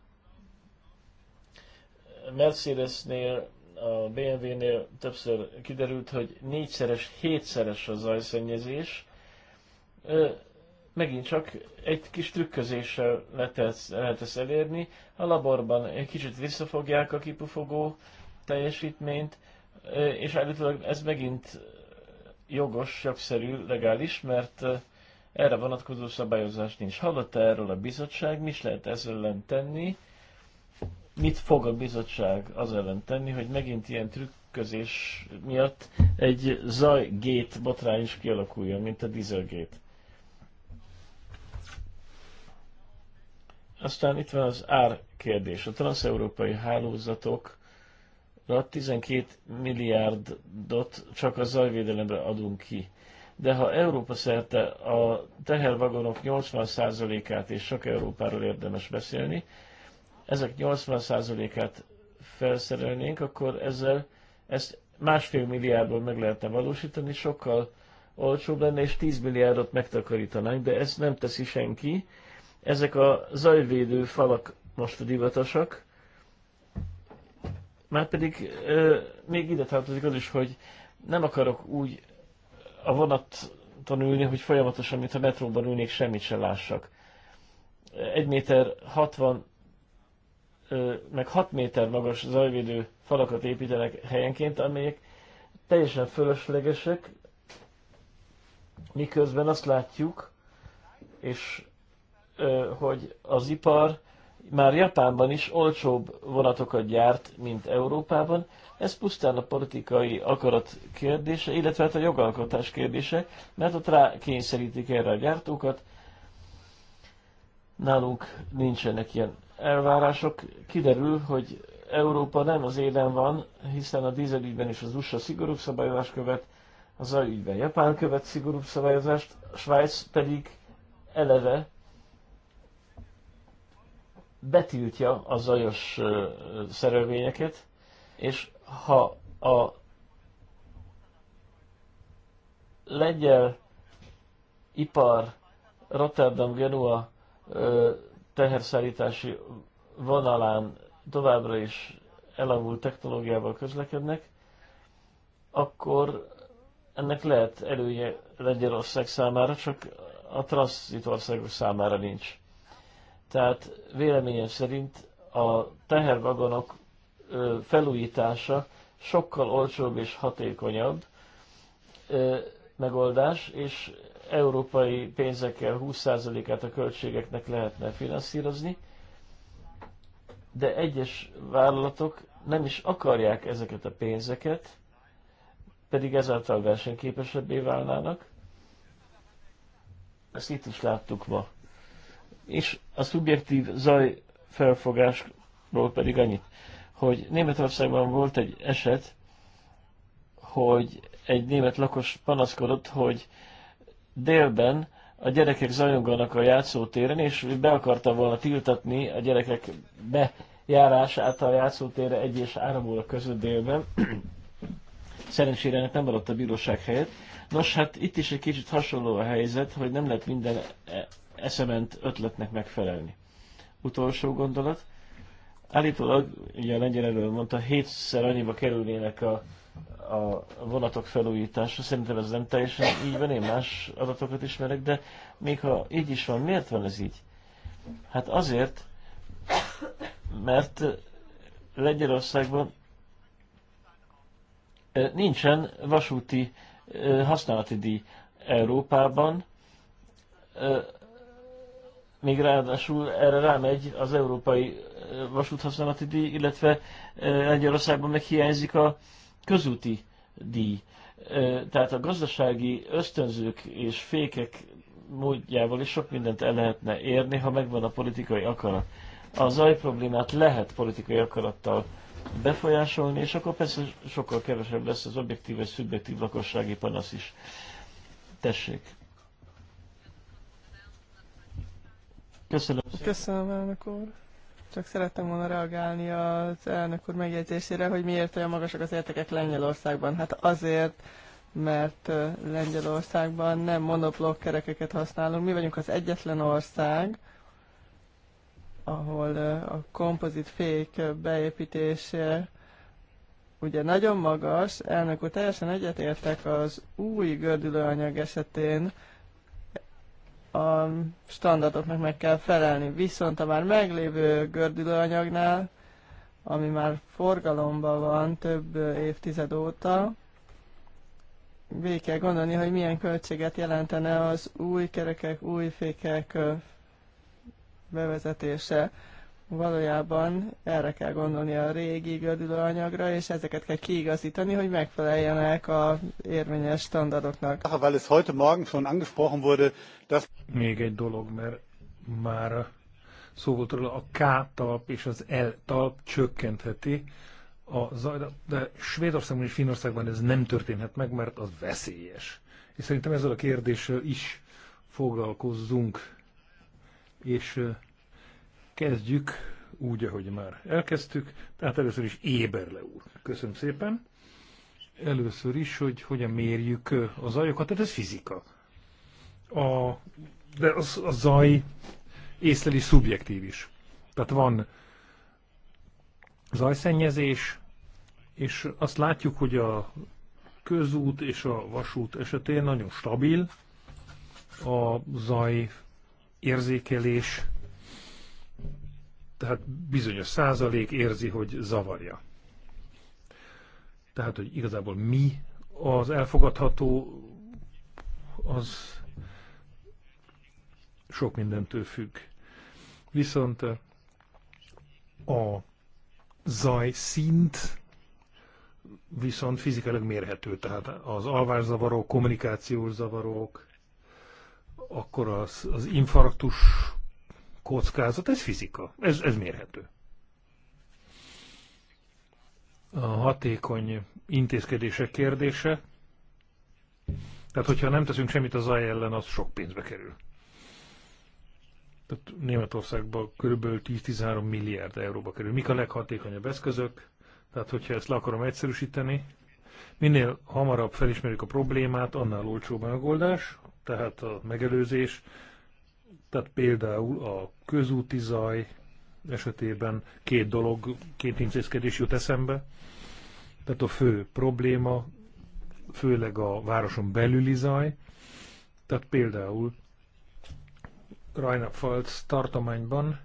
Mercedesnél, a BMW-nél többször kiderült, hogy négyszeres, hétszeres a zajszennyezés. Megint csak egy kis trükközéssel lehet ezt elérni. A laborban egy kicsit visszafogják a kipufogó teljesítményt, és állítólag ez megint jogos, jogszerű, legális, mert erre vonatkozó szabályozás nincs. Hallott -e erről a bizottság, mi is lehet ezzel ellen tenni? mit fog a bizottság az ellen tenni, hogy megint ilyen trükközés miatt egy zajgét botrány is kialakuljon, mint a dieselgét. Aztán itt van az ár kérdés. A transeurópai hálózatokra 12 milliárdot csak a zajvédelemre adunk ki. De ha Európa szerte a tehervagonok 80%-át és sok Európáról érdemes beszélni, ezek 80%-át felszerelnénk, akkor ezzel ezt másfél milliárdból meg lehetne valósítani, sokkal olcsóbb lenne, és 10 milliárdot megtakarítanánk, de ezt nem teszi senki. Ezek a zajvédő falak most a divatosak, pedig ö, még ide tartozik az is, hogy nem akarok úgy a vonaton ülni, hogy folyamatosan, mint a metróban ülnék, semmit se lássak. Egy méter 60 meg 6 méter magas zajvédő falakat építenek helyenként, amelyek teljesen fölöslegesek, miközben azt látjuk, és hogy az ipar már Japánban is olcsóbb vonatokat gyárt, mint Európában. Ez pusztán a politikai akarat kérdése, illetve hát a jogalkotás kérdése, mert ott rá kényszerítik erre a gyártókat. Nálunk nincsenek ilyen elvárások, kiderül, hogy Európa nem az élen van, hiszen a dízelügyben is az USA szigorúbb szabályozást követ, az a ügyben Japán követ szigorúbb szabályozást, a Svájc pedig eleve betiltja a zajos szerelvényeket, és ha a lengyel ipar Rotterdam, Genua teherszállítási vonalán továbbra is elavult technológiával közlekednek, akkor ennek lehet előnye Lengyelország számára, csak a országok számára nincs. Tehát véleményem szerint a tehervagonok felújítása sokkal olcsóbb és hatékonyabb megoldás, és európai pénzekkel 20%-át a költségeknek lehetne finanszírozni, de egyes vállalatok nem is akarják ezeket a pénzeket, pedig ezáltal versenyképesebbé válnának. Ezt itt is láttuk ma. És a szubjektív zaj felfogásról pedig annyit, hogy Németországban volt egy eset, hogy egy német lakos panaszkodott, hogy délben a gyerekek zajonganak a játszótéren, és be akarta volna tiltatni a gyerekek bejárását a játszótérre egy és három óra között délben. Szerencsére ennek nem maradt a bíróság helyett. Nos, hát itt is egy kicsit hasonló a helyzet, hogy nem lehet minden e- eszement ötletnek megfelelni. Utolsó gondolat. Állítólag, ugye a lengyel erről mondta, hétszer annyiba kerülnének a a vonatok felújítása, szerintem ez nem teljesen így van, én más adatokat ismerek, de még ha így is van, miért van ez így? Hát azért, mert Lengyelországban nincsen vasúti használati díj Európában, még ráadásul erre rámegy az európai vasúthasználati díj, illetve Lengyelországban meg hiányzik a közúti díj. Tehát a gazdasági ösztönzők és fékek módjával is sok mindent el lehetne érni, ha megvan a politikai akarat. A zaj problémát lehet politikai akarattal befolyásolni, és akkor persze sokkal kevesebb lesz az objektív és szubjektív lakossági panasz is. Tessék. Köszönöm szépen. Köszönöm, elnök úr. Csak szerettem volna reagálni az elnök úr megjegyzésére, hogy miért olyan magasak az értékek Lengyelországban. Hát azért, mert Lengyelországban nem monoblokk kerekeket használunk. Mi vagyunk az egyetlen ország, ahol a kompozit fék beépítése ugye nagyon magas, elnök úr teljesen egyetértek az új gördülőanyag esetén, a standardoknak meg kell felelni. Viszont a már meglévő gördülőanyagnál, ami már forgalomban van több évtized óta, végig kell gondolni, hogy milyen költséget jelentene az új kerekek, új fékek bevezetése. Valójában erre kell gondolni a régi anyagra és ezeket kell kiigazítani, hogy megfeleljenek a érvényes standardoknak. Még egy dolog, mert már szó volt róla, a K-talp és az L-talp csökkentheti a zajda, de Svédországban és Finországban ez nem történhet meg, mert az veszélyes. És szerintem ezzel a kérdéssel is foglalkozzunk. És Kezdjük úgy, ahogy már elkezdtük. Tehát először is Éberle úr. Köszönöm szépen. Először is, hogy hogyan mérjük a zajokat, tehát ez fizika. A, de az, a zaj észleli szubjektív is. Tehát van zajszennyezés, és azt látjuk, hogy a közút és a vasút esetén nagyon stabil a zaj érzékelés, tehát bizonyos százalék érzi, hogy zavarja. Tehát, hogy igazából mi az elfogadható, az sok mindentől függ. Viszont eh, a zaj szint viszont fizikailag mérhető, tehát az alvászavarok, kommunikációs zavarok, akkor az, az infarktus kockázat, ez fizika, ez, ez mérhető. A hatékony intézkedések kérdése, tehát hogyha nem teszünk semmit az zaj ellen, az sok pénzbe kerül. Tehát Németországban kb. 10-13 milliárd euróba kerül. Mik a leghatékonyabb eszközök? Tehát, hogyha ezt le akarom egyszerűsíteni, minél hamarabb felismerjük a problémát, annál olcsóbb a megoldás, tehát a megelőzés, tehát például a közúti zaj esetében két dolog, két intézkedés jut eszembe. Tehát a fő probléma, főleg a városon belüli zaj. Tehát például Rajnapfalc tartományban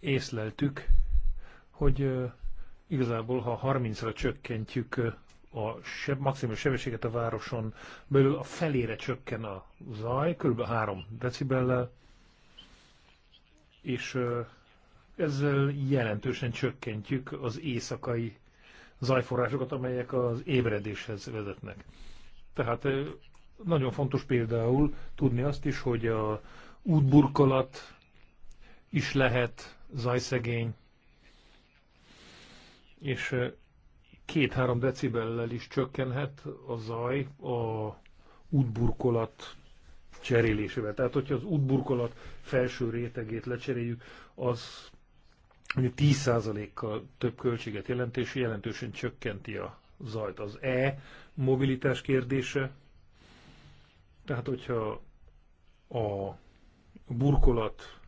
észleltük, hogy igazából ha 30-ra csökkentjük a seb, maximális sebességet a városon belül a felére csökken a zaj, kb. 3 decibellel, és ezzel jelentősen csökkentjük az éjszakai zajforrásokat, amelyek az ébredéshez vezetnek. Tehát nagyon fontos például tudni azt is, hogy a útburkolat is lehet zajszegény, és két-három decibellel is csökkenhet a zaj a útburkolat cserélésével. Tehát, hogyha az útburkolat felső rétegét lecseréljük, az 10%-kal több költséget jelent, és jelentősen csökkenti a zajt. Az E mobilitás kérdése, tehát hogyha a burkolat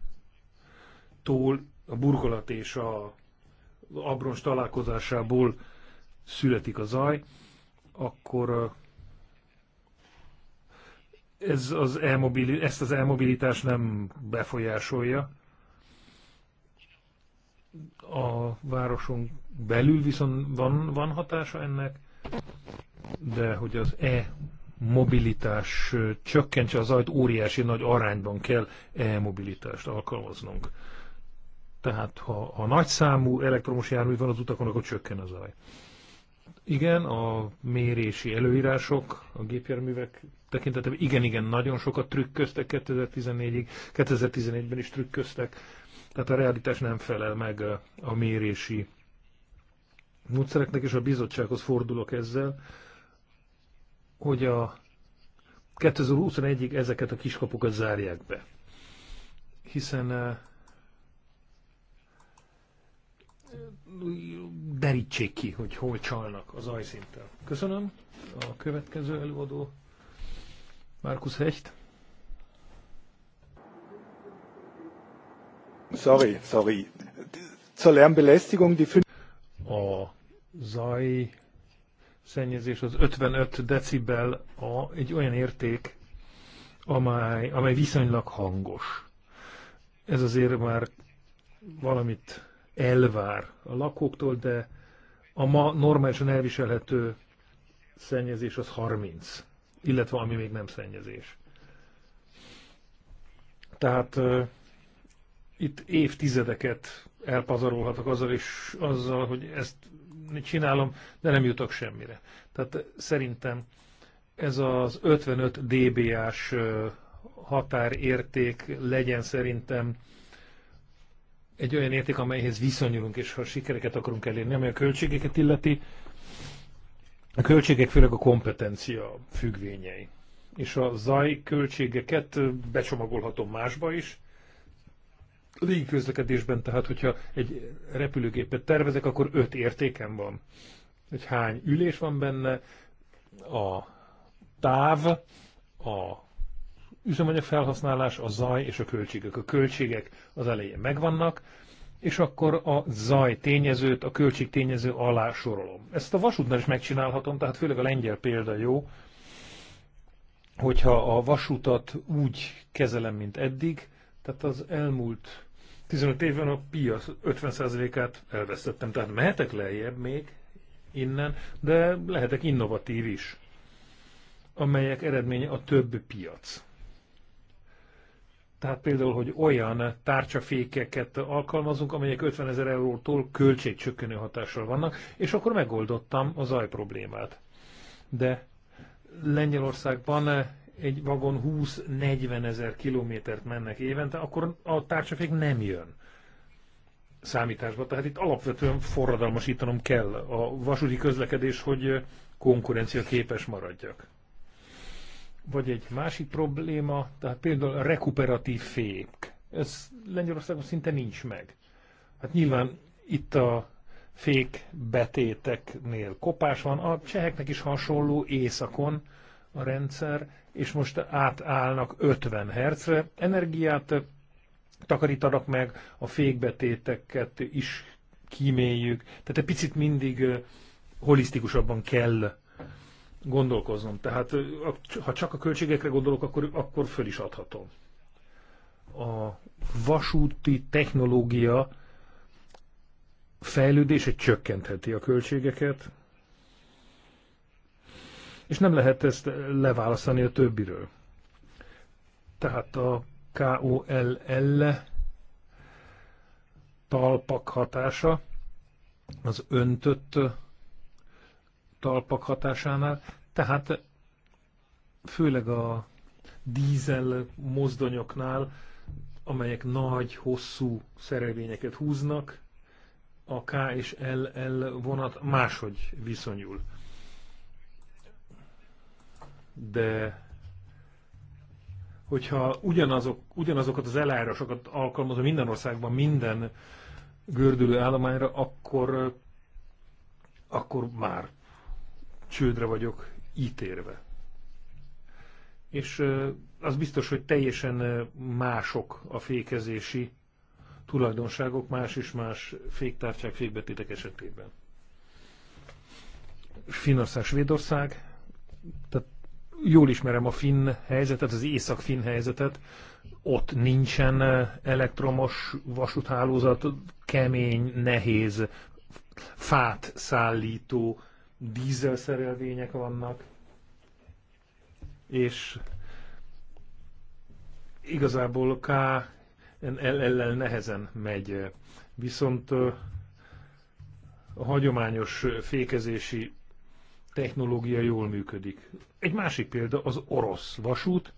tól, a burkolat és a abroncs találkozásából születik a zaj, akkor ez az ezt az elmobilitás nem befolyásolja. A városon belül viszont van, van hatása ennek, de hogy az e mobilitás csökkentse az ajt, óriási nagy arányban kell e-mobilitást alkalmaznunk. Tehát ha, ha nagy számú elektromos jármű van az utakon, akkor csökken az ajt. Igen, a mérési előírások a gépjárművek tekintetében igen, igen, nagyon sokat trükköztek 2014-ig, 2014-ben is trükköztek, tehát a realitás nem felel meg a mérési módszereknek, és a bizottsághoz fordulok ezzel, hogy a 2021-ig ezeket a kiskapukat zárják be. Hiszen derítsék ki, hogy hol csalnak az ajszinttel. Köszönöm. A következő előadó Markus Hecht. Sorry, sorry. Zur Lärmbelästigung die A zaj szennyezés az 55 decibel a, egy olyan érték, amely, amely viszonylag hangos. Ez azért már valamit elvár a lakóktól, de a ma normálisan elviselhető szennyezés az 30, illetve ami még nem szennyezés. Tehát uh, itt évtizedeket elpazarolhatok azzal, és azzal, hogy ezt csinálom, de nem jutok semmire. Tehát szerintem ez az 55 dBA-s határérték legyen szerintem egy olyan érték, amelyhez viszonyulunk, és ha sikereket akarunk elérni, ami a költségeket illeti, a költségek főleg a kompetencia függvényei. És a zaj költségeket becsomagolhatom másba is. A légiközlekedésben tehát, hogyha egy repülőgépet tervezek, akkor öt értéken van. Hogy hány ülés van benne, a táv, a üzemanyag felhasználás, a zaj és a költségek. A költségek az elején megvannak, és akkor a zaj tényezőt, a költség tényező alá sorolom. Ezt a vasútnál is megcsinálhatom, tehát főleg a lengyel példa jó, hogyha a vasutat úgy kezelem, mint eddig, tehát az elmúlt 15 évben a piac 50%-át elvesztettem, tehát mehetek lejjebb még innen, de lehetek innovatív is, amelyek eredménye a több piac. Tehát például, hogy olyan tárcsafékeket alkalmazunk, amelyek 50 ezer eurótól költségcsökkenő hatással vannak, és akkor megoldottam a zaj problémát. De Lengyelországban egy vagon 20-40 ezer kilométert mennek évente, akkor a tárcsafék nem jön számításba. Tehát itt alapvetően forradalmasítanom kell a vasúti közlekedés, hogy konkurencia képes maradjak. Vagy egy másik probléma, tehát például a rekuperatív fék. Ez Lengyelországon szinte nincs meg. Hát nyilván itt a fék betéteknél kopás van. A cseheknek is hasonló éjszakon a rendszer, és most átállnak 50 hercre. Energiát takarítanak meg, a fékbetéteket is kíméljük. Tehát egy picit mindig holisztikusabban kell gondolkoznom. Tehát ha csak a költségekre gondolok, akkor, akkor föl is adhatom. A vasúti technológia fejlődése csökkentheti a költségeket, és nem lehet ezt leválasztani a többiről. Tehát a KOLL talpak hatása az öntött talpak hatásánál, tehát főleg a dízel mozdonyoknál, amelyek nagy, hosszú szerelvényeket húznak, a K és LL vonat máshogy viszonyul. De hogyha ugyanazok, ugyanazokat az elárásokat alkalmazom minden országban, minden gördülő állományra, akkor, akkor már csődre vagyok ítérve. És az biztos, hogy teljesen mások a fékezési tulajdonságok más és más féktárcsák, fékbetétek esetében. Finország, Svédország, tehát jól ismerem a finn helyzetet, az észak-finn helyzetet, ott nincsen elektromos vasúthálózat, kemény, nehéz, fát szállító szerelvények vannak, és igazából K ellen nehezen megy. Viszont a hagyományos fékezési technológia jól működik. Egy másik példa az orosz vasút,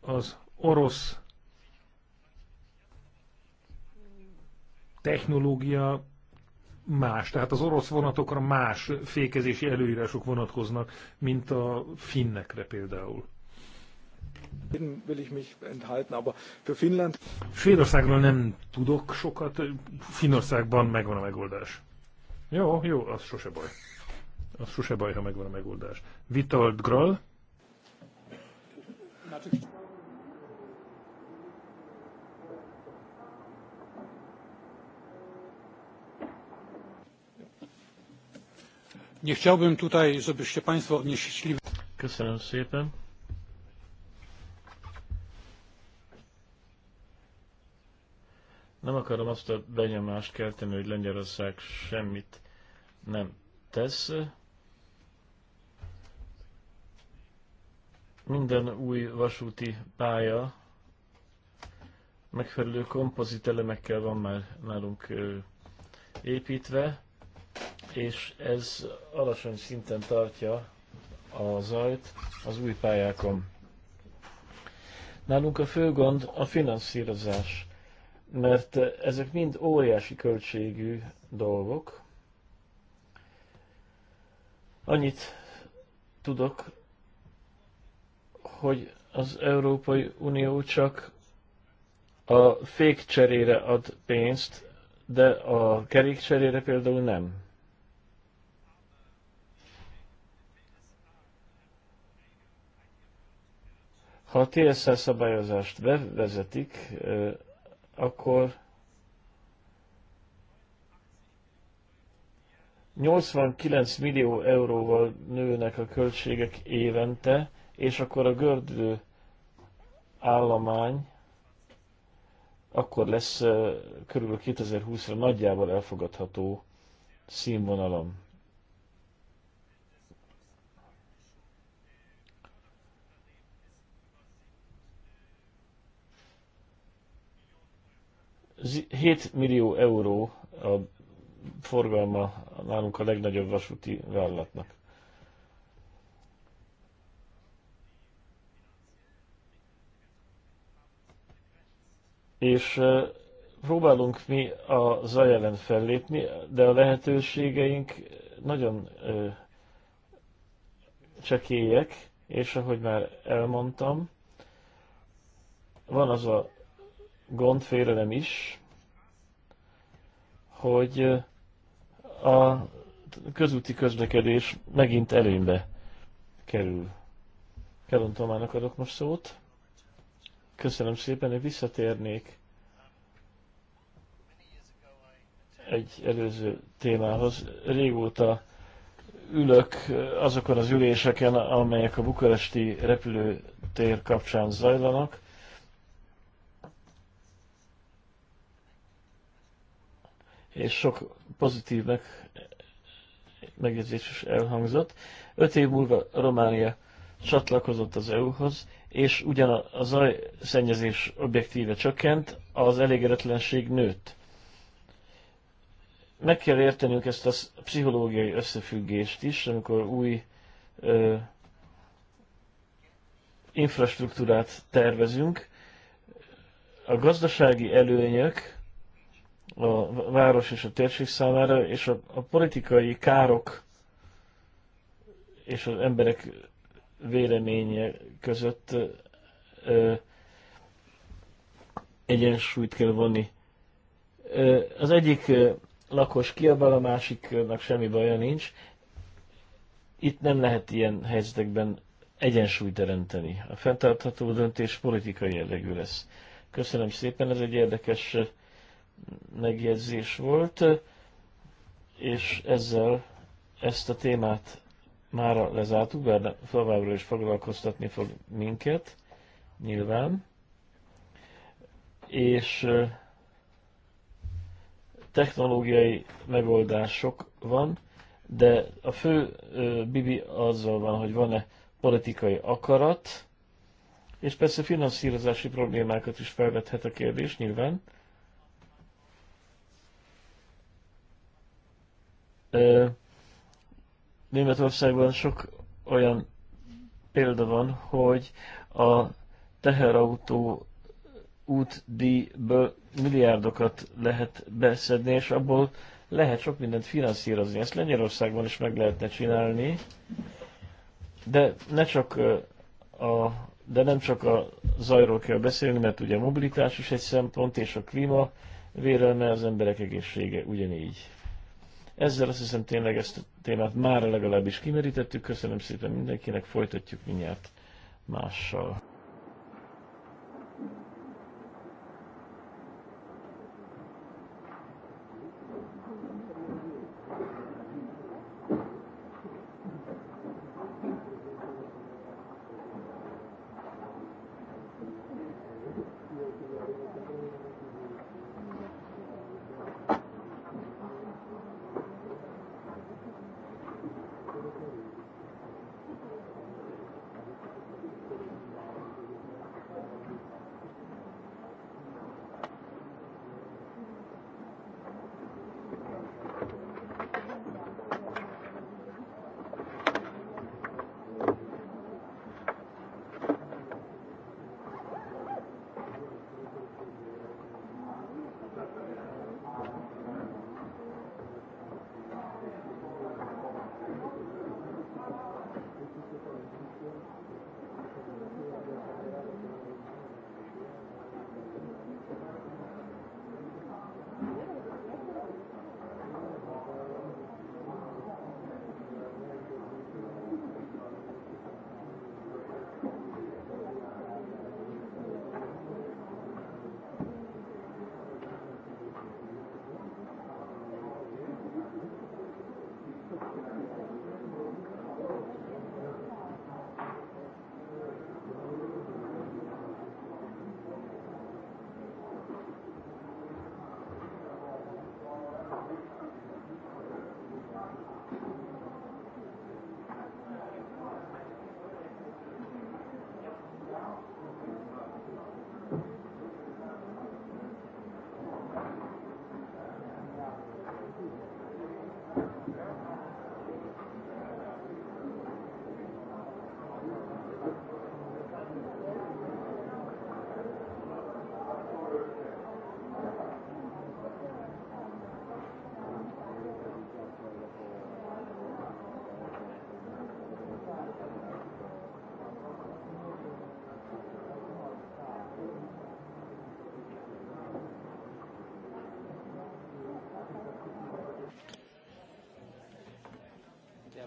az orosz technológia más. Tehát az orosz vonatokra más fékezési előírások vonatkoznak, mint a finnekre például. Will ich mich enthalten, aber für Finnland... Svédországról nem tudok sokat, Finnországban megvan a megoldás. Jó, jó, az sose baj. Az sose baj, ha megvan a megoldás. Vitold Grall. Nie chciałbym tutaj, żebyście Państwo odnieśli... Köszönöm szépen. Nem akarom azt a benyomást kelteni, hogy Lengyelország semmit nem tesz. Minden új vasúti pálya megfelelő kompozitelemekkel van már nálunk építve és ez alacsony szinten tartja a zajt az új pályákon. Nálunk a fő gond a finanszírozás, mert ezek mind óriási költségű dolgok. Annyit tudok, hogy az Európai Unió csak a fékcserére ad pénzt, de a kerékcserére például nem. Ha a TSL szabályozást bevezetik, akkor 89 millió euróval nőnek a költségek évente, és akkor a gördülő állomány akkor lesz körülbelül 2020-ra nagyjából elfogadható színvonalom. 7 millió euró a forgalma nálunk a legnagyobb vasúti vállalatnak. És próbálunk mi a zaj ellen fellépni, de a lehetőségeink nagyon csekélyek, és ahogy már elmondtam, van az a gond, is, hogy a közúti közlekedés megint előnybe kerül. Kelon Tomának adok most szót. Köszönöm szépen, hogy visszatérnék egy előző témához. Régóta ülök azokon az üléseken, amelyek a bukaresti repülőtér kapcsán zajlanak. és sok pozitív meg, megjegyzés is elhangzott. Öt év múlva Románia csatlakozott az EU-hoz, és ugyan a zajszennyezés objektíve csökkent, az elégedetlenség nőtt. Meg kell értenünk ezt a pszichológiai összefüggést is, amikor új ö, infrastruktúrát tervezünk. A gazdasági előnyök a város és a térség számára, és a, a politikai károk és az emberek véleménye között ö, egyensúlyt kell vonni. Ö, az egyik ö, lakos kiabál, a másiknak semmi baja nincs. Itt nem lehet ilyen helyzetekben egyensúlyt teremteni. A fenntartható döntés politikai jellegű lesz. Köszönöm szépen, ez egy érdekes megjegyzés volt, és ezzel ezt a témát már lezártuk, bár továbbra is foglalkoztatni fog minket, nyilván. És technológiai megoldások van, de a fő bibi azzal van, hogy van-e politikai akarat, és persze finanszírozási problémákat is felvethet a kérdés, nyilván. Németországban sok olyan példa van, hogy a teherautó útdíjből milliárdokat lehet beszedni, és abból lehet sok mindent finanszírozni. Ezt Lengyelországban is meg lehetne csinálni, de ne csak a, de nem csak a zajról kell beszélni, mert ugye a mobilitás is egy szempont, és a klíma vérelme, az emberek egészsége ugyanígy. Ezzel azt hiszem tényleg ezt a témát már legalábbis kimerítettük. Köszönöm szépen mindenkinek, folytatjuk mindjárt mással.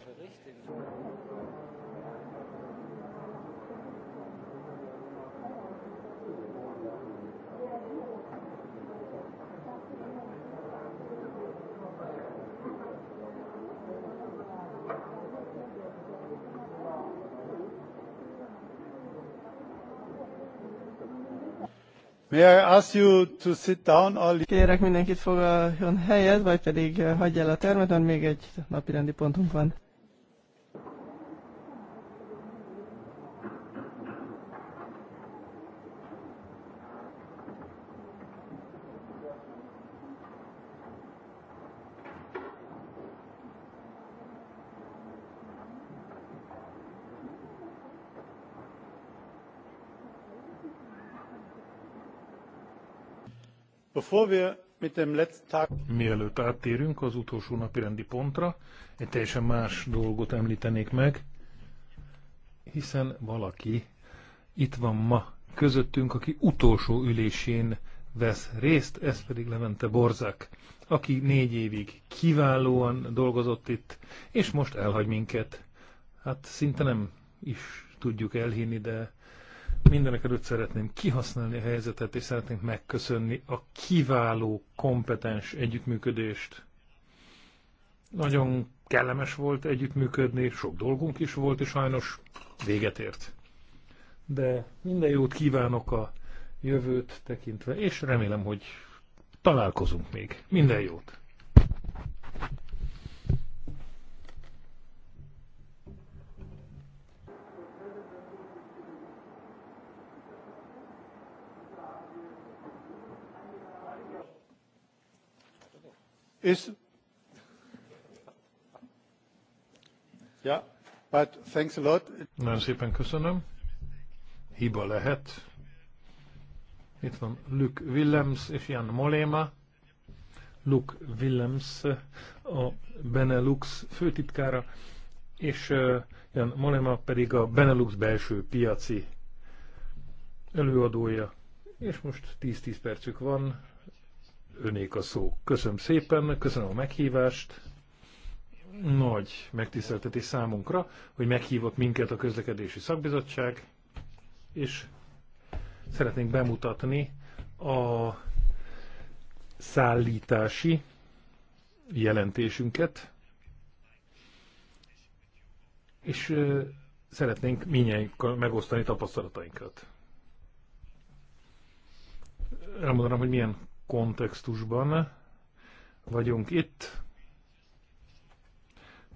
all... Kérek mindenkit foglaljon helyet, vagy pedig eh, hagyja el a termet, mert még egy napirendi pontunk van. Mielőtt áttérünk az utolsó napi rendi pontra, egy teljesen más dolgot említenék meg, hiszen valaki itt van ma közöttünk, aki utolsó ülésén vesz részt, ez pedig Levente Borzák, aki négy évig kiválóan dolgozott itt, és most elhagy minket. Hát szinte nem is tudjuk elhinni, de Mindenek előtt szeretném kihasználni a helyzetet, és szeretnénk megköszönni a kiváló, kompetens együttműködést. Nagyon kellemes volt együttműködni, sok dolgunk is volt, és sajnos véget ért. De minden jót kívánok a jövőt tekintve, és remélem, hogy találkozunk még. Minden jót! is yeah, but thanks a lot. Nagyon szépen köszönöm. Hiba lehet. Itt van Luke Willems és Jan Moléma. Luke Willems a Benelux főtitkára, és Jan Molema pedig a Benelux belső piaci előadója. És most 10-10 percük van, önék a szó. Köszönöm szépen, köszönöm a meghívást. Nagy megtiszteltetés számunkra, hogy meghívott minket a közlekedési szakbizottság, és szeretnénk bemutatni a szállítási jelentésünket, és szeretnénk minnyáinkkal megosztani tapasztalatainkat. Elmondanám, hogy milyen kontextusban vagyunk itt.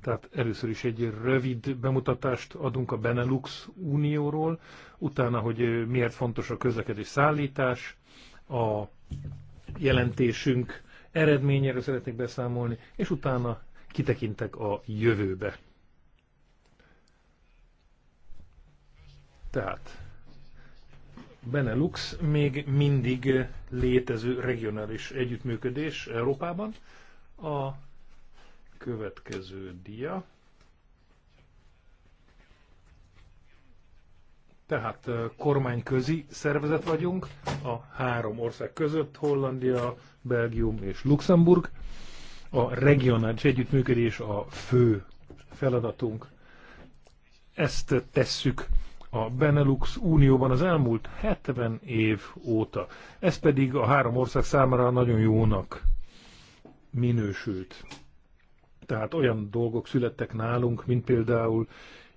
Tehát először is egy rövid bemutatást adunk a Benelux Unióról, utána, hogy miért fontos a közlekedés szállítás, a jelentésünk eredményéről szeretnék beszámolni, és utána kitekintek a jövőbe. Tehát Benelux még mindig létező regionális együttműködés Európában. A következő dia. Tehát kormányközi szervezet vagyunk a három ország között, Hollandia, Belgium és Luxemburg. A regionális együttműködés a fő feladatunk. Ezt tesszük a Benelux Unióban az elmúlt 70 év óta. Ez pedig a három ország számára nagyon jónak minősült. Tehát olyan dolgok születtek nálunk, mint például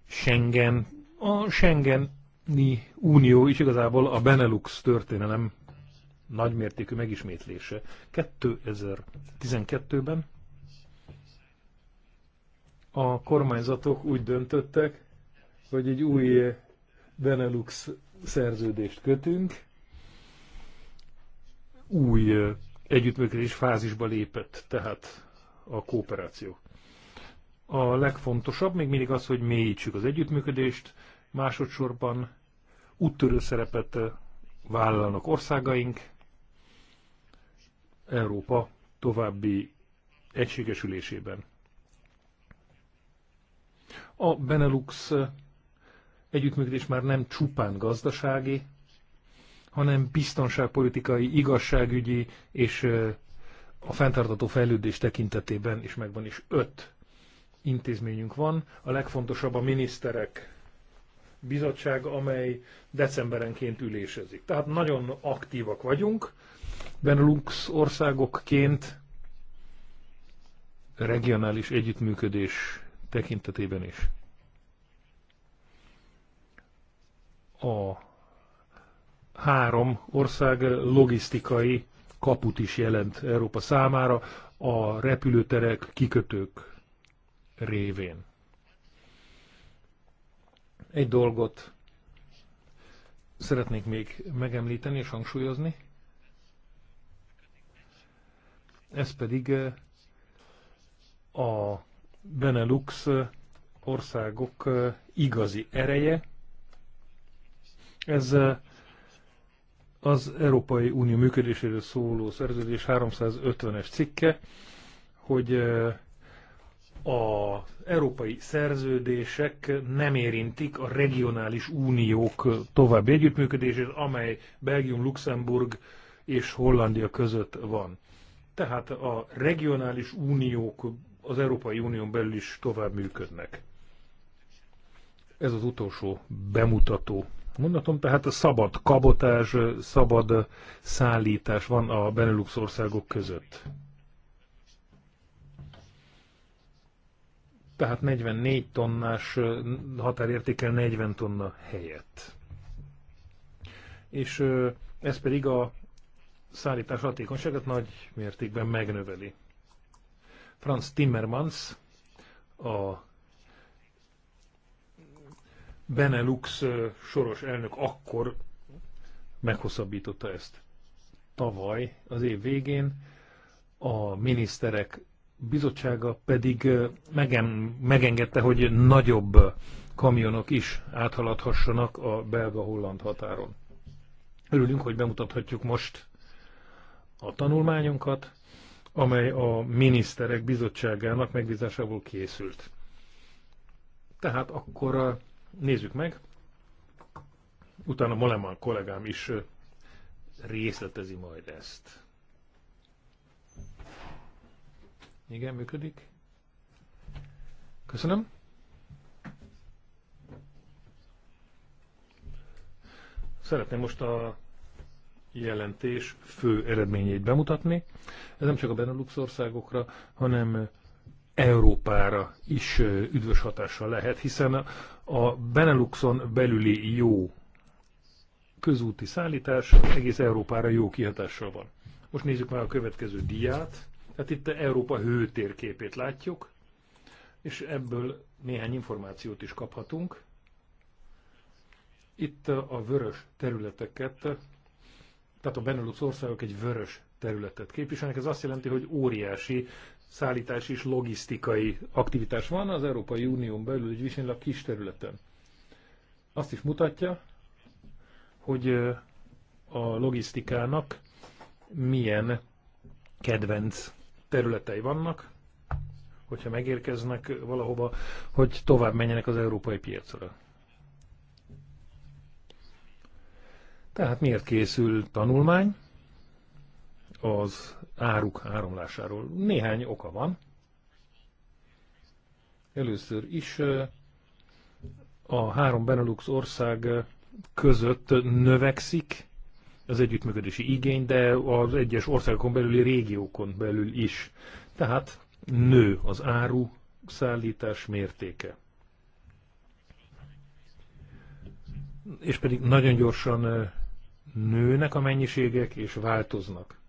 Schengen. A Schengeni Unió is igazából a Benelux történelem nagymértékű megismétlése. 2012-ben a kormányzatok úgy döntöttek, hogy egy új Benelux szerződést kötünk, új együttműködés fázisba lépett tehát a kooperáció. A legfontosabb még mindig az, hogy mélyítsük az együttműködést, másodszorban úttörő szerepet vállalnak országaink, Európa további egységesülésében. A Benelux együttműködés már nem csupán gazdasági, hanem biztonságpolitikai, igazságügyi és a fenntartató fejlődés tekintetében is megvan is öt intézményünk van. A legfontosabb a miniszterek bizottság, amely decemberenként ülésezik. Tehát nagyon aktívak vagyunk. Benelux országokként regionális együttműködés tekintetében is. a három ország logisztikai kaput is jelent Európa számára a repülőterek, kikötők révén. Egy dolgot szeretnék még megemlíteni és hangsúlyozni. Ez pedig eh, a Benelux eh, országok eh, igazi ereje, ez az Európai Unió működéséről szóló szerződés 350-es cikke, hogy az európai szerződések nem érintik a regionális uniók további együttműködését, amely Belgium, Luxemburg és Hollandia között van. Tehát a regionális uniók az Európai Unión belül is tovább működnek. Ez az utolsó bemutató mondatom, tehát a szabad kabotás, szabad szállítás van a Benelux országok között. Tehát 44 tonnás határértékel 40 tonna helyett. És ez pedig a szállítás hatékonyságát nagy mértékben megnöveli. Franz Timmermans, a Benelux soros elnök akkor meghosszabbította ezt. Tavaly, az év végén a miniszterek bizottsága pedig megen, megengedte, hogy nagyobb kamionok is áthaladhassanak a belga-holland határon. Örülünk, hogy bemutathatjuk most a tanulmányunkat, amely a miniszterek bizottságának megbízásából készült. Tehát akkor Nézzük meg. Utána Moleman kollégám is részletezi majd ezt. Igen, működik. Köszönöm. Szeretném most a jelentés fő eredményét bemutatni. Ez nem csak a Benelux országokra, hanem Európára is üdvös hatással lehet, hiszen a Beneluxon belüli jó közúti szállítás egész Európára jó kihatással van. Most nézzük már a következő diát. Tehát itt Európa hőtérképét látjuk, és ebből néhány információt is kaphatunk. Itt a vörös területeket, tehát a Benelux országok egy vörös területet képviselnek. Ez azt jelenti, hogy óriási szállítás és logisztikai aktivitás van az Európai Unión belül egy viszonylag kis területen. Azt is mutatja, hogy a logisztikának milyen kedvenc területei vannak, hogyha megérkeznek valahova, hogy tovább menjenek az európai piacra. Tehát miért készül tanulmány? Az áruk áramlásáról. Néhány oka van. Először is a három Benelux ország között növekszik az együttműködési igény, de az egyes országokon belüli régiókon belül is. Tehát nő az áru szállítás mértéke. És pedig nagyon gyorsan nőnek a mennyiségek, és változnak.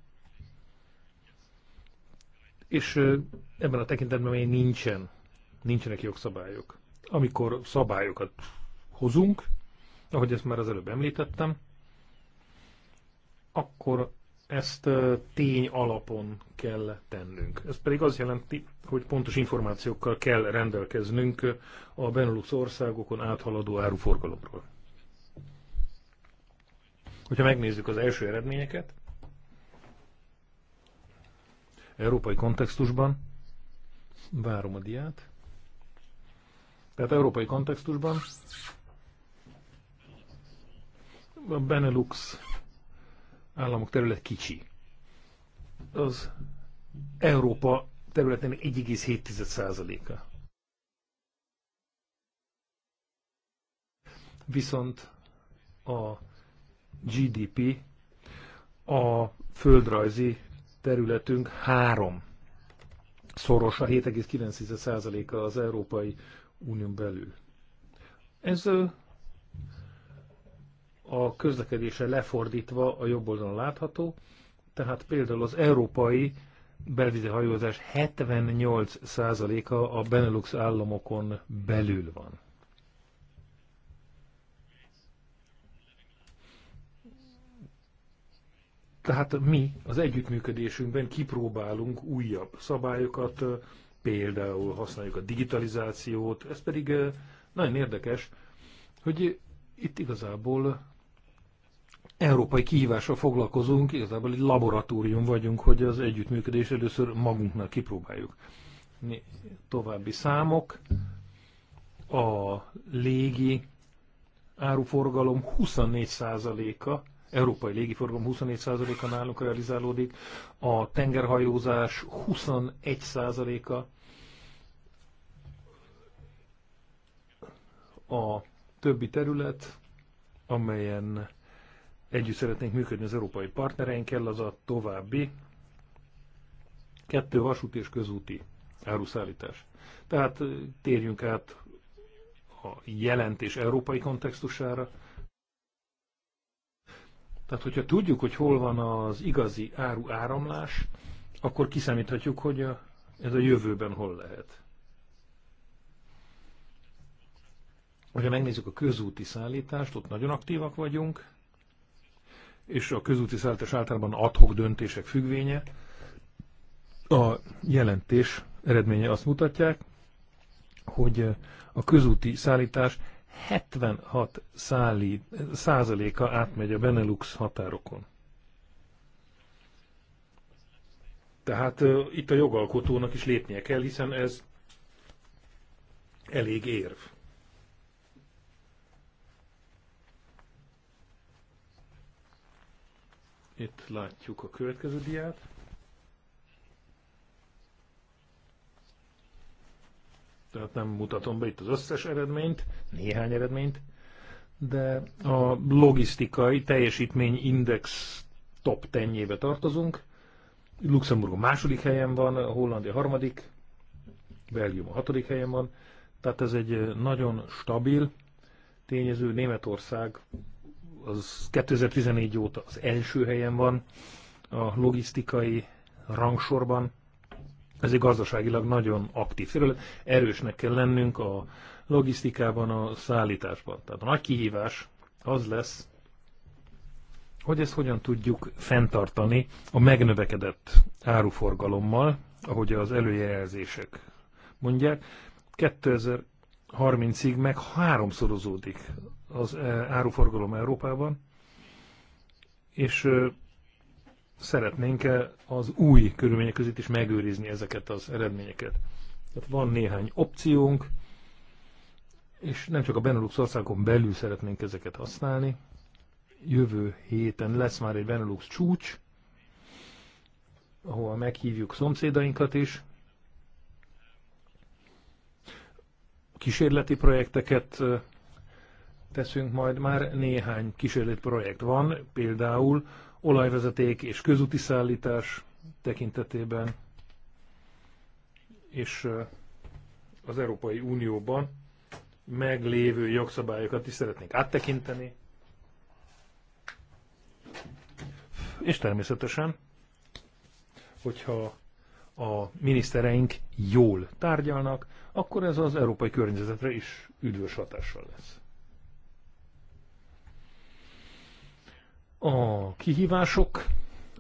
És ebben a tekintetben még nincsen, nincsenek jogszabályok. Amikor szabályokat hozunk, ahogy ezt már az előbb említettem, akkor ezt tény alapon kell tennünk. Ez pedig az jelenti, hogy pontos információkkal kell rendelkeznünk a Benelux országokon áthaladó áruforgalomról. Hogyha megnézzük az első eredményeket, európai kontextusban. Várom a diát. Tehát európai kontextusban a Benelux államok terület kicsi. Az Európa területének 1,7%-a. Viszont a GDP a földrajzi területünk három szoros a 7,9%-a az Európai Unión belül. Ez a közlekedése lefordítva a jobb oldalon látható, tehát például az európai belvízi hajózás 78%-a a Benelux államokon belül van. Tehát mi az együttműködésünkben kipróbálunk újabb szabályokat, például használjuk a digitalizációt, ez pedig nagyon érdekes, hogy itt igazából európai kihívással foglalkozunk, igazából egy laboratórium vagyunk, hogy az együttműködés először magunknak kipróbáljuk. További számok, a légi áruforgalom 24%-a európai légiforgalom 24%-a nálunk realizálódik, a tengerhajózás 21%-a, a többi terület, amelyen együtt szeretnénk működni az európai partnereinkkel, az a további kettő vasúti és közúti áruszállítás. Tehát térjünk át a jelentés európai kontextusára. Tehát, hogyha tudjuk, hogy hol van az igazi áru áramlás, akkor kiszámíthatjuk, hogy a, ez a jövőben hol lehet. Ha megnézzük a közúti szállítást, ott nagyon aktívak vagyunk, és a közúti szállítás általában adhok döntések függvénye. A jelentés eredménye azt mutatják, hogy a közúti szállítás 76 szállít, százaléka átmegy a Benelux határokon. Tehát uh, itt a jogalkotónak is lépnie kell, hiszen ez elég érv. Itt látjuk a következő diát. tehát nem mutatom be itt az összes eredményt, néhány eredményt, de a logisztikai index top tenyébe tartozunk. Luxemburg a második helyen van, a Hollandia a harmadik, Belgium a hatodik helyen van, tehát ez egy nagyon stabil tényező. Németország az 2014 óta az első helyen van a logisztikai rangsorban, ez egy gazdaságilag nagyon aktív terület. Erősnek kell lennünk a logisztikában, a szállításban. Tehát a nagy kihívás az lesz, hogy ezt hogyan tudjuk fenntartani a megnövekedett áruforgalommal, ahogy az előjelzések mondják. 2030-ig meg háromszorozódik az eh, áruforgalom Európában, és eh, szeretnénk e az új körülmények között is megőrizni ezeket az eredményeket. Tehát van néhány opciónk, és nem csak a Benelux országon belül szeretnénk ezeket használni. Jövő héten lesz már egy Benelux csúcs, ahol meghívjuk szomszédainkat is. Kísérleti projekteket teszünk majd, már néhány kísérleti projekt van, például olajvezeték és közúti szállítás tekintetében, és az Európai Unióban meglévő jogszabályokat is szeretnénk áttekinteni, és természetesen, hogyha a minisztereink jól tárgyalnak, akkor ez az európai környezetre is üdvös hatással lesz. A kihívások,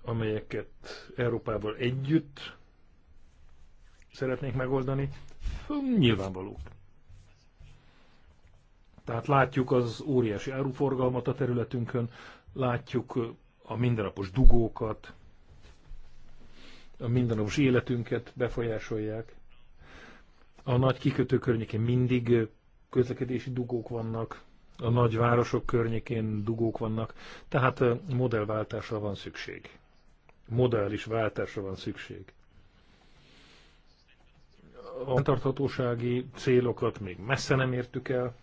amelyeket Európával együtt szeretnénk megoldani, hm, nyilvánvalók. Tehát látjuk az óriási áruforgalmat a területünkön, látjuk a mindennapos dugókat, a mindennapos életünket befolyásolják. A nagy kikötő környékén mindig közlekedési dugók vannak, a nagy városok környékén dugók vannak, tehát modellváltásra van szükség. Modellis váltásra van szükség. A tarthatósági célokat még messze nem értük el,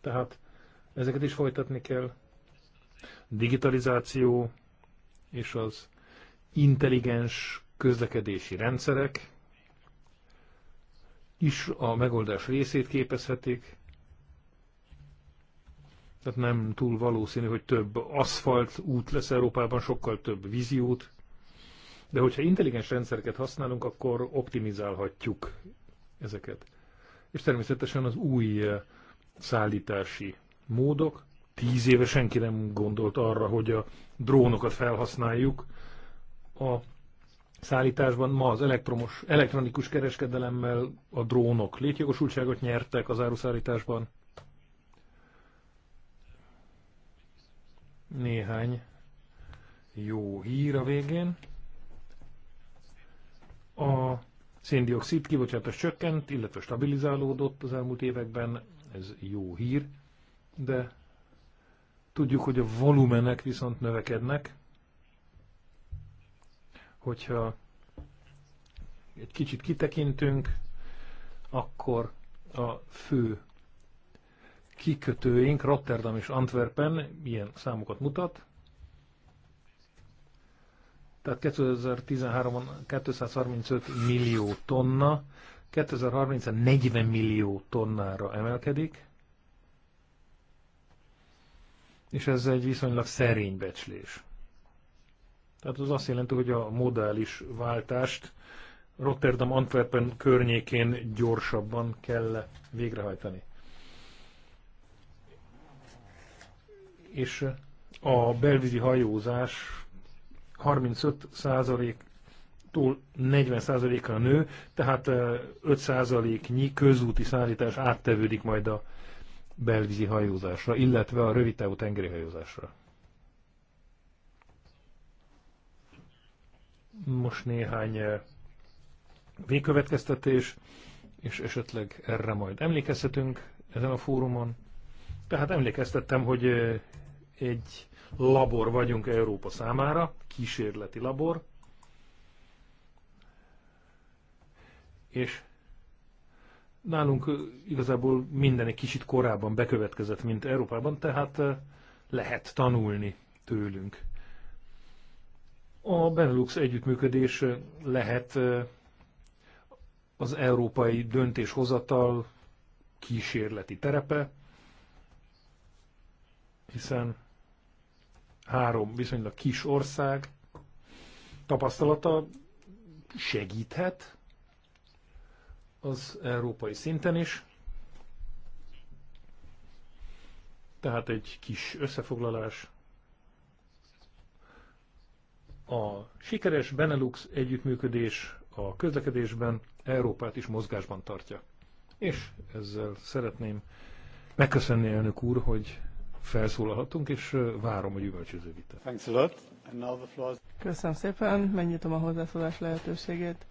tehát ezeket is folytatni kell. Digitalizáció és az intelligens közlekedési rendszerek is a megoldás részét képezhetik, tehát nem túl valószínű, hogy több aszfalt út lesz Európában, sokkal több víziút. De hogyha intelligens rendszereket használunk, akkor optimizálhatjuk ezeket. És természetesen az új eh, szállítási módok. Tíz éve senki nem gondolt arra, hogy a drónokat felhasználjuk a szállításban. Ma az elektromos, elektronikus kereskedelemmel a drónok létjogosultságot nyertek az áruszállításban. Néhány jó hír a végén. A széndiokszid kibocsátás csökkent, illetve stabilizálódott az elmúlt években, ez jó hír, de tudjuk, hogy a volumenek viszont növekednek, hogyha egy kicsit kitekintünk, akkor a fő kikötőink Rotterdam és Antwerpen ilyen számokat mutat. Tehát 2013-ban 235 millió tonna, 2030-ra 40 millió tonnára emelkedik, és ez egy viszonylag szerény becslés. Tehát az azt jelenti, hogy a modális váltást Rotterdam-Antwerpen környékén gyorsabban kell végrehajtani. és a belvízi hajózás 35%-tól 40%-ra nő, tehát 5%-nyi közúti szállítás áttevődik majd a belvízi hajózásra, illetve a rövidtávú tengeri hajózásra. Most néhány végkövetkeztetés, és esetleg erre majd emlékezhetünk ezen a fórumon. Tehát emlékeztettem, hogy egy labor vagyunk Európa számára, kísérleti labor, és nálunk igazából minden egy kicsit korábban bekövetkezett, mint Európában, tehát lehet tanulni tőlünk. A Benelux együttműködés lehet az európai döntéshozatal kísérleti terepe, hiszen három viszonylag kis ország tapasztalata segíthet az európai szinten is. Tehát egy kis összefoglalás. A sikeres Benelux együttműködés a közlekedésben Európát is mozgásban tartja. És ezzel szeretném megköszönni elnök úr, hogy felszólalhatunk, és várom a gyümölcsöző vitát. Köszönöm szépen, megnyitom a hozzászólás lehetőségét.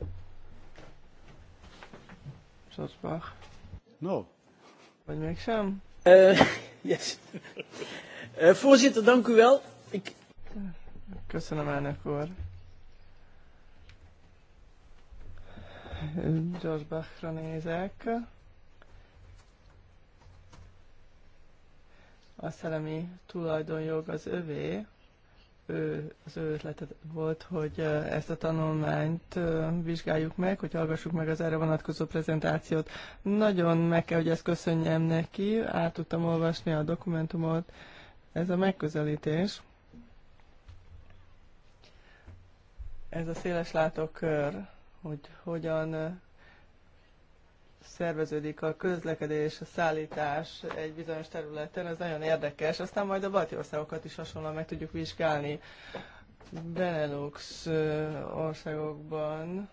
Sosbach. No. Vagy még sem? Uh, eh, yes. Uh, voorzitter, dank u wel. Ik... Köszönöm elnök úr. Josh Bachra nézek. a szellemi tulajdonjog az övé, ő, az ő ötlete volt, hogy ezt a tanulmányt vizsgáljuk meg, hogy hallgassuk meg az erre vonatkozó prezentációt. Nagyon meg kell, hogy ezt köszönjem neki, át tudtam olvasni a dokumentumot. Ez a megközelítés, ez a széles látókör, hogy hogyan szerveződik a közlekedés, a szállítás egy bizonyos területen, ez nagyon érdekes. Aztán majd a balti országokat is hasonlóan meg tudjuk vizsgálni. Benelux országokban,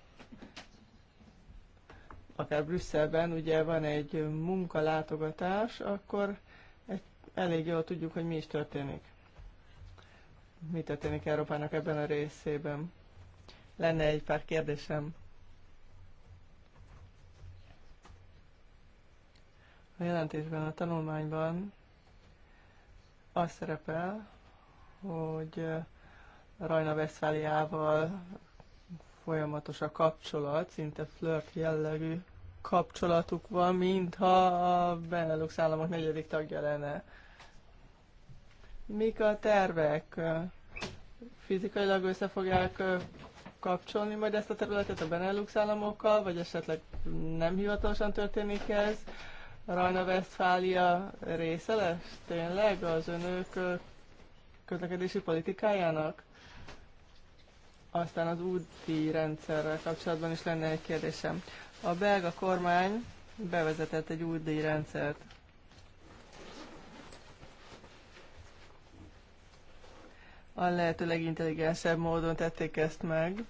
akár Brüsszelben, ugye van egy munkalátogatás, akkor egy, elég jól tudjuk, hogy mi is történik. Mi történik Európának ebben a részében. Lenne egy pár kérdésem A jelentésben, a tanulmányban az szerepel, hogy Rajna Veszfáliával folyamatos a kapcsolat, szinte flirt jellegű kapcsolatuk van, mintha a Benelux államok negyedik tagja lenne. Mik a tervek? Fizikailag össze fogják kapcsolni majd ezt a területet a Benelux államokkal, vagy esetleg nem hivatalosan történik ez? rajna Westfália része lesz tényleg az önök közlekedési politikájának? Aztán az úti rendszerrel kapcsolatban is lenne egy kérdésem. A belga kormány bevezetett egy úti rendszert. A lehető legintelligensebb módon tették ezt meg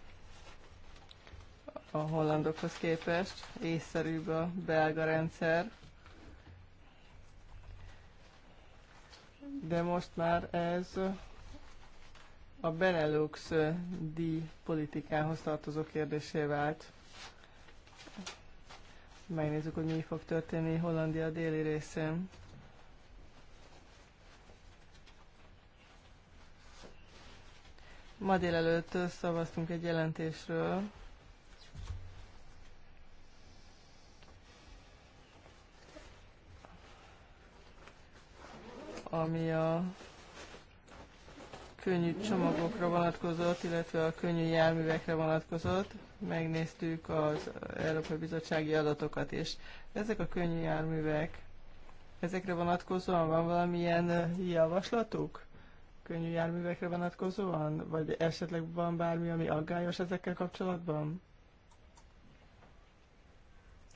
a hollandokhoz képest, észszerűbb a belga rendszer. de most már ez a Benelux díj politikához tartozó kérdésé vált. Megnézzük, hogy mi fog történni Hollandia déli részén. Ma délelőtt szavaztunk egy jelentésről, ami a könnyű csomagokra vonatkozott, illetve a könnyű járművekre vonatkozott. Megnéztük az Európai Bizottsági adatokat, és ezek a könnyű járművek, ezekre vonatkozóan van valamilyen javaslatuk? Könnyű járművekre vonatkozóan? Vagy esetleg van bármi, ami aggályos ezekkel kapcsolatban?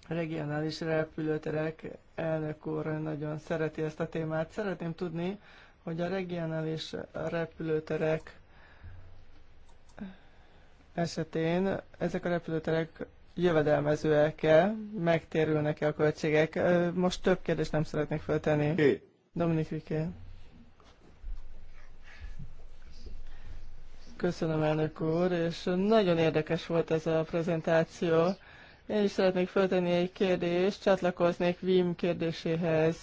regionális repülőterek elnök úr nagyon szereti ezt a témát. Szeretném tudni, hogy a regionális repülőterek esetén ezek a repülőterek jövedelmezőek-e, megtérülnek-e a költségek? Most több kérdést nem szeretnék föltenni. Okay. Dominik Viké. Köszönöm, elnök úr, és nagyon érdekes volt ez a prezentáció. Én is szeretnék föltenni egy kérdést, csatlakoznék Vim kérdéséhez.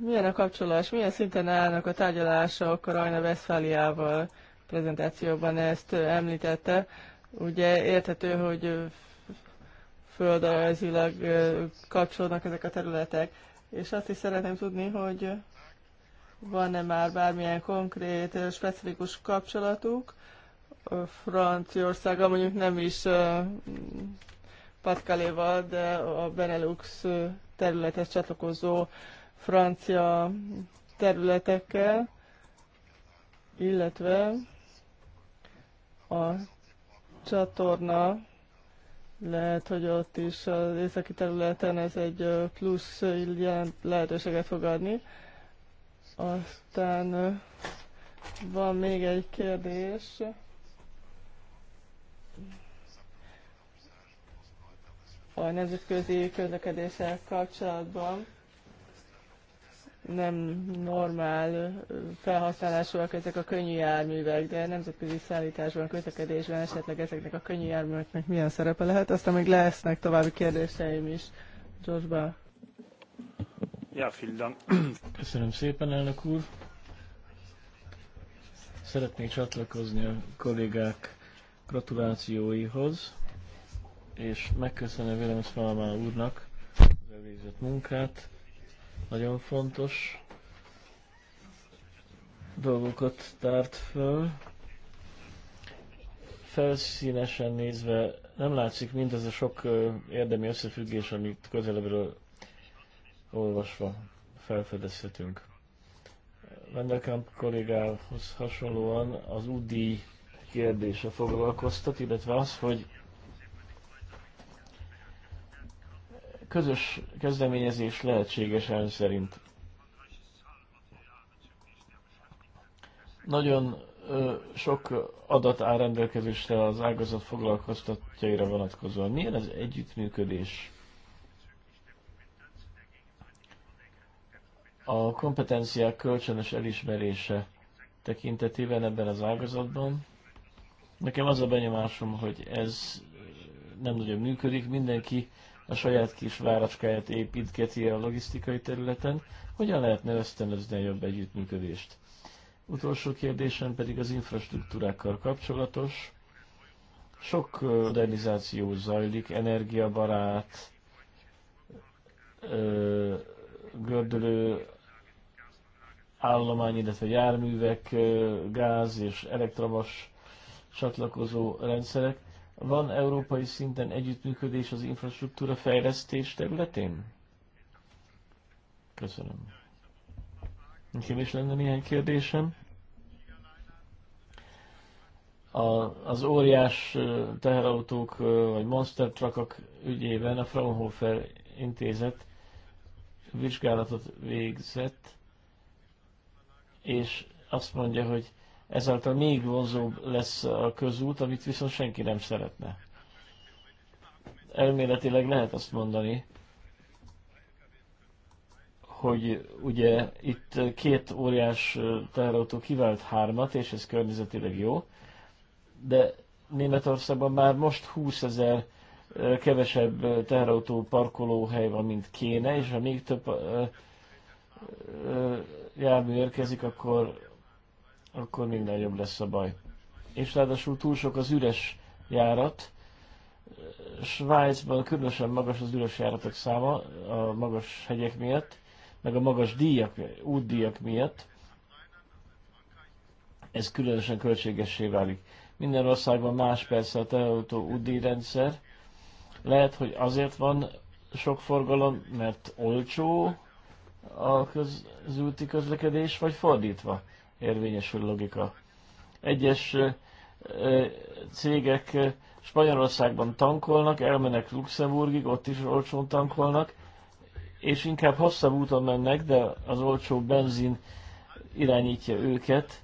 Milyen a kapcsolás, milyen szinten állnak a tárgyalások Rajna Veszfáliával? Prezentációban ezt említette. Ugye érthető, hogy földrajzilag kapcsolódnak ezek a területek. És azt is szeretném tudni, hogy van-e már bármilyen konkrét, specifikus kapcsolatuk, Franciaország, mondjuk nem is Patkaléval, de a Benelux területhez csatlakozó francia területekkel, illetve a csatorna lehet, hogy ott is az északi területen ez egy plusz lehetőséget fog adni. Aztán van még egy kérdés. a nemzetközi közlekedéssel kapcsolatban nem normál felhasználásúak ezek a könnyű járművek, de nemzetközi szállításban, közlekedésben esetleg ezeknek a könnyű járműveknek milyen szerepe lehet. Aztán még lesznek további kérdéseim is. Joshba. Ja, Fildan. Köszönöm szépen, elnök úr. Szeretnék csatlakozni a kollégák gratulációihoz és megköszönöm Vélem Szalmán úrnak az elvégzett munkát. Nagyon fontos dolgokat tárt föl. Felszínesen nézve nem látszik mindez a sok érdemi összefüggés, amit közelebbről olvasva felfedezhetünk. Vendekamp kollégához hasonlóan az UDI kérdése foglalkoztat, illetve az, hogy közös kezdeményezés lehetséges ön szerint. Nagyon ö, sok adat áll rendelkezésre az ágazat foglalkoztatjaira vonatkozóan. Milyen az együttműködés? A kompetenciák kölcsönös elismerése tekintetében ebben az ágazatban. Nekem az a benyomásom, hogy ez nem nagyon működik, mindenki a saját kis váracskáját építgeti a logisztikai területen, hogyan lehetne ösztönözni a jobb együttműködést? Utolsó kérdésem pedig az infrastruktúrákkal kapcsolatos. Sok modernizáció zajlik, energiabarát, gördülő állomány, illetve járművek, gáz és elektromos csatlakozó rendszerek. Van európai szinten együttműködés az infrastruktúra fejlesztés területén? Köszönöm. Nekem is lenne néhány kérdésem. A, az óriás teherautók vagy monster truckok ügyében a Fraunhofer intézet vizsgálatot végzett, és azt mondja, hogy ezáltal még vonzóbb lesz a közút, amit viszont senki nem szeretne. Elméletileg lehet azt mondani, hogy ugye itt két óriás teherautó kivált hármat, és ez környezetileg jó, de Németországban már most 20 ezer kevesebb teherautó parkolóhely van, mint kéne, és ha még több jármű érkezik, akkor akkor minden jobb lesz a baj. És ráadásul túl sok az üres járat. Svájcban különösen magas az üres járatok száma a magas hegyek miatt, meg a magas díjak, útdíjak miatt. Ez különösen költségessé válik. Minden országban más persze a teherautó útdíjrendszer. Lehet, hogy azért van sok forgalom, mert olcsó a közúti közlekedés, vagy fordítva érvényesül logika. Egyes cégek Spanyolországban tankolnak, elmennek Luxemburgig, ott is olcsón tankolnak, és inkább hosszabb úton mennek, de az olcsó benzin irányítja őket.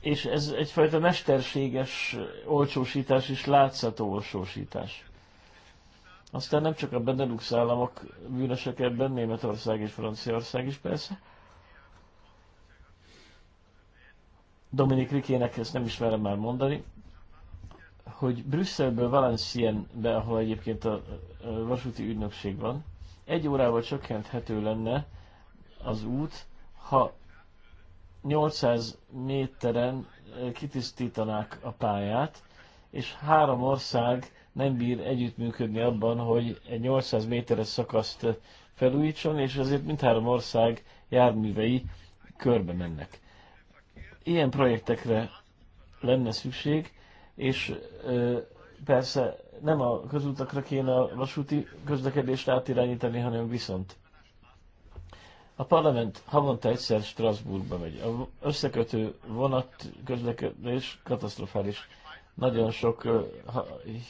És ez egyfajta mesterséges olcsósítás és látszató olcsósítás. Aztán nem csak a Benelux államok bűnösek ebben, Németország és Franciaország is persze. Dominik Rikének ezt nem is merem már mondani, hogy Brüsszelből Valencienbe, ahol egyébként a vasúti ügynökség van, egy órával csökkenthető lenne az út, ha 800 méteren eh, kitisztítanák a pályát, és három ország nem bír együttműködni abban, hogy egy 800 méteres szakaszt felújítson, és azért mindhárom ország járművei körbe mennek. Ilyen projektekre lenne szükség, és persze nem a közutakra kéne a vasúti közlekedést átirányítani, hanem viszont. A parlament havonta egyszer Strasbourgba megy. A összekötő vonat közlekedés katasztrofális nagyon sok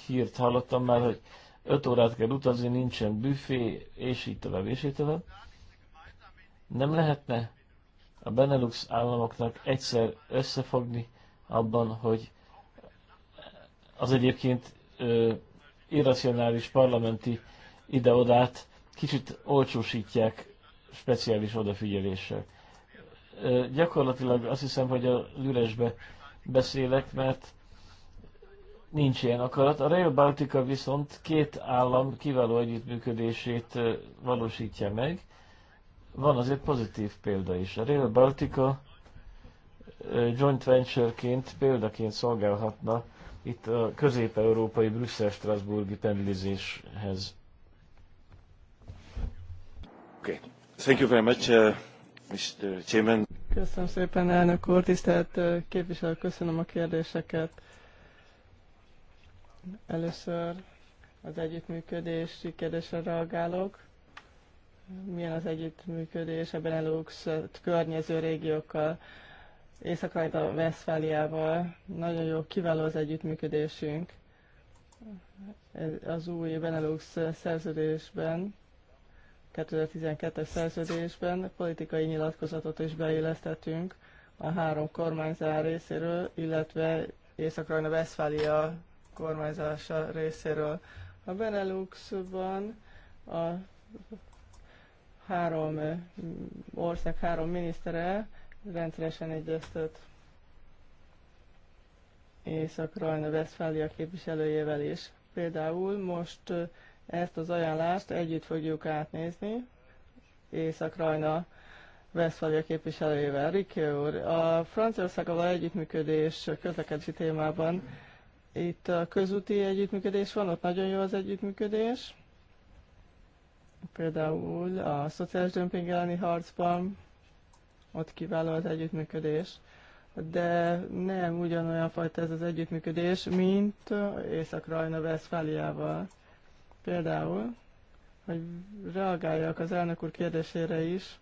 hírt hallottam már, hogy 5 órát kell utazni, nincsen büfé, és így tovább, és így tovább. Nem lehetne a Benelux államoknak egyszer összefogni abban, hogy az egyébként uh, irracionális parlamenti ide-odát kicsit olcsósítják speciális odafigyeléssel. gyakorlatilag azt hiszem, hogy a lüresbe beszélek, mert Nincs ilyen akarat. A Rail Baltica viszont két állam kiváló együttműködését valósítja meg. Van azért pozitív példa is. A Rail Baltica joint ventureként példaként szolgálhatna itt a közép-európai Brüsszel-Strasburgi pendlizéshez. Okay. Thank you very much, uh, Mr. Chairman. Köszönöm szépen, elnök úr, tisztelt képviselő, köszönöm a kérdéseket. Először az együttműködési kérdésre reagálok. Milyen az együttműködés a Benelux környező régiókkal, észak a Veszfáliával. Nagyon jó, kiváló az együttműködésünk az új Benelux szerződésben, 2012-es szerződésben politikai nyilatkozatot is beillesztettünk a három kormányzár részéről, illetve Észak-Rajna Veszfália kormányzása részéről. A Beneluxban a három ország három minisztere rendszeresen egyeztet Észak-Rajna Veszfália képviselőjével is. Például most ezt az ajánlást együtt fogjuk átnézni Észak-Rajna Veszfália képviselőjével. Rikő úr, a Franciaországgal együttműködés közlekedési témában itt a közúti együttműködés van, ott nagyon jó az együttműködés. Például a szociális dömping elleni harcban ott kiváló az együttműködés. De nem ugyanolyan fajta ez az együttműködés, mint Észak-Rajna-Veszfáliával. Például, hogy reagáljak az elnök úr kérdésére is,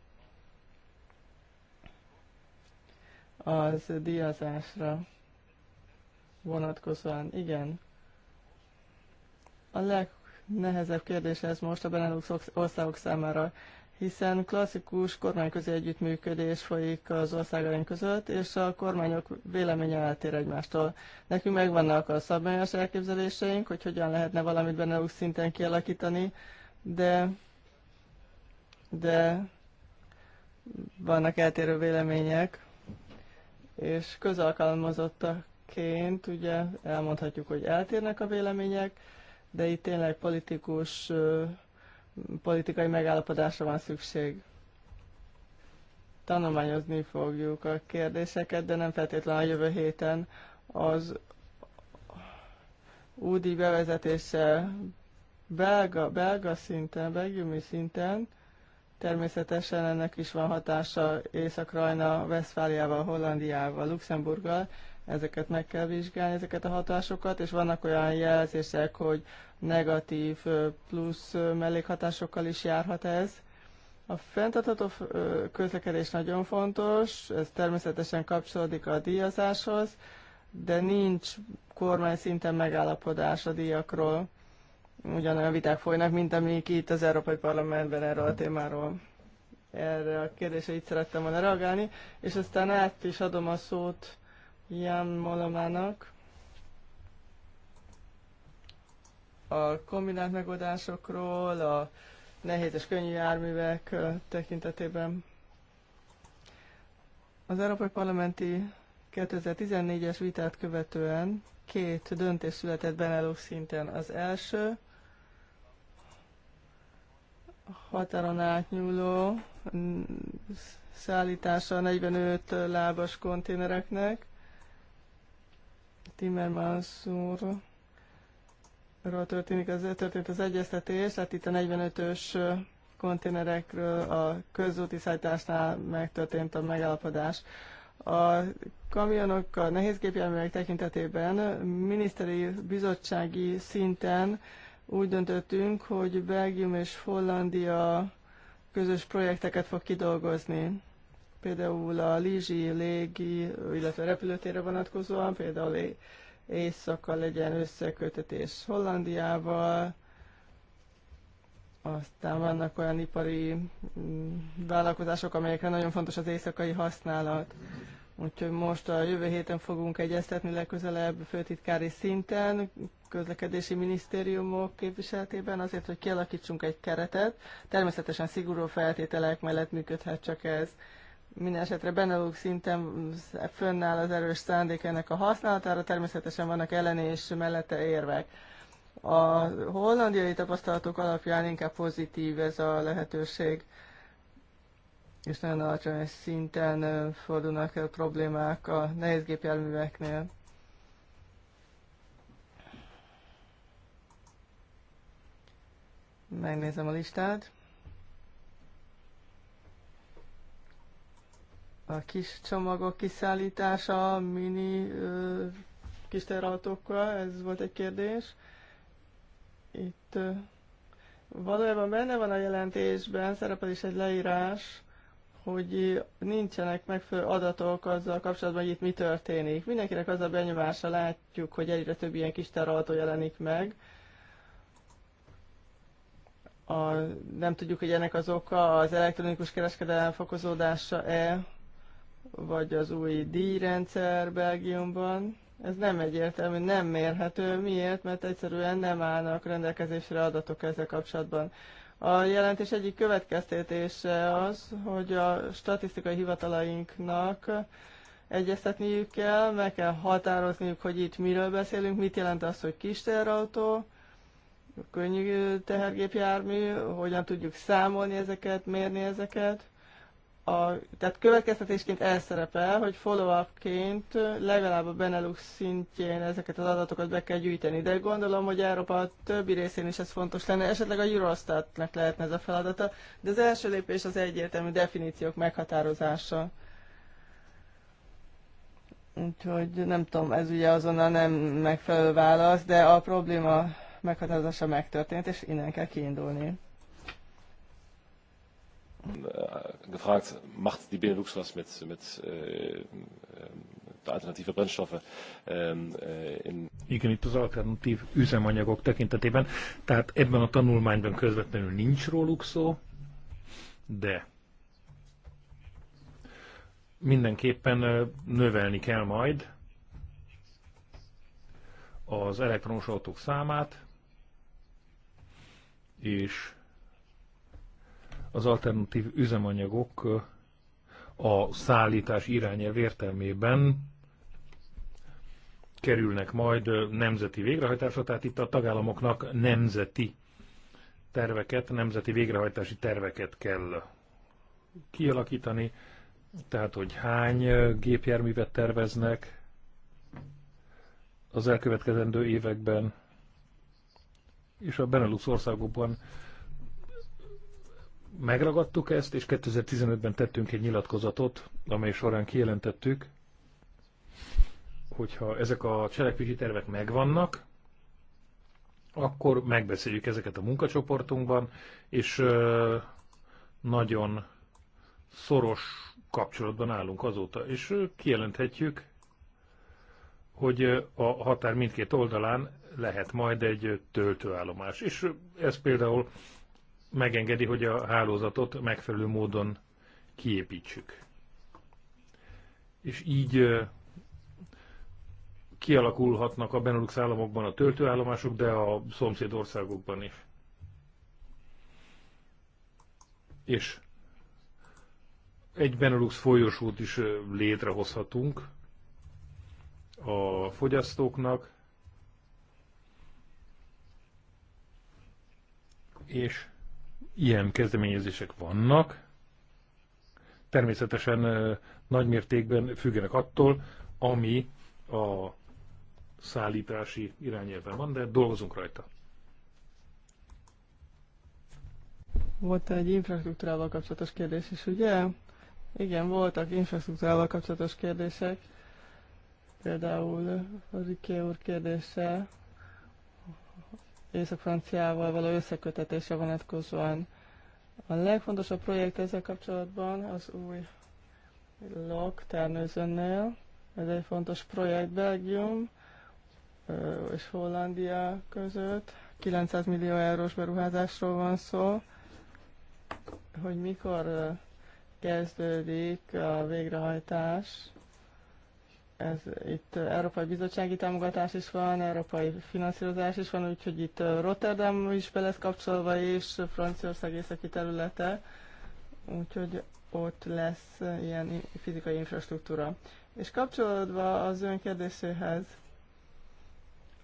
az díjazásra vonatkozóan. Igen. A legnehezebb kérdés ez most a Benelux országok számára, hiszen klasszikus kormányközi együttműködés folyik az országaink között, és a kormányok véleménye eltér egymástól. Nekünk megvannak a szabályos elképzeléseink, hogy hogyan lehetne valamit Benelux szinten kialakítani, de, de vannak eltérő vélemények, és közalkalmazottak ként ugye elmondhatjuk, hogy eltérnek a vélemények, de itt tényleg politikus, politikai megállapodásra van szükség. Tanulmányozni fogjuk a kérdéseket, de nem feltétlenül a jövő héten az údi bevezetése belga, belga szinten, belgiumi szinten, természetesen ennek is van hatása Észak-Rajna, Veszfáliával, Hollandiával, Luxemburggal, Ezeket meg kell vizsgálni, ezeket a hatásokat, és vannak olyan jelzések, hogy negatív plusz mellékhatásokkal is járhat ez. A fenntartható közlekedés nagyon fontos, ez természetesen kapcsolódik a díjazáshoz, de nincs kormány szinten megállapodás a díjakról. Ugyanolyan viták folynak, mint amik itt az Európai Parlamentben erről a témáról. Erre a kérdésre itt szerettem volna reagálni, és aztán át is adom a szót Jan Molomának a kombinált megoldásokról, a nehéz és könnyű járművek tekintetében. Az Európai Parlamenti 2014-es vitát követően két döntés született Benelux szinten. Az első határon átnyúló mm, szállítása 45 lábas konténereknek, Timmermans úrról történik az, történt az egyeztetés, tehát itt a 45-ös konténerekről a közúti szállításnál megtörtént a megállapodás. A kamionok a nehézgépjárművek tekintetében miniszteri bizottsági szinten úgy döntöttünk, hogy Belgium és Hollandia közös projekteket fog kidolgozni például a Lizsi légi, illetve repülőtérre vonatkozóan, például éjszaka legyen összekötetés Hollandiával, aztán vannak olyan ipari mm, vállalkozások, amelyekre nagyon fontos az éjszakai használat. Úgyhogy most a jövő héten fogunk egyeztetni legközelebb főtitkári szinten, közlekedési minisztériumok képviseletében azért, hogy kialakítsunk egy keretet. Természetesen szigorú feltételek mellett működhet csak ez. Minden esetre Benelux szinten fönnáll az erős szándék ennek a használatára, természetesen vannak ellene és mellette érvek. A hollandiai tapasztalatok alapján inkább pozitív ez a lehetőség, és nagyon alacsony szinten fordulnak el problémák a nehézgépjárműveknél. Megnézem a listát. a kis csomagok kiszállítása, mini ö, kis terautókkal, ez volt egy kérdés. Itt ö, valójában benne van a jelentésben, szerepel is egy leírás, hogy nincsenek megfelelő adatok azzal kapcsolatban, hogy itt mi történik. Mindenkinek az a benyomása, látjuk, hogy egyre több ilyen kis terrautó jelenik meg. A, nem tudjuk, hogy ennek az oka az elektronikus kereskedelem fokozódása-e, vagy az új díjrendszer Belgiumban. Ez nem egyértelmű, nem mérhető. Miért? Mert egyszerűen nem állnak rendelkezésre adatok ezzel kapcsolatban. A jelentés egyik következtetése az, hogy a statisztikai hivatalainknak egyeztetniük kell, meg kell határozniuk, hogy itt miről beszélünk, mit jelent az, hogy kis terautó, könnyű tehergépjármű, hogyan tudjuk számolni ezeket, mérni ezeket. A, tehát következtetésként elszerepel, hogy follow-upként legalább a Benelux szintjén ezeket az adatokat be kell gyűjteni, de gondolom, hogy Európa többi részén is ez fontos lenne, esetleg a Eurostatnak lehetne ez a feladata, de az első lépés az egyértelmű definíciók meghatározása. Úgyhogy nem tudom, ez ugye azonnal nem megfelelő válasz, de a probléma meghatározása megtörtént, és innen kell kiindulni. Äh, gefragt, macht die Benelux was mit, mit äh, äh, alternative Brennstoffe? Ähm, äh, in Igen, itt az alternatív üzemanyagok tekintetében, tehát ebben a tanulmányban közvetlenül nincs róluk szó, de mindenképpen növelni kell majd az elektronos autók számát, és az alternatív üzemanyagok a szállítás irányelv értelmében kerülnek majd nemzeti végrehajtásra, tehát itt a tagállamoknak nemzeti terveket, nemzeti végrehajtási terveket kell kialakítani, tehát hogy hány gépjárművet terveznek az elkövetkezendő években, és a Benelux országokban megragadtuk ezt, és 2015-ben tettünk egy nyilatkozatot, amely során kijelentettük, hogyha ezek a cselekvési tervek megvannak, akkor megbeszéljük ezeket a munkacsoportunkban, és nagyon szoros kapcsolatban állunk azóta, és kijelenthetjük, hogy a határ mindkét oldalán lehet majd egy töltőállomás. És ez például megengedi, hogy a hálózatot megfelelő módon kiépítsük. És így kialakulhatnak a Benelux államokban a töltőállomások, de a szomszéd országokban is. És egy Benelux folyosót is létrehozhatunk a fogyasztóknak, és ilyen kezdeményezések vannak, természetesen nagymértékben függenek attól, ami a szállítási irányelven van, de dolgozunk rajta. Volt egy infrastruktúrával kapcsolatos kérdés is, ugye? Igen, voltak infrastruktúrával kapcsolatos kérdések. Például a Riké úr kérdése Észak-Franciával való összekötetése vonatkozóan. A legfontosabb projekt ezzel kapcsolatban az új LOK termőzőnél. Ez egy fontos projekt Belgium és Hollandia között. 900 millió eurós beruházásról van szó, hogy mikor kezdődik a végrehajtás ez itt Európai Bizottsági támogatás is van, európai finanszírozás is van, úgyhogy itt Rotterdam is be lesz kapcsolva, és Franciaország északi területe, úgyhogy ott lesz ilyen fizikai infrastruktúra. És kapcsolódva az ön kérdéséhez,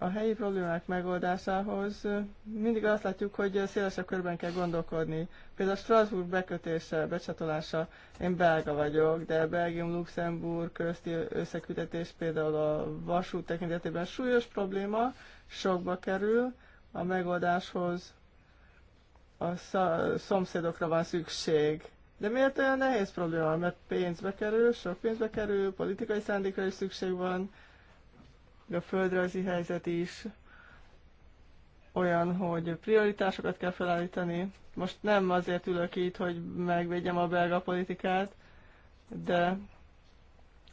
a helyi problémák megoldásához mindig azt látjuk, hogy szélesebb körben kell gondolkodni. Például Strasbourg bekötése, becsatolása, én belga vagyok, de Belgium-Luxemburg közti összekütetés például a vasút tekintetében súlyos probléma, sokba kerül, a megoldáshoz a szomszédokra van szükség. De miért olyan nehéz probléma? Mert pénzbe kerül, sok pénzbe kerül, politikai szándékra is szükség van, de a földrajzi helyzet is olyan, hogy prioritásokat kell felállítani. Most nem azért ülök itt, hogy megvédjem a belga politikát, de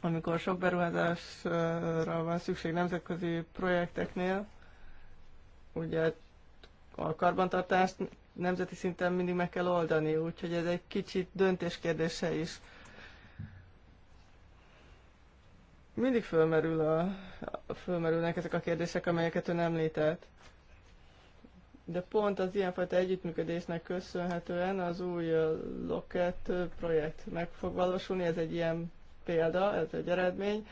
amikor sok beruházásra van szükség nemzetközi projekteknél, ugye a karbantartást nemzeti szinten mindig meg kell oldani, úgyhogy ez egy kicsit döntéskérdése is. mindig fölmerül a, fölmerülnek ezek a kérdések, amelyeket ön említett. De pont az ilyenfajta együttműködésnek köszönhetően az új Locket projekt meg fog valósulni, ez egy ilyen példa, ez egy eredmény.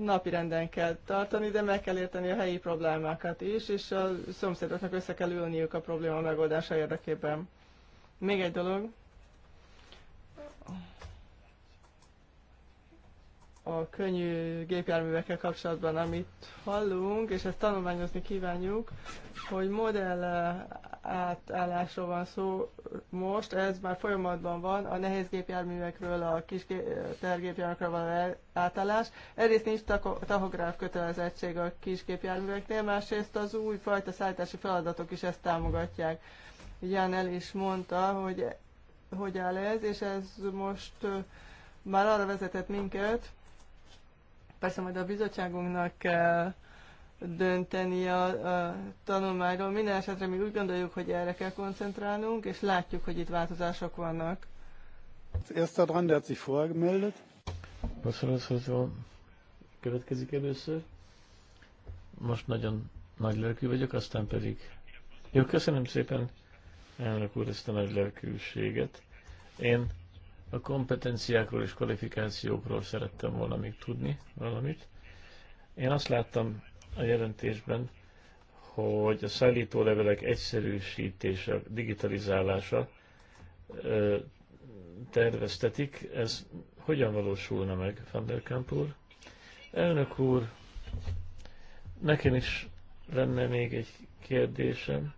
Napi renden kell tartani, de meg kell érteni a helyi problémákat is, és a szomszédoknak össze kell ülniük a probléma megoldása érdekében. Még egy dolog, a könnyű gépjárművekkel kapcsolatban, amit hallunk, és ezt tanulmányozni kívánjuk, hogy modell eh, átállásról van szó most, ez már folyamatban van, a nehéz gépjárművekről, a kis tergépjárművekről van átállás. Egyrészt nincs tahográf kötelezettség a kis gépjárműveknél, másrészt az új fajta szállítási feladatok is ezt támogatják. Jan el is mondta, hogy hogy áll ez, és ez most eh, már arra vezetett minket, Persze majd a bizottságunknak kell dönteni a, a tanulmányról. Minden esetre mi úgy gondoljuk, hogy erre kell koncentrálnunk, és látjuk, hogy itt változások vannak. Erster dran, der hat sich vorher gemeldet. Köszönöm, következik először. Most nagyon nagy lelkű vagyok, aztán pedig... Jó, köszönöm szépen, elnök úr, ezt a nagy lelkűséget. Én a kompetenciákról és kvalifikációkról szerettem volna még tudni valamit. Én azt láttam a jelentésben, hogy a szállító levelek egyszerűsítése, digitalizálása terveztetik. Ez hogyan valósulna meg, Van der Kamp úr? Elnök úr, nekem is lenne még egy kérdésem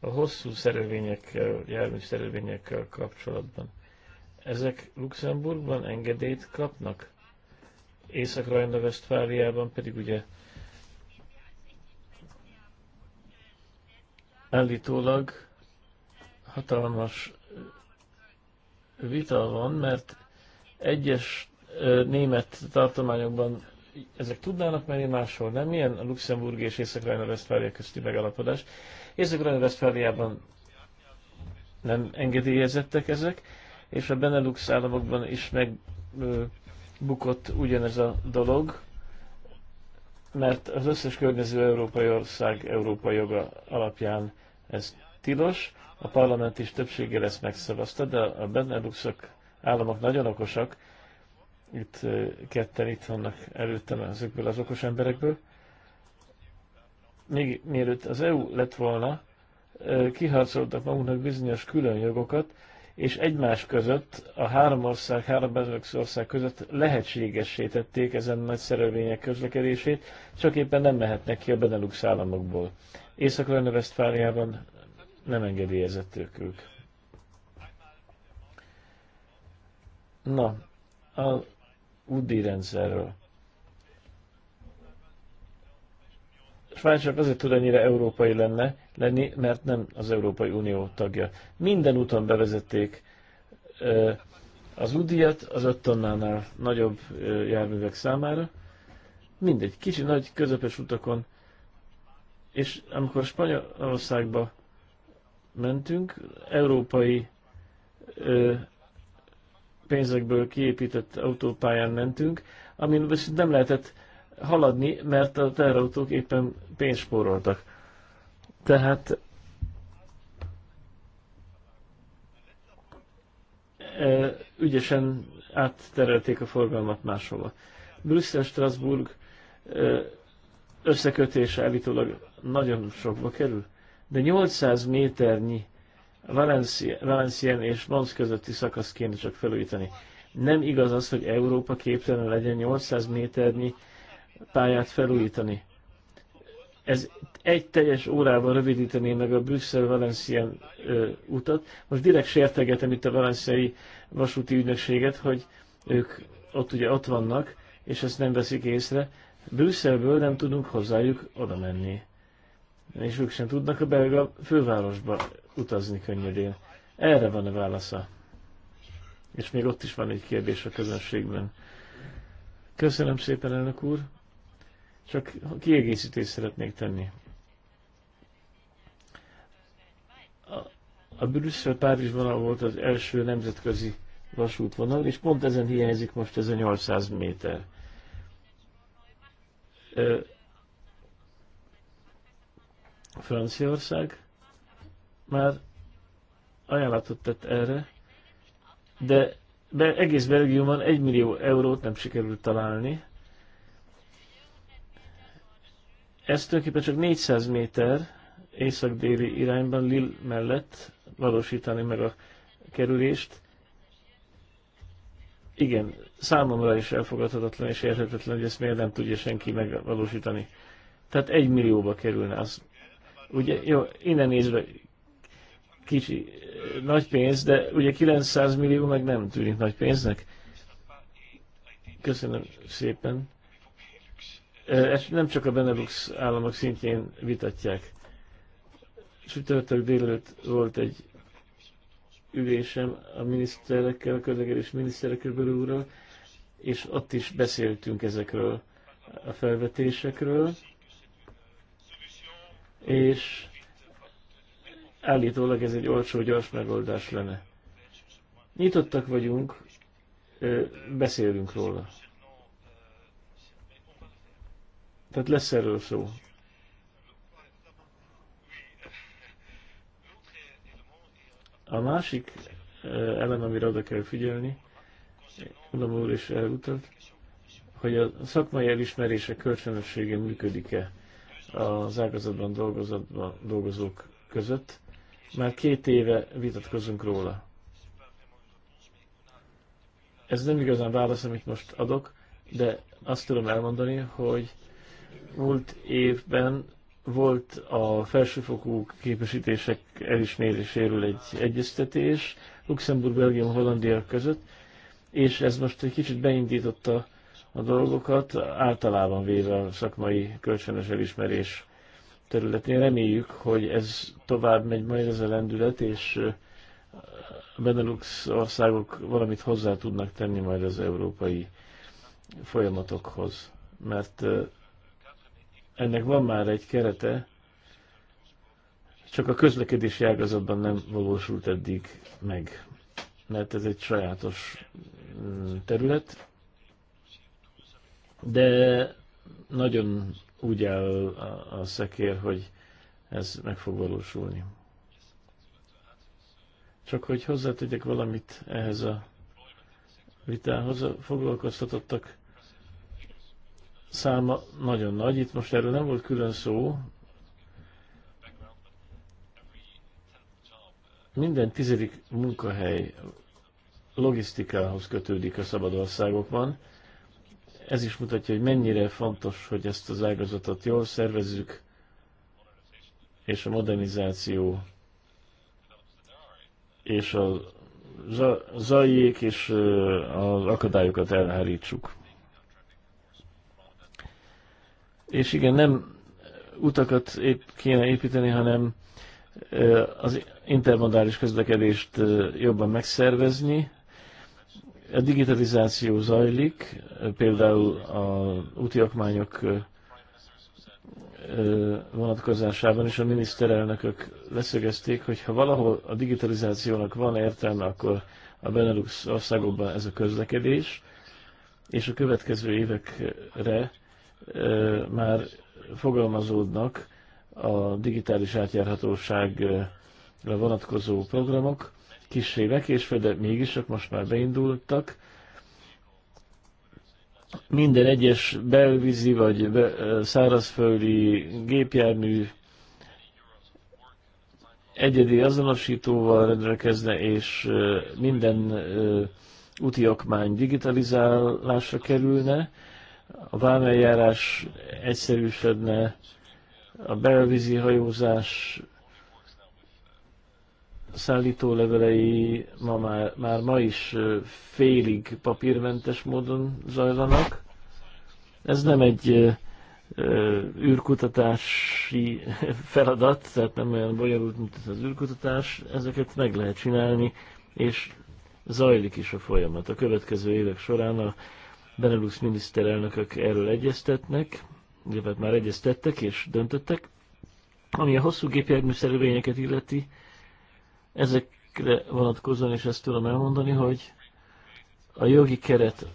a hosszú szerelvényekkel, jármű szerelvényekkel kapcsolatban. Ezek Luxemburgban engedélyt kapnak? Észak-Rajna-Vesztfáliában pedig ugye állítólag hatalmas vita van, mert egyes német tartományokban ezek tudnának menni, máshol nem. Ilyen a Luxemburg és észak rajna vesztfália közti megalapodás. Észak-Rajnvesztfáliában nem engedélyezettek ezek, és a Benelux államokban is megbukott ugyanez a dolog, mert az összes környező európai ország európai joga alapján ez tilos. A parlament is többséggel ezt megszavazta, de a Beneluxok államok nagyon okosak, itt ketten itt vannak előttem ezekből az okos emberekből, még mielőtt az EU lett volna, kiharcoltak magunknak bizonyos külön jogokat, és egymás között, a három ország, három bezőksz ország között lehetségessé tették ezen nagy szerelvények közlekedését, csak éppen nem mehetnek ki a Benelux államokból. észak vesztfáliában nem engedélyezettük ők. Na, a UDI rendszerről. Svájcsak azért tud ennyire európai lenne, lenni, mert nem az Európai Unió tagja. Minden úton bevezették az udíjat az öt tonnánál nagyobb járművek számára. Mindegy, kicsi, nagy, közepes utakon. És amikor Spanyolországba mentünk, európai ö, pénzekből kiépített autópályán mentünk, amin nem lehetett haladni, mert a teherautók éppen pénzt spóroltak. Tehát e, ügyesen átterelték a forgalmat máshova. Brüsszel-Strasbourg e, összekötése állítólag nagyon sokba kerül, de 800 méternyi Valencien és Mons közötti szakasz kéne csak felújítani. Nem igaz az, hogy Európa képtelen legyen 800 méternyi pályát felújítani. Ez egy teljes órával rövidítené meg a Brüsszel-Valencien utat. Most direkt sértegetem itt a valenciai vasúti ügynökséget, hogy ők ott ugye ott vannak, és ezt nem veszik észre. Brüsszelből nem tudunk hozzájuk oda menni. És ők sem tudnak a belga fővárosba utazni könnyedén. Erre van a válasza. És még ott is van egy kérdés a közönségben. Köszönöm szépen, elnök úr! Csak kiegészítést szeretnék tenni. A, a Brüsszel-Párizsban volt az első nemzetközi vasútvonal, és pont ezen hiányzik most ez a 800 méter. Ö, Franciaország már ajánlatot tett erre, de be, egész Belgiumban 1 millió eurót nem sikerült találni, Ez tulajdonképpen csak 400 méter észak-déli irányban lil mellett valósítani meg a kerülést. Igen, számomra is elfogadhatatlan és érthetetlen, hogy ezt miért nem tudja senki megvalósítani. Tehát egy millióba kerülne az. Ugye, jó, innen nézve kicsi, eh, nagy pénz, de ugye 900 millió meg nem tűnik nagy pénznek. Köszönöm szépen. Ezt nem csak a Benelux államok szintjén vitatják. Sütörtök délelőtt volt egy ülésem a miniszterekkel, a közlekedés miniszterekkel belülről, és ott is beszéltünk ezekről a felvetésekről, és állítólag ez egy olcsó, gyors megoldás lenne. Nyitottak vagyunk, beszélünk róla. Tehát lesz erről szó. A másik eh, elem, amire oda kell figyelni, Ulam úr is elutalt, hogy a szakmai elismerése kölcsönössége működik-e az ágazatban dolgozók között. Már két éve vitatkozunk róla. Ez nem igazán válasz, amit most adok, de azt tudom elmondani, hogy Múlt évben volt a felsőfokú képesítések elismeréséről egy egyeztetés Luxemburg, Belgium, Hollandia között, és ez most egy kicsit beindította a dolgokat, általában véve a szakmai kölcsönös elismerés területén. Reméljük, hogy ez tovább megy majd ez a lendület, és a Benelux országok valamit hozzá tudnak tenni majd az európai folyamatokhoz, mert ennek van már egy kerete, csak a közlekedési ágazatban nem valósult eddig meg, mert ez egy sajátos mm, terület, de nagyon úgy áll a szekér, hogy ez meg fog valósulni. Csak hogy hozzátegyek valamit ehhez a vitához, a foglalkoztatottak száma nagyon nagy, itt most erről nem volt külön szó. Minden tizedik munkahely logisztikához kötődik a szabad országokban. Ez is mutatja, hogy mennyire fontos, hogy ezt az ágazatot jól szervezzük, és a modernizáció és a zajék és az akadályokat elhárítsuk. És igen, nem utakat épp kéne építeni, hanem az intermodális közlekedést jobban megszervezni. A digitalizáció zajlik, például a úti akmányok vonatkozásában is a miniszterelnökök leszögezték, hogy ha valahol a digitalizációnak van értelme, akkor a Benelux országokban ez a közlekedés, és a következő évekre már fogalmazódnak a digitális átjárhatóságra vonatkozó programok, kissé lekésve, de mégis most már beindultak. Minden egyes belvízi vagy be, szárazföldi gépjármű egyedi azonosítóval rendelkezne, és minden úti okmány digitalizálásra kerülne, a vámeljárás egyszerűsödne, a belvízi hajózás levelei ma már, már ma is félig papírmentes módon zajlanak. Ez nem egy űrkutatási feladat, tehát nem olyan bonyolult, mint az űrkutatás, ezeket meg lehet csinálni, és zajlik is a folyamat. A következő évek során a Benelux miniszterelnökök erről egyeztetnek, illetve már egyeztettek és döntöttek. Ami a hosszú gépjármű szerelvényeket illeti, ezekre vonatkozóan is ezt tudom elmondani, hogy a jogi keret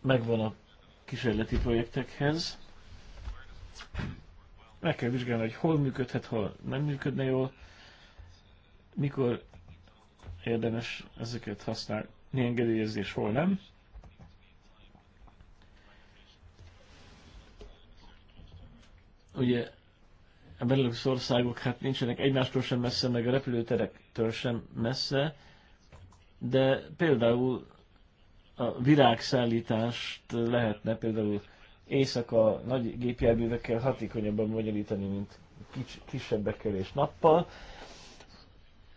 megvan a kísérleti projektekhez. Meg kell vizsgálni, hogy hol működhet, hol nem működne jól, mikor érdemes ezeket használni, engedélyezni, és hol nem. ugye a Benelux országok hát nincsenek egymástól sem messze, meg a repülőterektől sem messze, de például a virágszállítást lehetne például éjszaka nagy gépjárművekkel hatékonyabban magyarítani, mint kics- kisebbekkel és nappal.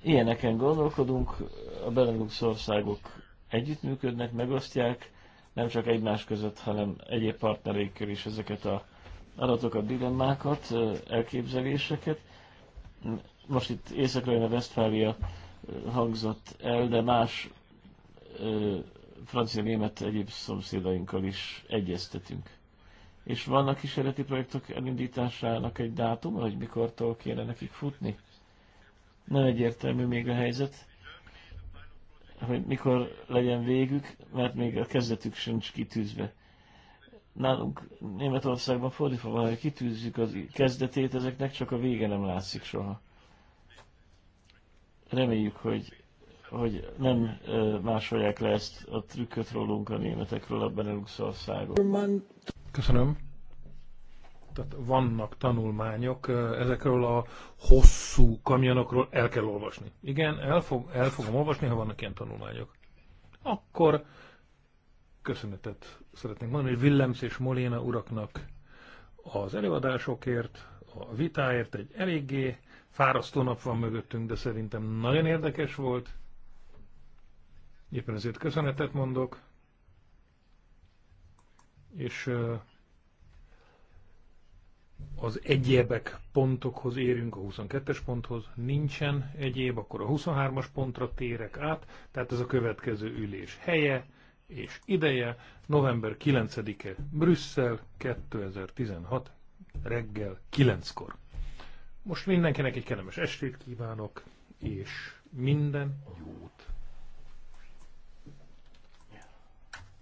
Ilyeneken gondolkodunk, a Benelux országok együttműködnek, megosztják, nem csak egymás között, hanem egyéb partnereikkel is ezeket a adatokat, dilemmákat, elképzeléseket. Most itt észak a Westfália hangzott el, de más francia-német egyéb szomszédainkkal is egyeztetünk. És vannak kísérleti projektok elindításának egy dátum, hogy mikortól kéne nekik futni? Nem egyértelmű még a helyzet, hogy mikor legyen végük, mert még a kezdetük sincs kitűzve nálunk Németországban fordítva van, hogy kitűzzük az kezdetét, ezeknek csak a vége nem látszik soha. Reméljük, hogy, hogy nem másolják le ezt a trükköt rólunk a németekről a Benelux országon. Köszönöm. Tehát vannak tanulmányok ezekről a hosszú kamionokról, el kell olvasni. Igen, el, fog, el fogom olvasni, ha vannak ilyen tanulmányok. Akkor köszönetet szeretnék mondani Willems és Moléna uraknak az előadásokért, a vitáért. Egy eléggé fárasztó nap van mögöttünk, de szerintem nagyon érdekes volt. Éppen ezért köszönetet mondok. És az egyébek pontokhoz érünk, a 22-es ponthoz nincsen egyéb, akkor a 23-as pontra térek át, tehát ez a következő ülés helye, és ideje, november 9-e Brüsszel 2016 reggel 9-kor. Most mindenkinek egy kellemes estét kívánok, és minden jót!